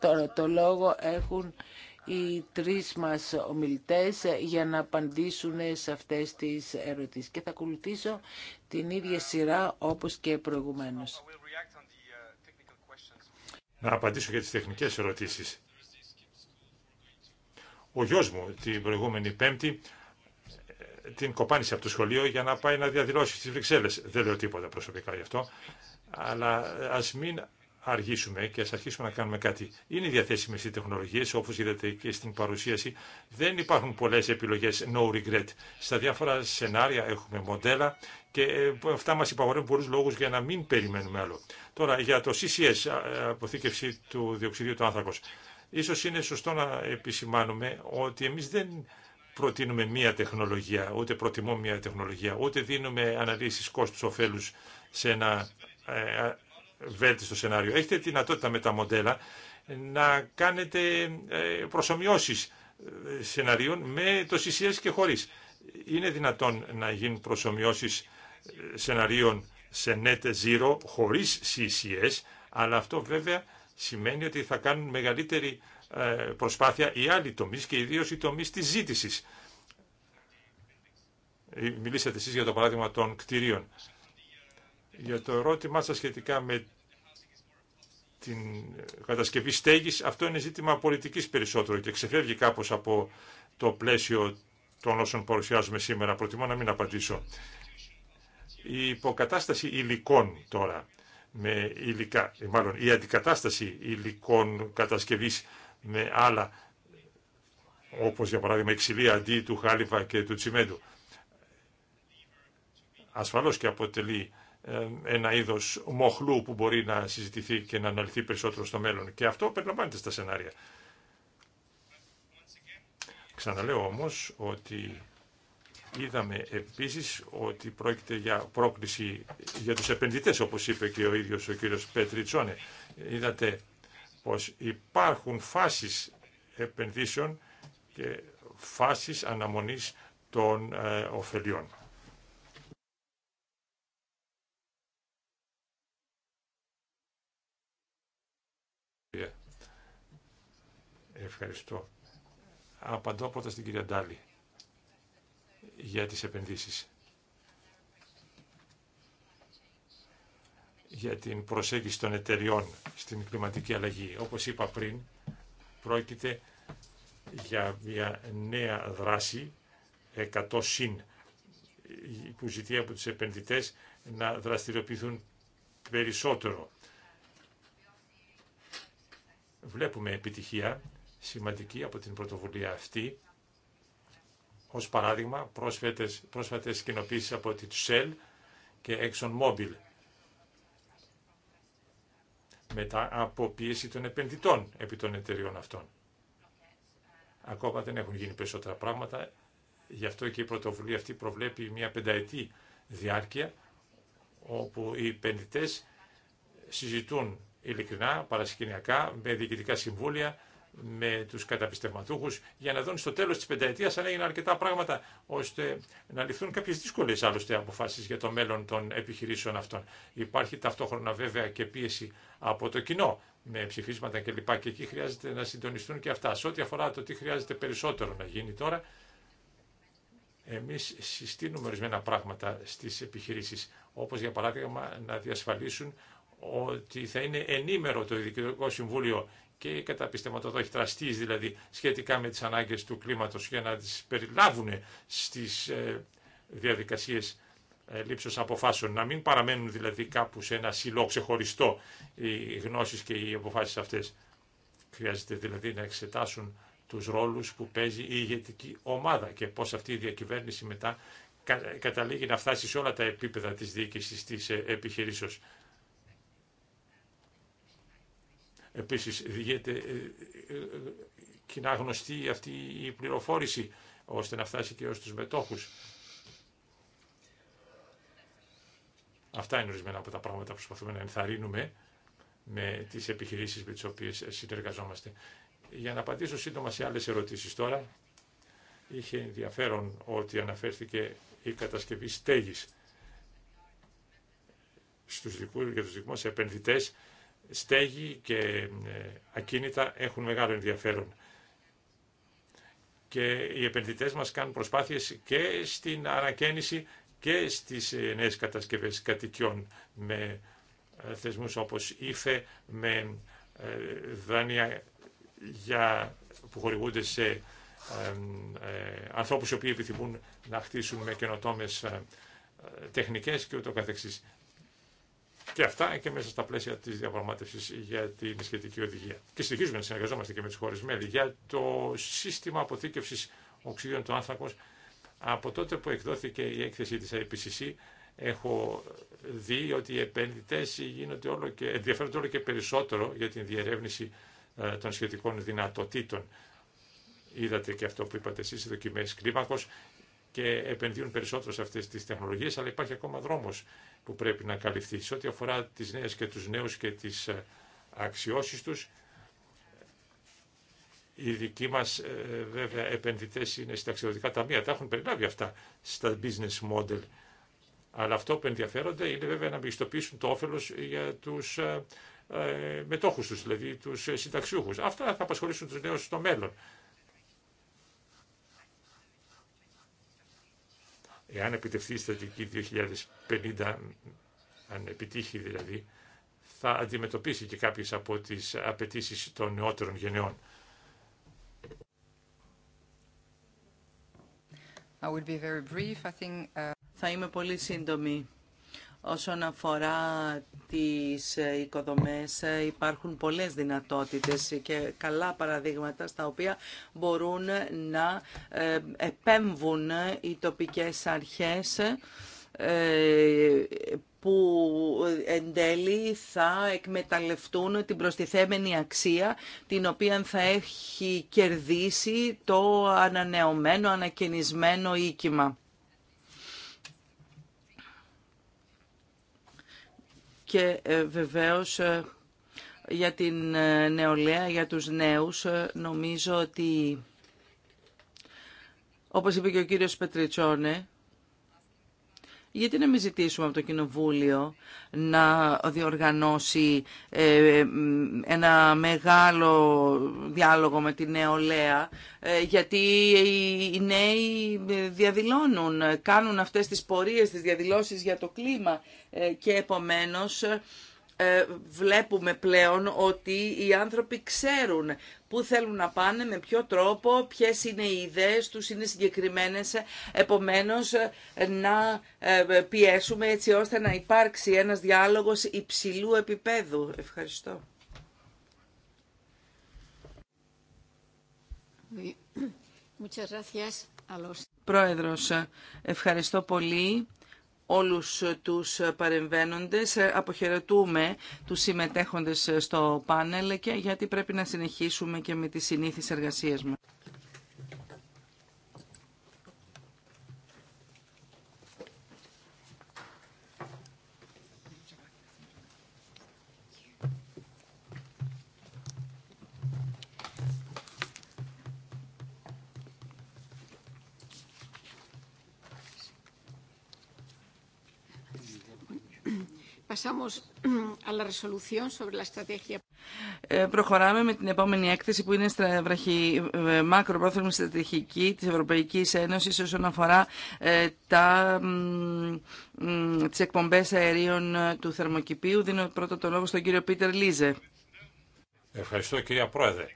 τώρα το λόγο έχουν οι τρεις μας ομιλητές για να απαντήσουν σε αυτές τις ερωτήσεις. Και θα ακολουθήσω την ίδια σειρά όπως και προηγουμένως. Να απαντήσω για τις τεχνικές ερωτήσεις. Ο γιος μου την προηγούμενη Πέμπτη την κοπάνισε από το σχολείο για να πάει να διαδηλώσει στις Βρυξέλλες. Δεν λέω τίποτα προσωπικά γι' αυτό, αλλά α μην αργήσουμε και α αρχίσουμε να κάνουμε κάτι. Είναι διαθέσιμε οι τεχνολογίε, όπω είδατε και στην παρουσίαση. Δεν υπάρχουν πολλέ επιλογέ no regret. Στα διάφορα σενάρια έχουμε μοντέλα και ε, αυτά μας υπαγορεύουν πολλού λόγους για να μην περιμένουμε άλλο. Τώρα, για το CCS, ε, αποθήκευση του διοξιδίου του άνθρακο. Ίσως είναι σωστό να επισημάνουμε ότι εμείς δεν προτείνουμε μία τεχνολογία, ούτε προτιμώ μία τεχνολογία, ούτε δίνουμε αναλύσεις κόστους ωφέλους σε ένα ε, βέλτιστο σενάριο. Έχετε τη δυνατότητα με τα μοντέλα να κάνετε ε, προσωμιώσεις ε, σενάριων με το CCS και χωρίς. Είναι δυνατόν να γίνουν προσωμιώσεις σενάριων σε net zero χωρίς CCS, αλλά αυτό βέβαια σημαίνει ότι θα κάνουν μεγαλύτερη ε, προσπάθεια η άλλοι τομείς και ιδίως οι τομείς της ζήτησης. Ε, μιλήσατε εσείς για το παράδειγμα των κτηρίων. Για το ερώτημά σας σχετικά με την κατασκευή στέγης, αυτό είναι ζήτημα πολιτικής περισσότερο και ξεφεύγει κάπως από το πλαίσιο των όσων παρουσιάζουμε σήμερα. Προτιμώ να μην απαντήσω. Η υποκατάσταση υλικών τώρα, με υλικά, μάλλον η αντικατάσταση υλικών κατασκευής με ναι, άλλα, όπως για παράδειγμα η ξυλία αντί του χάλιβα και του τσιμέντου. Ασφαλώς και αποτελεί ε, ένα είδος μοχλού που μπορεί να συζητηθεί και να αναλυθεί περισσότερο στο μέλλον. Και αυτό περιλαμβάνεται στα σενάρια. Ξαναλέω όμως ότι είδαμε επίσης ότι πρόκειται για πρόκληση για τους επενδυτές, όπως είπε και ο ίδιος ο κύριος Πέτριτσόνε. Είδατε πως υπάρχουν φάσεις επενδύσεων και φάσεις αναμονής των ε, ωφελιών. Ευχαριστώ. Απαντώ πρώτα στην κυρία Ντάλη για τις επενδύσεις. για την προσέγγιση των εταιριών στην κλιματική αλλαγή. Όπως είπα πριν, πρόκειται για μια νέα δράση 100 συν που ζητεί από τους επενδυτές να δραστηριοποιηθούν περισσότερο. Βλέπουμε επιτυχία σημαντική από την πρωτοβουλία αυτή. Ως παράδειγμα, πρόσφατες, πρόσφατες από τη Shell και ExxonMobil μετά από πίεση των επενδυτών επί των εταιριών αυτών. Ακόμα δεν έχουν γίνει περισσότερα πράγματα, γι' αυτό και η πρωτοβουλία αυτή προβλέπει μια πενταετή διάρκεια, όπου οι επενδυτές συζητούν ειλικρινά, παρασκηνιακά, με διοικητικά συμβούλια, με τους καταπιστευματούχους για να δουν στο τέλος της πενταετίας αν έγιναν αρκετά πράγματα ώστε να ληφθούν κάποιες δύσκολες άλλωστε αποφάσεις για το μέλλον των επιχειρήσεων αυτών. Υπάρχει ταυτόχρονα βέβαια και πίεση από το κοινό με ψηφίσματα κλπ. Και εκεί χρειάζεται να συντονιστούν και αυτά. Σε ό,τι αφορά το τι χρειάζεται περισσότερο να γίνει τώρα, εμείς συστήνουμε ορισμένα πράγματα στις επιχειρήσεις, όπως για παράδειγμα να διασφαλίσουν ότι θα είναι ενήμερο το Διοικητικό Συμβούλιο και οι καταπιστευματοδόχοι τραστείς δηλαδή σχετικά με τις ανάγκες του κλίματος για να τις περιλάβουν στις ε, διαδικασίες ε, λήψεως αποφάσεων, να μην παραμένουν δηλαδή κάπου σε ένα σιλό ξεχωριστό οι γνώσεις και οι αποφάσεις αυτές. Χρειάζεται δηλαδή να εξετάσουν τους ρόλους που παίζει η ηγετική ομάδα και πώς αυτή η διακυβέρνηση μετά καταλήγει να φτάσει σε όλα τα επίπεδα της διοίκησης της ε, επιχειρήσεως. Επίσης, διέται ε, ε, ε, κοινά γνωστή αυτή η πληροφόρηση, ώστε να φτάσει και ως τους μετόχους. Αυτά είναι ορισμένα από τα πράγματα που προσπαθούμε να ενθαρρύνουμε με τις επιχειρήσεις με τις οποίες συνεργαζόμαστε. Για να απαντήσω σύντομα σε άλλες ερωτήσεις τώρα, είχε ενδιαφέρον ότι αναφέρθηκε η κατασκευή στέγης στους δικούς, για τους δικούς επενδυτές στέγη και ε, ακίνητα έχουν μεγάλο ενδιαφέρον. Και οι επενδυτές μας κάνουν προσπάθειες και στην ανακαίνιση και στις ε, νέες κατασκευές κατοικιών με ε, θεσμούς όπως ΙΦΕ, με δάνεια για, που χορηγούνται σε ανθρώπους οι οποίοι επιθυμούν να χτίσουν με καινοτόμες τεχνικές και ούτω καθεξής. Και αυτά και μέσα στα πλαίσια τη διαπραγμάτευση για την σχετική οδηγία. Και συνεχίζουμε να συνεργαζόμαστε και με τι χώρε μέλη για το σύστημα αποθήκευση οξυδίων του άνθρακο. Από τότε που εκδόθηκε η έκθεση τη IPCC, έχω δει ότι οι επενδυτέ ενδιαφέρονται όλο και περισσότερο για την διερεύνηση ε, των σχετικών δυνατοτήτων. Είδατε και αυτό που είπατε εσείς, οι δοκιμέ κλίμακο και επενδύουν περισσότερο σε αυτές τις τεχνολογίες, αλλά υπάρχει ακόμα δρόμος που πρέπει να καλυφθεί. Σε ό,τι αφορά τις νέες και τους νέους και τις ε, αξιώσεις τους, οι δικοί μας ε, βέβαια επενδυτές είναι στα αξιωτικά ταμεία, τα έχουν περιλάβει αυτά στα business model. Αλλά αυτό που ενδιαφέρονται είναι βέβαια να μεγιστοποιήσουν το όφελος για τους ε, μετόχους τους, δηλαδή τους συνταξιούχους. Αυτά θα απασχολήσουν τους νέους στο μέλλον. Εάν επιτευχθεί η στρατηγική 2050, αν επιτύχει δηλαδή, θα αντιμετωπίσει και κάποιε από τις απαιτήσει των νεότερων γενεών. Uh, θα είμαι πολύ σύντομη. Όσον αφορά τις οικοδομές υπάρχουν πολλές δυνατότητες και καλά παραδείγματα στα οποία μπορούν να ε, επέμβουν οι τοπικές αρχές ε, που εν τέλει θα εκμεταλλευτούν την προστιθέμενη αξία την οποία θα έχει κερδίσει το ανανεωμένο, ανακαινισμένο οίκημα. και ε, βεβαίως ε, για την ε, νεολαία, για τους νέους, νομίζω ότι, όπως είπε και ο κύριος Πετριτσόνε, γιατί να μην ζητήσουμε από το Κοινοβούλιο να διοργανώσει ε, ένα μεγάλο διάλογο με τη νεολαία, ε, γιατί οι νέοι διαδηλώνουν, κάνουν αυτές τις πορείες, τις διαδηλώσεις για το κλίμα ε, και επομένως ε, βλέπουμε πλέον ότι οι άνθρωποι ξέρουν πού θέλουν να πάνε, με ποιο τρόπο, ποιες είναι οι ιδέες τους, είναι συγκεκριμένες. Επομένως, ε, να ε, πιέσουμε έτσι ώστε να υπάρξει ένας διάλογος υψηλού επίπεδου. Ευχαριστώ. Πρόεδρος, ευχαριστώ πολύ όλους τους παρεμβαίνοντες. Αποχαιρετούμε τους συμμετέχοντες στο πάνελ και γιατί πρέπει να συνεχίσουμε και με τις συνήθεις εργασίες μας. (clears throat) Ε, προχωράμε με την επόμενη έκθεση που είναι η ε, μακροπρόθεσμη στρατηγική της Ευρωπαϊκής Ένωσης όσον αφορά ε, τα, τις εκπομπές αερίων του θερμοκηπίου. Δίνω πρώτα το λόγο στον κύριο Πίτερ Λίζε. Ευχαριστώ κυρία Πρόεδρε.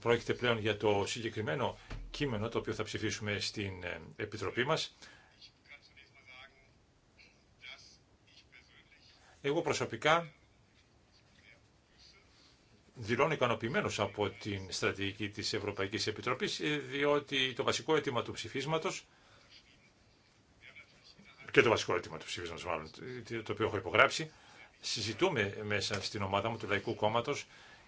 Πρόκειται πλέον για το συγκεκριμένο κείμενο το οποίο θα ψηφίσουμε στην ε, Επιτροπή μας. Εγώ προσωπικά δηλώνω ικανοποιημένο από την στρατηγική της Ευρωπαϊκής Επιτροπής, ε, διότι το βασικό αίτημα του ψηφίσματος και το βασικό αίτημα του ψηφίσματος μάλλον, το οποίο έχω υπογράψει, συζητούμε μέσα στην ομάδα μου του Λαϊκού Κόμματος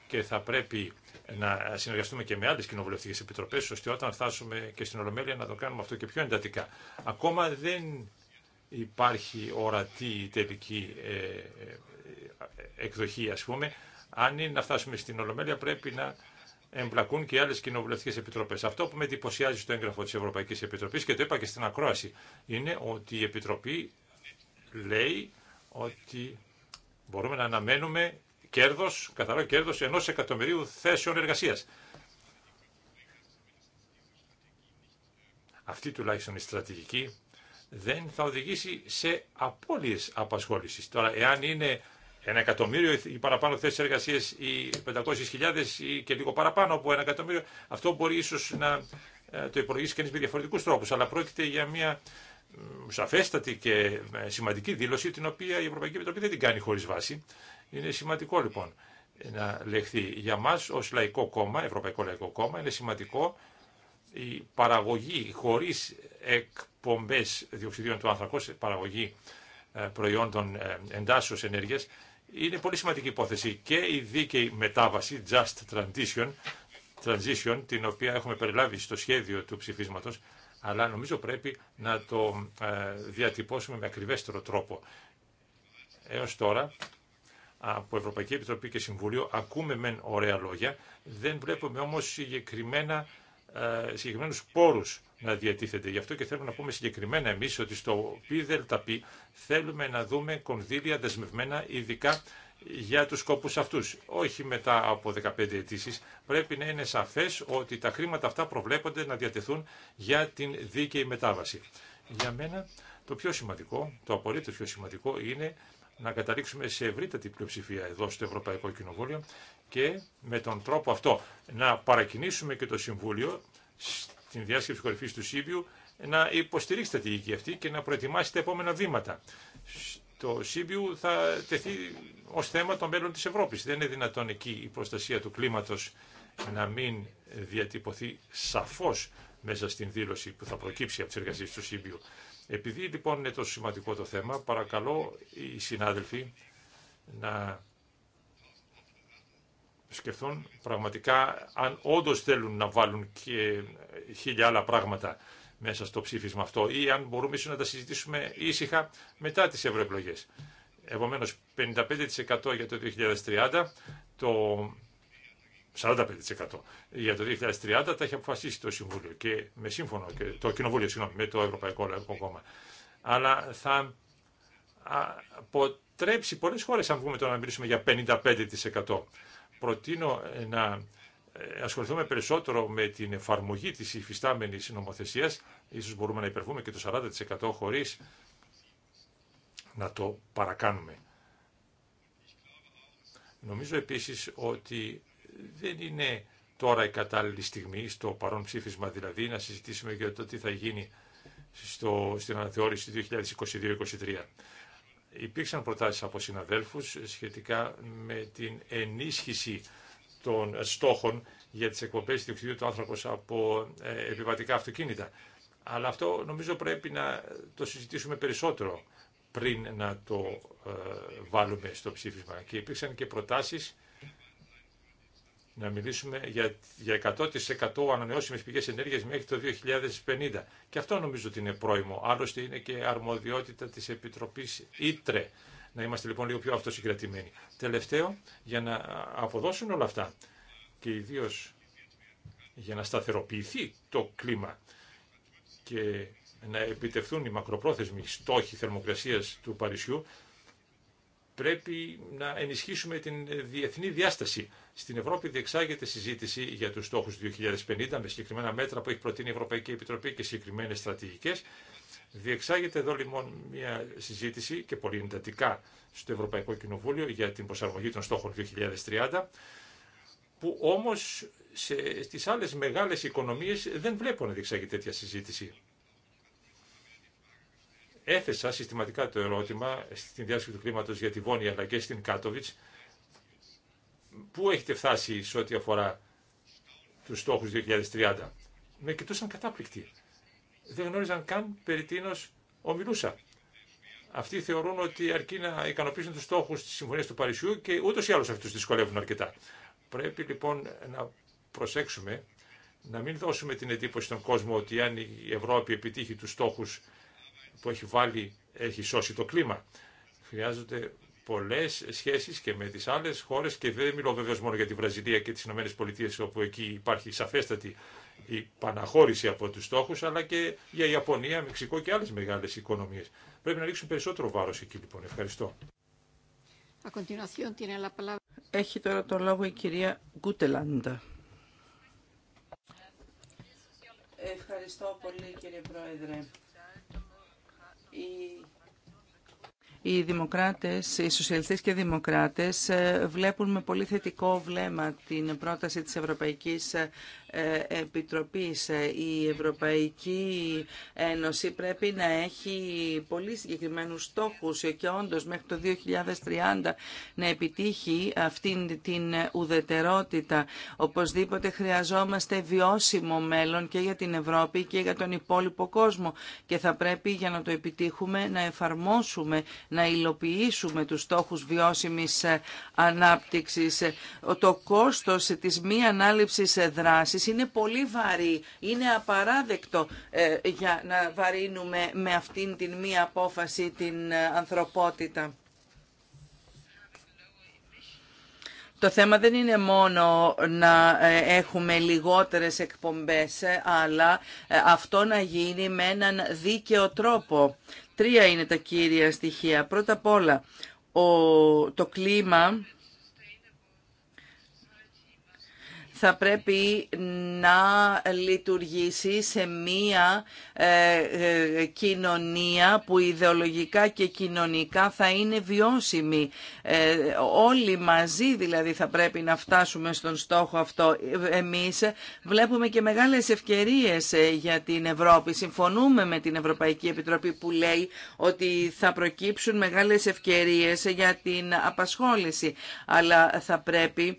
και θα πρέπει να συνεργαστούμε και με άλλες κοινοβουλευτικές επιτροπέ, ώστε όταν φτάσουμε και στην Ολομέλεια να το κάνουμε αυτό και πιο εντατικά. Ακόμα δεν υπάρχει ορατή τελική ε, ε, εκδοχή ας πούμε. Αν είναι να φτάσουμε στην Ολομέλεια πρέπει να εμπλακούν και άλλες άλλε κοινοβουλευτικέ επιτροπέ. Αυτό που με εντυπωσιάζει στο έγγραφο τη Ευρωπαϊκή Επιτροπή και το είπα και στην ακρόαση είναι ότι η Επιτροπή λέει ότι μπορούμε να αναμένουμε κέρδος, καθαρό κέρδο ενό εκατομμυρίου θέσεων εργασία. Αυτή τουλάχιστον η στρατηγική δεν θα οδηγήσει σε απώλειε απασχόληση. Τώρα, εάν είναι ένα εκατομμύριο ή παραπάνω θέσει εργασία ή 500.000 ή και λίγο παραπάνω από ένα εκατομμύριο, αυτό μπορεί ίσω να ε, το υπολογίσει κανεί με διαφορετικού τρόπου. Αλλά πρόκειται για μια σαφέστατη και ε, σημαντική δήλωση, την οποία η Ευρωπαϊκή Επιτροπή δεν την κάνει χωρί βάση. Είναι σημαντικό λοιπόν να λεχθεί. Για μα, ω Λαϊκό Κόμμα, Ευρωπαϊκό Λαϊκό Κόμμα, είναι σημαντικό η παραγωγή χωρί εκπομπές διοξιδίων του άνθρακος, παραγωγή ε, προϊόντων ε, εντάσσεως ενέργειας, είναι πολύ σημαντική υπόθεση και η δίκαιη μετάβαση, just transition, transition, την οποία έχουμε περιλάβει στο σχέδιο του ψηφίσματος, αλλά νομίζω πρέπει να το ε, διατυπώσουμε με ακριβέστερο τρόπο. Έως τώρα, από Ευρωπαϊκή Επιτροπή και Συμβουλίο, ακούμε μεν ωραία λόγια, δεν βλέπουμε όμως συγκεκριμένα, συγκεκριμένους πόρους να διατίθεται. Γι' αυτό και θέλουμε να πούμε συγκεκριμένα εμεί ότι στο ΠΔΠ θέλουμε να δούμε κονδύλια δεσμευμένα ειδικά για τους σκόπους αυτούς. Όχι μετά από 15 αιτήσει. Πρέπει να είναι σαφές ότι τα χρήματα αυτά προβλέπονται να διατεθούν για την δίκαιη μετάβαση. Για μένα το πιο σημαντικό, το απολύτω πιο σημαντικό είναι να καταλήξουμε σε ευρύτατη πλειοψηφία εδώ στο Ευρωπαϊκό Κοινοβούλιο και με τον τρόπο αυτό να παρακινήσουμε και το Συμβούλιο στην διάσκεψη κορυφή του Σίβιου, να υποστηρίξετε τη γη αυτή και να προετοιμάσετε τα επόμενα βήματα. Το Σίβιου θα τεθεί ως θέμα το μέλλον της Ευρώπης. Δεν είναι δυνατόν εκεί η προστασία του κλίματος να μην διατυπωθεί σαφώς μέσα στην δήλωση που θα προκύψει από τις εργασίες του Σίβιου. Επειδή λοιπόν είναι τόσο σημαντικό το θέμα, παρακαλώ οι συνάδελφοι να σκεφτούν πραγματικά αν όντως θέλουν να βάλουν και χίλια άλλα πράγματα μέσα στο ψήφισμα αυτό ή αν μπορούμε ίσως να τα συζητήσουμε ήσυχα μετά τις ευρωεκλογέ. Επομένως, 55% για το 2030, το 45% για το 2030 τα έχει αποφασίσει το Συμβούλιο και με σύμφωνο, και το Κοινοβούλιο, συγγνώμη, με το Ευρωπαϊκό Λαϊκό Κόμμα. Αλλά θα αποτρέψει πολλές χώρες αν βγούμε τώρα να μιλήσουμε για 55% προτείνω ε, να ε, ασχοληθούμε περισσότερο με την εφαρμογή της υφιστάμενης νομοθεσίας, ίσως μπορούμε να υπερβούμε και το 40% χωρίς να το παρακάνουμε. Νομίζω επίσης ότι δεν είναι τώρα η κατάλληλη στιγμή, στο παρόν ψήφισμα δηλαδή, να συζητήσουμε για το τι θα γίνει στο, στην αναθεώρηση 2022-2023 υπήρξαν προτάσεις από συναδέλφους σχετικά με την ενίσχυση των στόχων για τις εκπομπές διοξιδίου του άνθρακος από ε, επιβατικά αυτοκίνητα. Αλλά αυτό νομίζω πρέπει να το συζητήσουμε περισσότερο πριν να το ε, βάλουμε στο ψήφισμα. Και υπήρξαν και προτάσεις να μιλήσουμε για, για 100% ανανεώσιμες πηγές ενέργειας μέχρι το 2050. Και αυτό νομίζω ότι είναι πρόημο. Άλλωστε είναι και αρμοδιότητα της Επιτροπής Ήτρε. Να είμαστε λοιπόν λίγο πιο αυτοσυγκρατημένοι. Τελευταίο, για να αποδώσουν όλα αυτά και ιδίω για να σταθεροποιηθεί το κλίμα και να επιτευχθούν οι μακροπρόθεσμοι στόχοι θερμοκρασίας του Παρισιού, πρέπει να ενισχύσουμε την διεθνή διάσταση. Στην Ευρώπη διεξάγεται συζήτηση για τους στόχους 2050 με συγκεκριμένα μέτρα που έχει προτείνει η Ευρωπαϊκή Επιτροπή και συγκεκριμένες στρατηγικές. Διεξάγεται εδώ λοιπόν μια συζήτηση και πολύ εντατικά στο Ευρωπαϊκό Κοινοβούλιο για την προσαρμογή των στόχων 2030 που όμως σε, στις άλλες μεγάλες οικονομίες δεν βλέπουν να διεξάγει τέτοια συζήτηση έθεσα συστηματικά το ερώτημα στη διάσκεψη του κλίματος για τη Βόνια αλλά και στην Κάτοβιτς. Πού έχετε φτάσει σε ό,τι αφορά τους στόχους 2030. Με κοιτούσαν κατάπληκτοι. Δεν γνώριζαν καν περί τίνο ομιλούσα. Αυτοί θεωρούν ότι αρκεί να ικανοποιήσουν τους στόχους της Συμφωνία του Παρισιού και ούτω ή άλλως αυτούς δυσκολεύουν αρκετά. Πρέπει λοιπόν να προσέξουμε να μην δώσουμε την εντύπωση στον κόσμο ότι αν η Ευρώπη επιτύχει τους στόχους που έχει βάλει, έχει σώσει το κλίμα. Χρειάζονται πολλέ σχέσει και με τι άλλε χώρε και δεν μιλώ βεβαίω μόνο για τη Βραζιλία και τι ΗΠΑ, όπου εκεί υπάρχει σαφέστατη η παναχώρηση από του στόχου, αλλά και για Ιαπωνία, Μεξικό και άλλε μεγάλε οικονομίε. Πρέπει να ρίξουν περισσότερο βάρο εκεί λοιπόν. Ευχαριστώ. Έχει τώρα το λόγο η κυρία Γκούτελάντα. Ευχαριστώ πολύ κύριε Πρόεδρε η οι δημοκράτες, οι σοσιαλιστές και οι δημοκράτες ε, βλέπουν με πολύ θετικό βλέμμα την πρόταση της Ευρωπαϊκής ε, Επιτροπής. Ε, η Ευρωπαϊκή Ένωση πρέπει να έχει πολύ συγκεκριμένους στόχους και όντως μέχρι το 2030 να επιτύχει αυτήν την ουδετερότητα. Οπωσδήποτε χρειαζόμαστε βιώσιμο μέλλον και για την Ευρώπη και για τον υπόλοιπο κόσμο και θα πρέπει για να το επιτύχουμε να εφαρμόσουμε να υλοποιήσουμε τους στόχους βιώσιμης ε, ανάπτυξης. Το κόστος της μη ανάληψης ε, δράσης είναι πολύ βαρύ. Είναι απαράδεκτο ε, για να βαρύνουμε με αυτήν την μη απόφαση την ανθρωπότητα. Το θέμα δεν είναι μόνο να έχουμε λιγότερες εκπομπές, αλλά αυτό να γίνει με έναν δίκαιο τρόπο. Τρία είναι τα κύρια στοιχεία. Πρώτα απ' όλα, ο, το κλίμα θα πρέπει να λειτουργήσει σε μία ε, ε, κοινωνία που ιδεολογικά και κοινωνικά θα είναι βιώσιμη. Ε, όλοι μαζί δηλαδή θα πρέπει να φτάσουμε στον στόχο αυτό. Εμείς βλέπουμε και μεγάλες ευκαιρίες για την Ευρώπη. Συμφωνούμε με την Ευρωπαϊκή Επιτροπή που λέει ότι θα προκύψουν μεγάλες ευκαιρίες για την απασχόληση. Αλλά θα πρέπει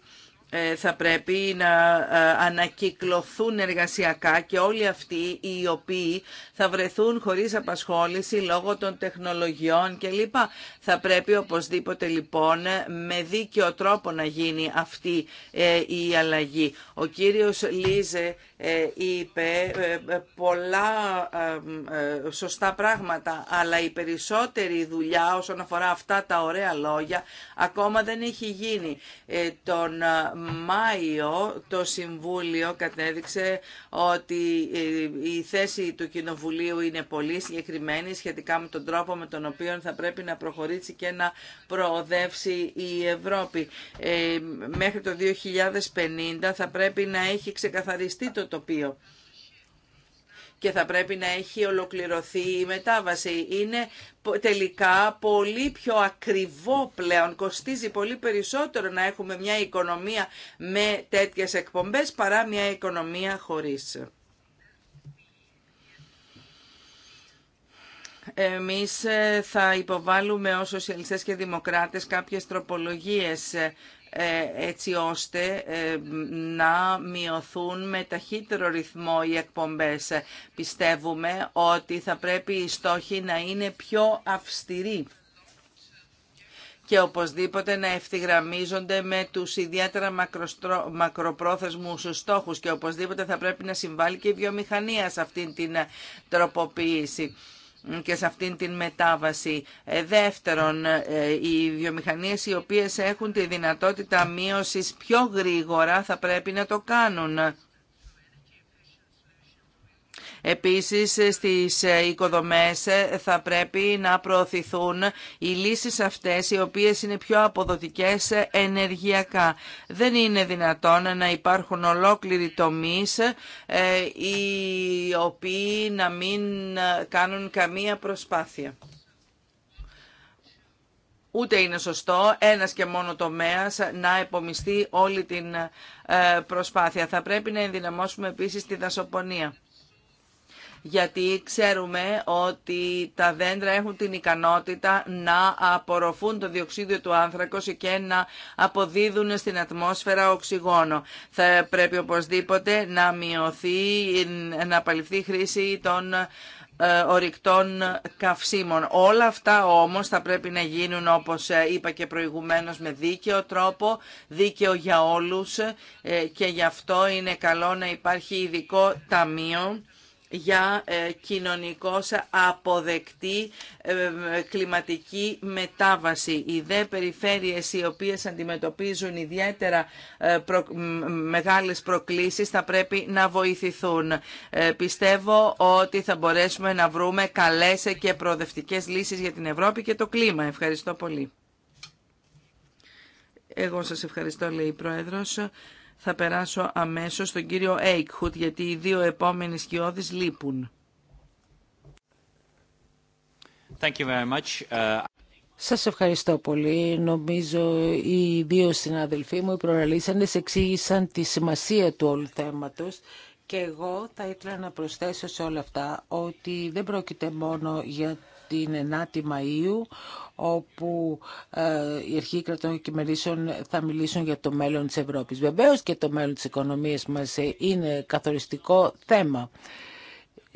ε, θα πρέπει να ε, ανακυκλωθούν εργασιακά και όλοι αυτοί οι οποίοι θα βρεθούν χωρίς απασχόληση λόγω των τεχνολογιών κλπ. Θα πρέπει οπωσδήποτε λοιπόν με δίκαιο τρόπο να γίνει αυτή ε, η αλλαγή. Ο κύριος Λίζε είπε πολλά σωστά πράγματα, αλλά η περισσότερη δουλειά όσον αφορά αυτά τα ωραία λόγια ακόμα δεν έχει γίνει. Τον Μάιο το Συμβούλιο κατέδειξε ότι η θέση του Κοινοβουλίου είναι πολύ συγκεκριμένη σχετικά με τον τρόπο με τον οποίο θα πρέπει να προχωρήσει και να προοδεύσει η Ευρώπη. Ε, μέχρι το 2050 θα πρέπει να έχει ξεκαθαριστεί το τοπίο και θα πρέπει να έχει ολοκληρωθεί η μετάβαση. Είναι τελικά πολύ πιο ακριβό πλέον, κοστίζει πολύ περισσότερο να έχουμε μια οικονομία με τέτοιες εκπομπές παρά μια οικονομία χωρίς. Εμείς ε, θα υποβάλουμε ως σοσιαλιστές και δημοκράτες κάποιες τροπολογίες ε, έτσι ώστε ε, να μειωθούν με ταχύτερο ρυθμό οι εκπομπές. Πιστεύουμε ότι θα πρέπει οι στόχοι να είναι πιο αυστηροί και οπωσδήποτε να ευθυγραμμίζονται με τους ιδιαίτερα μακροστρο... μακροπρόθεσμους στόχους και οπωσδήποτε θα πρέπει να συμβάλλει και η βιομηχανία σε αυτήν την τροποποίηση και σε αυτήν την μετάβαση. Ε, δεύτερον, ε, οι βιομηχανίες οι οποίες έχουν τη δυνατότητα μείωσης πιο γρήγορα θα πρέπει να το κάνουν. Επίσης στις ε, οικοδομές ε, θα πρέπει να προωθηθούν οι λύσεις αυτές οι οποίες είναι πιο αποδοτικές ε, ενεργειακά. Δεν είναι δυνατόν να υπάρχουν ολόκληροι τομείς οι οποίοι να μην κάνουν καμία προσπάθεια. Ούτε είναι σωστό ένας και μόνο τομέας να επομιστεί όλη την προσπάθεια. Θα πρέπει να ενδυναμώσουμε επίσης τη δασοπονία γιατί ξέρουμε ότι τα δέντρα έχουν την ικανότητα να απορροφούν το διοξίδιο του άνθρακος και να αποδίδουν στην ατμόσφαιρα οξυγόνο. Θα πρέπει οπωσδήποτε να μειωθεί, να απαλληφθεί η χρήση των ε, ορυκτών καυσίμων. Όλα αυτά όμως θα πρέπει να γίνουν όπως ε, είπα και προηγουμένως με δίκαιο τρόπο, δίκαιο για όλους ε, και γι' αυτό είναι καλό να υπάρχει ειδικό ταμείο για ε, κοινωνικώς αποδεκτή ε, κλιματική μετάβαση. Οι δε περιφέρειες οι οποίες αντιμετωπίζουν ιδιαίτερα ε, μεγάλες προκλήσεις θα πρέπει να βοηθηθούν. Πιστεύω ότι θα μπορέσουμε να βρούμε καλές και προοδευτικές λύσεις για την Ευρώπη και το κλίμα. Ευχαριστώ πολύ. Εγώ σας ευχαριστώ, λέει η Πρόεδρος θα περάσω αμέσως στον κύριο Έικχουτ, γιατί οι δύο επόμενοι σκιώδεις λείπουν. Thank uh, Σας ευχαριστώ πολύ. Νομίζω οι δύο συναδελφοί μου, οι προαλήσαντες, εξήγησαν τη σημασία του όλου θέματος και εγώ θα ήθελα να προσθέσω σε όλα αυτά ότι δεν πρόκειται μόνο για την 9η Μαΐου, όπου ε, οι αρχοί κρατών και θα μιλήσουν για το μέλλον της Ευρώπης. Βεβαίως και το μέλλον της οικονομίας μας ε, είναι καθοριστικό θέμα.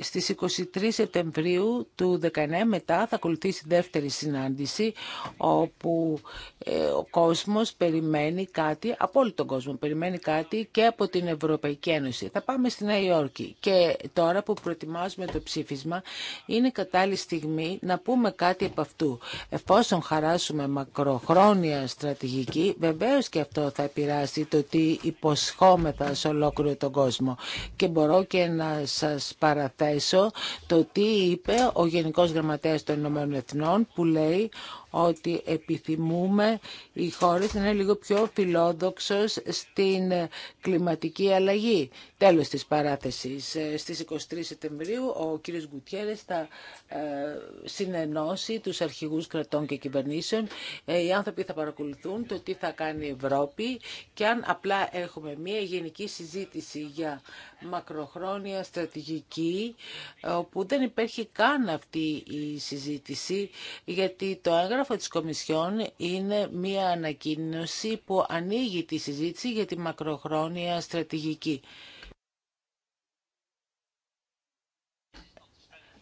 Στις 23 Σεπτεμβρίου του 19 μετά θα ακολουθήσει δεύτερη συνάντηση όπου ε, ο κόσμος περιμένει κάτι, από όλο τον κόσμο περιμένει κάτι και από την Ευρωπαϊκή Ένωση. Θα πάμε στη Νέα Υόρκη και τώρα που προετοιμάζουμε το ψήφισμα είναι κατάλληλη στιγμή να πούμε κάτι από αυτού. Εφόσον χαράσουμε μακροχρόνια στρατηγική, βεβαίως και αυτό θα επηρεάσει το τι υποσχόμεθα σε ολόκληρο τον κόσμο. Και μπορώ και να σας παραθέσω το τι είπε ο Γενικός Γραμματέας των Ηνωμένων Εθνών που λέει ότι επιθυμούμε οι χώρες να είναι λίγο πιο φιλόδοξος στην κλιματική αλλαγή. Τέλος της παράθεσης. Ε, στις 23 Σεπτεμβρίου ο κύριος Γκουτιέρες θα ε, συνενώσει τους αρχηγούς κρατών και κυβερνήσεων. Ε, οι άνθρωποι θα παρακολουθούν το τι θα κάνει η Ευρώπη και αν απλά έχουμε μια γενική συζήτηση για μακροχρόνια στρατηγική όπου δεν υπάρχει καν αυτή η συζήτηση γιατί το έγγραφο της Κομισιόν είναι μία ανακοίνωση που ανοίγει τη συζήτηση για τη μακροχρόνια στρατηγική.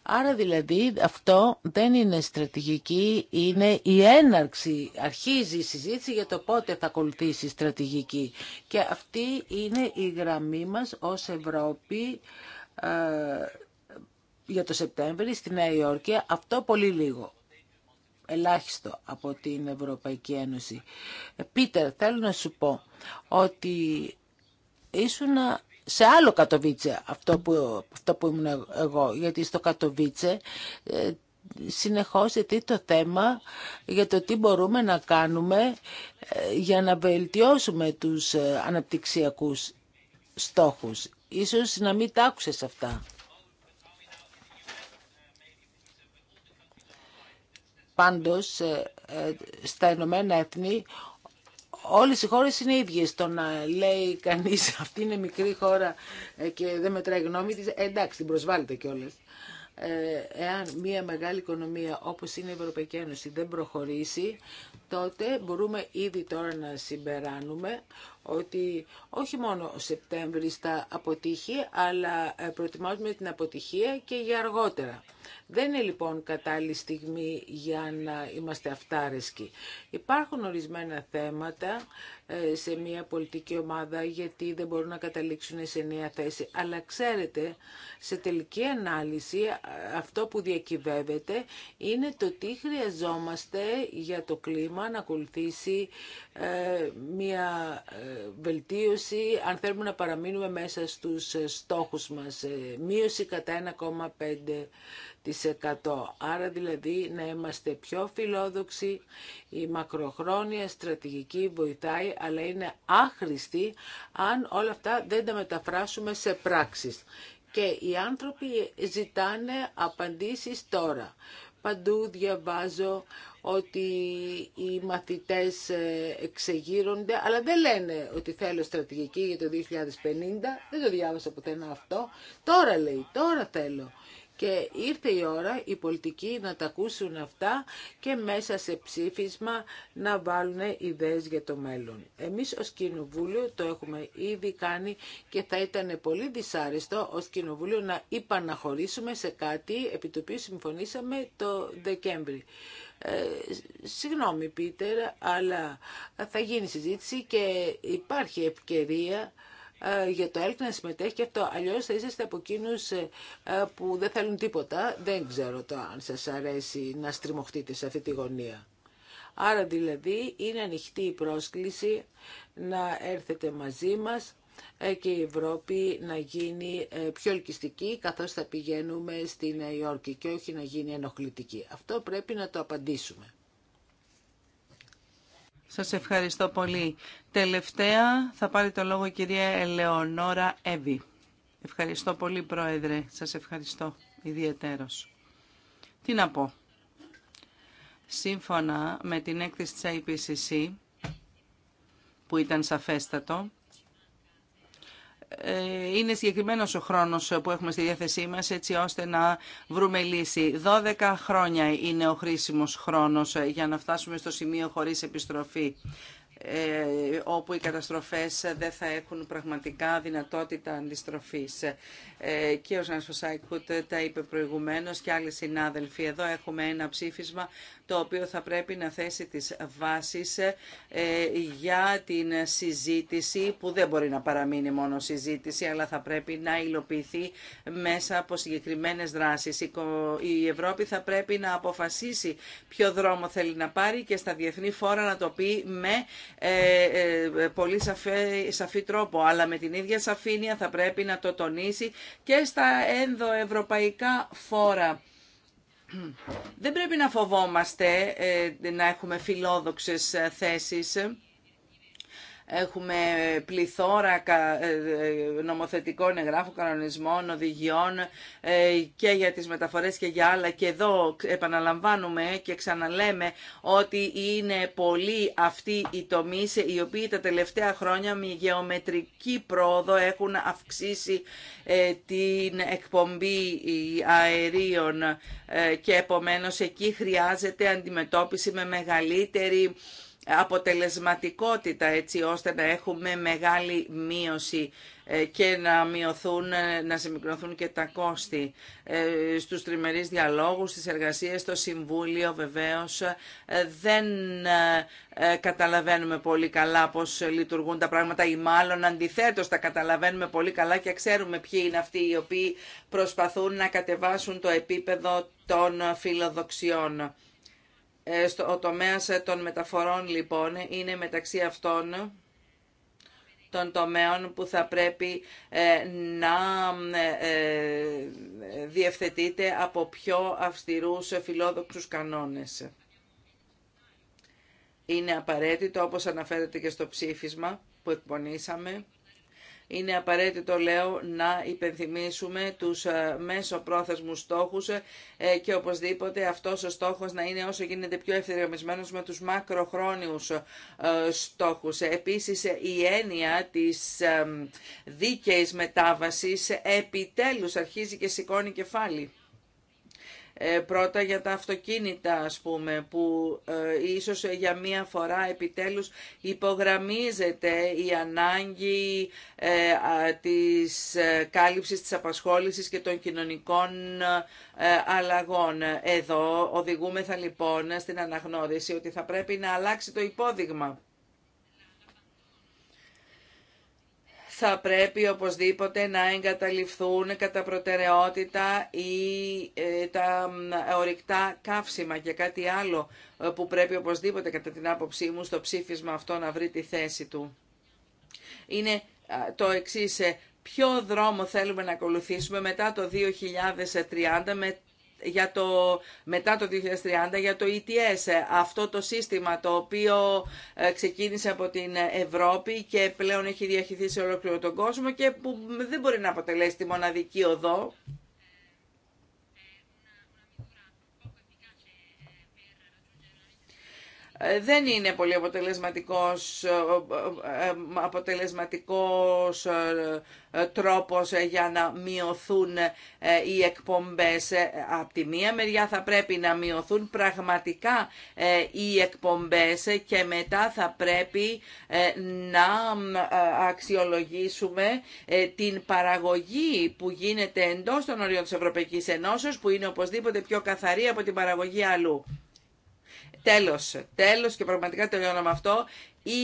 Άρα δηλαδή αυτό δεν είναι στρατηγική, είναι η έναρξη. Αρχίζει η συζήτηση για το πότε θα ακολουθήσει η στρατηγική. Και αυτή είναι η γραμμή μας ως Ευρώπη ε, για το Σεπτέμβριο στη Νέα Υόρκη. Αυτό πολύ λίγο ελάχιστο από την Ευρωπαϊκή Ένωση. Ε, Πίτερ, θέλω να σου πω ότι ήσουν σε άλλο Κατοβίτσε αυτό που, αυτό που ήμουν εγώ, γιατί στο Κατοβίτσε ε, συνεχώς γιατί το θέμα για το τι μπορούμε να κάνουμε ε, για να βελτιώσουμε τους αναπτυξιακούς στόχους. Ίσως να μην τα άκουσες αυτά. Πάντως, ε, ε, στα Ηνωμένα Έθνη όλες οι χώρες είναι ίδιες. Το να λέει κανείς (laughs) αυτή είναι μικρή χώρα ε, και δεν μετράει γνώμη της, εντάξει, την προσβάλλεται κιόλας. Εάν μια μεγάλη οικονομία όπως είναι η Ευρωπαϊκή Ένωση δεν προχωρήσει, τότε μπορούμε ήδη τώρα να συμπεράνουμε ότι όχι μόνο ο Σεπτέμβρης θα αποτύχει, αλλά προτιμάζουμε την αποτυχία και για αργότερα. Δεν είναι λοιπόν κατάλληλη στιγμή για να είμαστε αυτάρεσκοι. Υπάρχουν ορισμένα θέματα ε, σε μια πολιτική ομάδα γιατί δεν μπορούν να καταλήξουν σε νέα θέση. Αλλά ξέρετε, σε τελική ανάλυση αυτό που διακυβεύεται είναι το τι χρειαζόμαστε για το κλίμα να ακολουθήσει ε, μια ε, βελτίωση αν θέλουμε να παραμείνουμε μέσα στους στόχους μας. Μείωση κατά 1,5 Άρα δηλαδή να είμαστε πιο φιλόδοξοι, η μακροχρόνια στρατηγική βοηθάει, αλλά είναι άχρηστη αν όλα αυτά δεν τα μεταφράσουμε σε πράξεις. Και οι άνθρωποι ζητάνε απαντήσεις τώρα. Παντού διαβάζω ότι οι μαθητές ε, εξεγείρονται, αλλά δεν λένε ότι θέλω στρατηγική για το 2050, δεν το διάβασα ποτέ αυτό. Τώρα λέει, τώρα θέλω. Και ήρθε η ώρα οι πολιτικοί να τα ακούσουν αυτά και μέσα σε ψήφισμα να βάλουν ιδέες για το μέλλον. Εμείς ως Κοινοβούλιο το έχουμε ήδη κάνει και θα ήταν πολύ δυσάρεστο ως Κοινοβούλιο να υπαναχωρήσουμε σε κάτι επί το οποίο συμφωνήσαμε το Δεκέμβρη. Ε, συγγνώμη Πίτερ, αλλά θα γίνει συζήτηση και υπάρχει ευκαιρία ε, για το ΕΛΚ να συμμετέχει και αυτό. Αλλιώς θα είσαστε από εκείνου ε, ε, που δεν θέλουν τίποτα. Δεν ξέρω το αν σας αρέσει να στριμωχτείτε σε αυτή τη γωνία. Άρα δηλαδή είναι ανοιχτή η πρόσκληση να έρθετε μαζί μας και η Ευρώπη να γίνει πιο ελκυστική καθώς θα πηγαίνουμε στη Νέα Υόρκη και όχι να γίνει ενοχλητική. Αυτό πρέπει να το απαντήσουμε. Σας ευχαριστώ πολύ. Τελευταία θα πάρει το λόγο η κυρία Ελεονόρα Εύη. Ευχαριστώ πολύ, Πρόεδρε. Σας ευχαριστώ ιδιαίτερος. Τι να πω. Σύμφωνα με την έκθεση της IPCC, που ήταν σαφέστατο, ε, είναι συγκεκριμένο ο χρόνος που έχουμε στη διάθεσή μας έτσι ώστε να βρούμε λύση. 12 χρόνια είναι ο χρήσιμο χρόνος για να φτάσουμε στο σημείο χωρίς επιστροφή. Ε, όπου οι καταστροφές δεν θα έχουν πραγματικά δυνατότητα αντιστροφής. Ε, και ο Ζανσο Φωσάικουτ τα είπε προηγουμένως και άλλοι συνάδελφοι. Εδώ έχουμε ένα ψήφισμα το οποίο θα πρέπει να θέσει τις βάσεις ε, για την συζήτηση που δεν μπορεί να παραμείνει μόνο συζήτηση αλλά θα πρέπει να υλοποιηθεί μέσα από συγκεκριμένε δράσεις. Η Ευρώπη θα πρέπει να αποφασίσει ποιο δρόμο θέλει να πάρει και στα διεθνή φόρα να το πει με ε, ε, πολύ σαφή, σαφή τρόπο. Αλλά με την ίδια σαφήνεια θα πρέπει να το τονίσει και στα ενδοευρωπαϊκά φόρα. Δεν πρέπει να φοβόμαστε ε, να έχουμε φιλόδοξες θέσεις Έχουμε πληθώρα ε, ε, νομοθετικών εγγράφων, κανονισμών, οδηγιών ε, και για τις μεταφορές και για άλλα. Και εδώ επαναλαμβάνουμε και ξαναλέμε ότι είναι πολλοί αυτοί οι τομείς οι οποίοι τα τελευταία χρόνια με γεωμετρική πρόοδο έχουν αυξήσει την εκπομπή αερίων και επομένως εκεί χρειάζεται αντιμετώπιση με μεγαλύτερη αποτελεσματικότητα έτσι ώστε να έχουμε μεγάλη μείωση ε, και να μειωθούν, ε, να συμμικρωθούν και τα κόστη ε, στους τριμερείς διαλόγους, στις εργασίες, στο Συμβούλιο βεβαίως. Δεν καταλαβαίνουμε πολύ καλά πώς λειτουργούν τα πράγματα ή μάλλον αντιθέτως τα καταλαβαίνουμε πολύ καλά και ξέρουμε ποιοι είναι αυτοί οι οποίοι προσπαθούν να κατεβάσουν το επίπεδο των φιλοδοξιών. Ε, ο τομέας ε, των μεταφορών λοιπόν είναι μεταξύ αυτών των τομέων που θα πρέπει ε, να διευθετείται από πιο αυστηρούς φιλόδοξους κανόνες. Είναι απαραίτητο, όπως αναφέρεται και στο ψήφισμα που εκπονήσαμε, είναι απαραίτητο, λέω, να υπενθυμίσουμε τους ε, μέσο πρόθεσμους στόχους ε, και οπωσδήποτε αυτός ο στόχος να είναι όσο γίνεται πιο ευθυγραμμισμένος με τους μακροχρόνιους ε, στόχους. Επίσης, η έννοια της δίκαιης μετάβασης επιτέλους αρχίζει και σηκώνει κεφάλι. Ε, πρώτα για τα αυτοκίνητα ας πούμε που ε, ίσως για μία φορά επιτέλους υπογραμμίζεται η ανάγκη ε, της κάλυψης της απασχόλησης και των κοινωνικών αλλαγών. Εδώ οδηγούμεθα λοιπόν στην αναγνώριση ότι θα πρέπει να αλλάξει το υπόδειγμα θα πρέπει οπωσδήποτε να εγκαταληφθούν κατά προτεραιότητα ή ε, τα ορυκτά καύσιμα και κάτι άλλο ε, που πρέπει οπωσδήποτε κατά την άποψή μου στο ψήφισμα αυτό να βρει τη θέση του. Είναι το εξής, ε, ποιο δρόμο θέλουμε να ακολουθήσουμε μετά το 2030 με για το, μετά το 2030 για το ETS, αυτό το σύστημα το οποίο ε, ξεκίνησε από την Ευρώπη και πλέον έχει διαχειριστεί σε ολόκληρο τον κόσμο και που δεν μπορεί να αποτελέσει τη μοναδική οδό Ε, δεν είναι πολύ αποτελεσματικός, ε, ε, αποτελεσματικός τρόπος για να μειωθούν οι εκπομπές. Από τη μία μεριά θα πρέπει να μειωθούν πραγματικά οι εκπομπές και μετά θα πρέπει να αξιολογήσουμε την παραγωγή που γίνεται εντός των ορίων της Ευρωπαϊκής Ενώσεως που είναι οπωσδήποτε πιο καθαρή από την παραγωγή αλλού. Τέλος, τέλος και πραγματικά τελειώνω με αυτό. Η,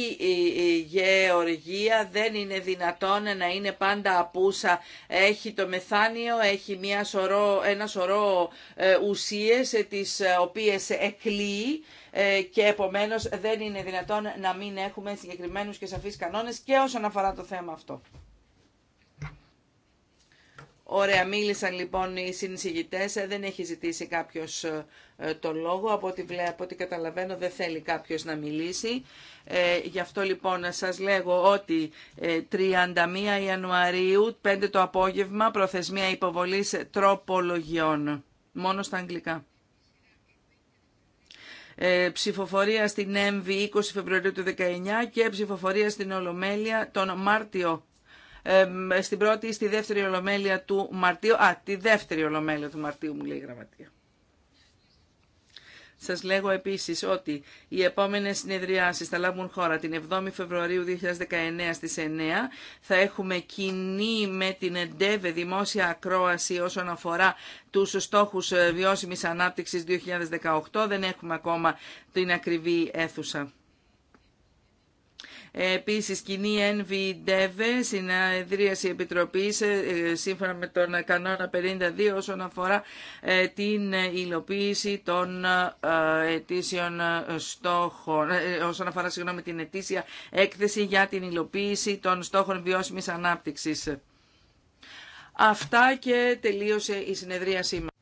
γεωργία δεν είναι δυνατόν να είναι πάντα απούσα. Έχει το μεθάνιο, έχει μια σωρό, ένα σωρό ε, ουσίες ε, τις ε, οποίες εκλείει ε, και επομένως δεν είναι δυνατόν να μην έχουμε συγκεκριμένους και σαφείς κανόνες και όσον αφορά το θέμα αυτό. Ωραία, μίλησαν λοιπόν οι συνεισηγητές, ε, δεν έχει ζητήσει κάποιος ε, το λόγο, από ό,τι, από καταλαβαίνω δεν θέλει κάποιος να μιλήσει. Ε, γι' αυτό λοιπόν σας λέγω ότι 31 ε, Ιανουαρίου, 5 το απόγευμα, προθεσμία υποβολής τροπολογιών, μόνο στα αγγλικά. Ε, ψηφοφορία στην Έμβη 20 Φεβρουαρίου του 19 και ψηφοφορία στην Ολομέλεια τον Μάρτιο στην πρώτη ή στη δεύτερη ολομέλεια του Μαρτίου. Α, τη δεύτερη ολομέλεια του Μαρτίου μου λέει η γραμματεία. Σας λέγω επίσης ότι οι επόμενες συνεδριάσεις θα λάβουν χώρα την 7η Φεβρουαρίου 2019 στις 9. Θα έχουμε κοινή με την ΕΝΤΕΒΕ δημόσια ακρόαση όσον αφορά τους στόχους ε, βιώσιμης ανάπτυξης 2018. Δεν έχουμε ακόμα την ακριβή αίθουσα. Επίσης, κοινή NVDEV, συνεδρίαση επιτροπής, ε, σύμφωνα με τον κανόνα 52, όσον αφορά ε, την υλοποίηση των ε, ετήσιων στόχων, όσον αφορά, συγγνώμη, την ετήσια έκθεση για την υλοποίηση των στόχων βιώσιμης ανάπτυξης. Αυτά και τελείωσε η συνεδρία σήμερα.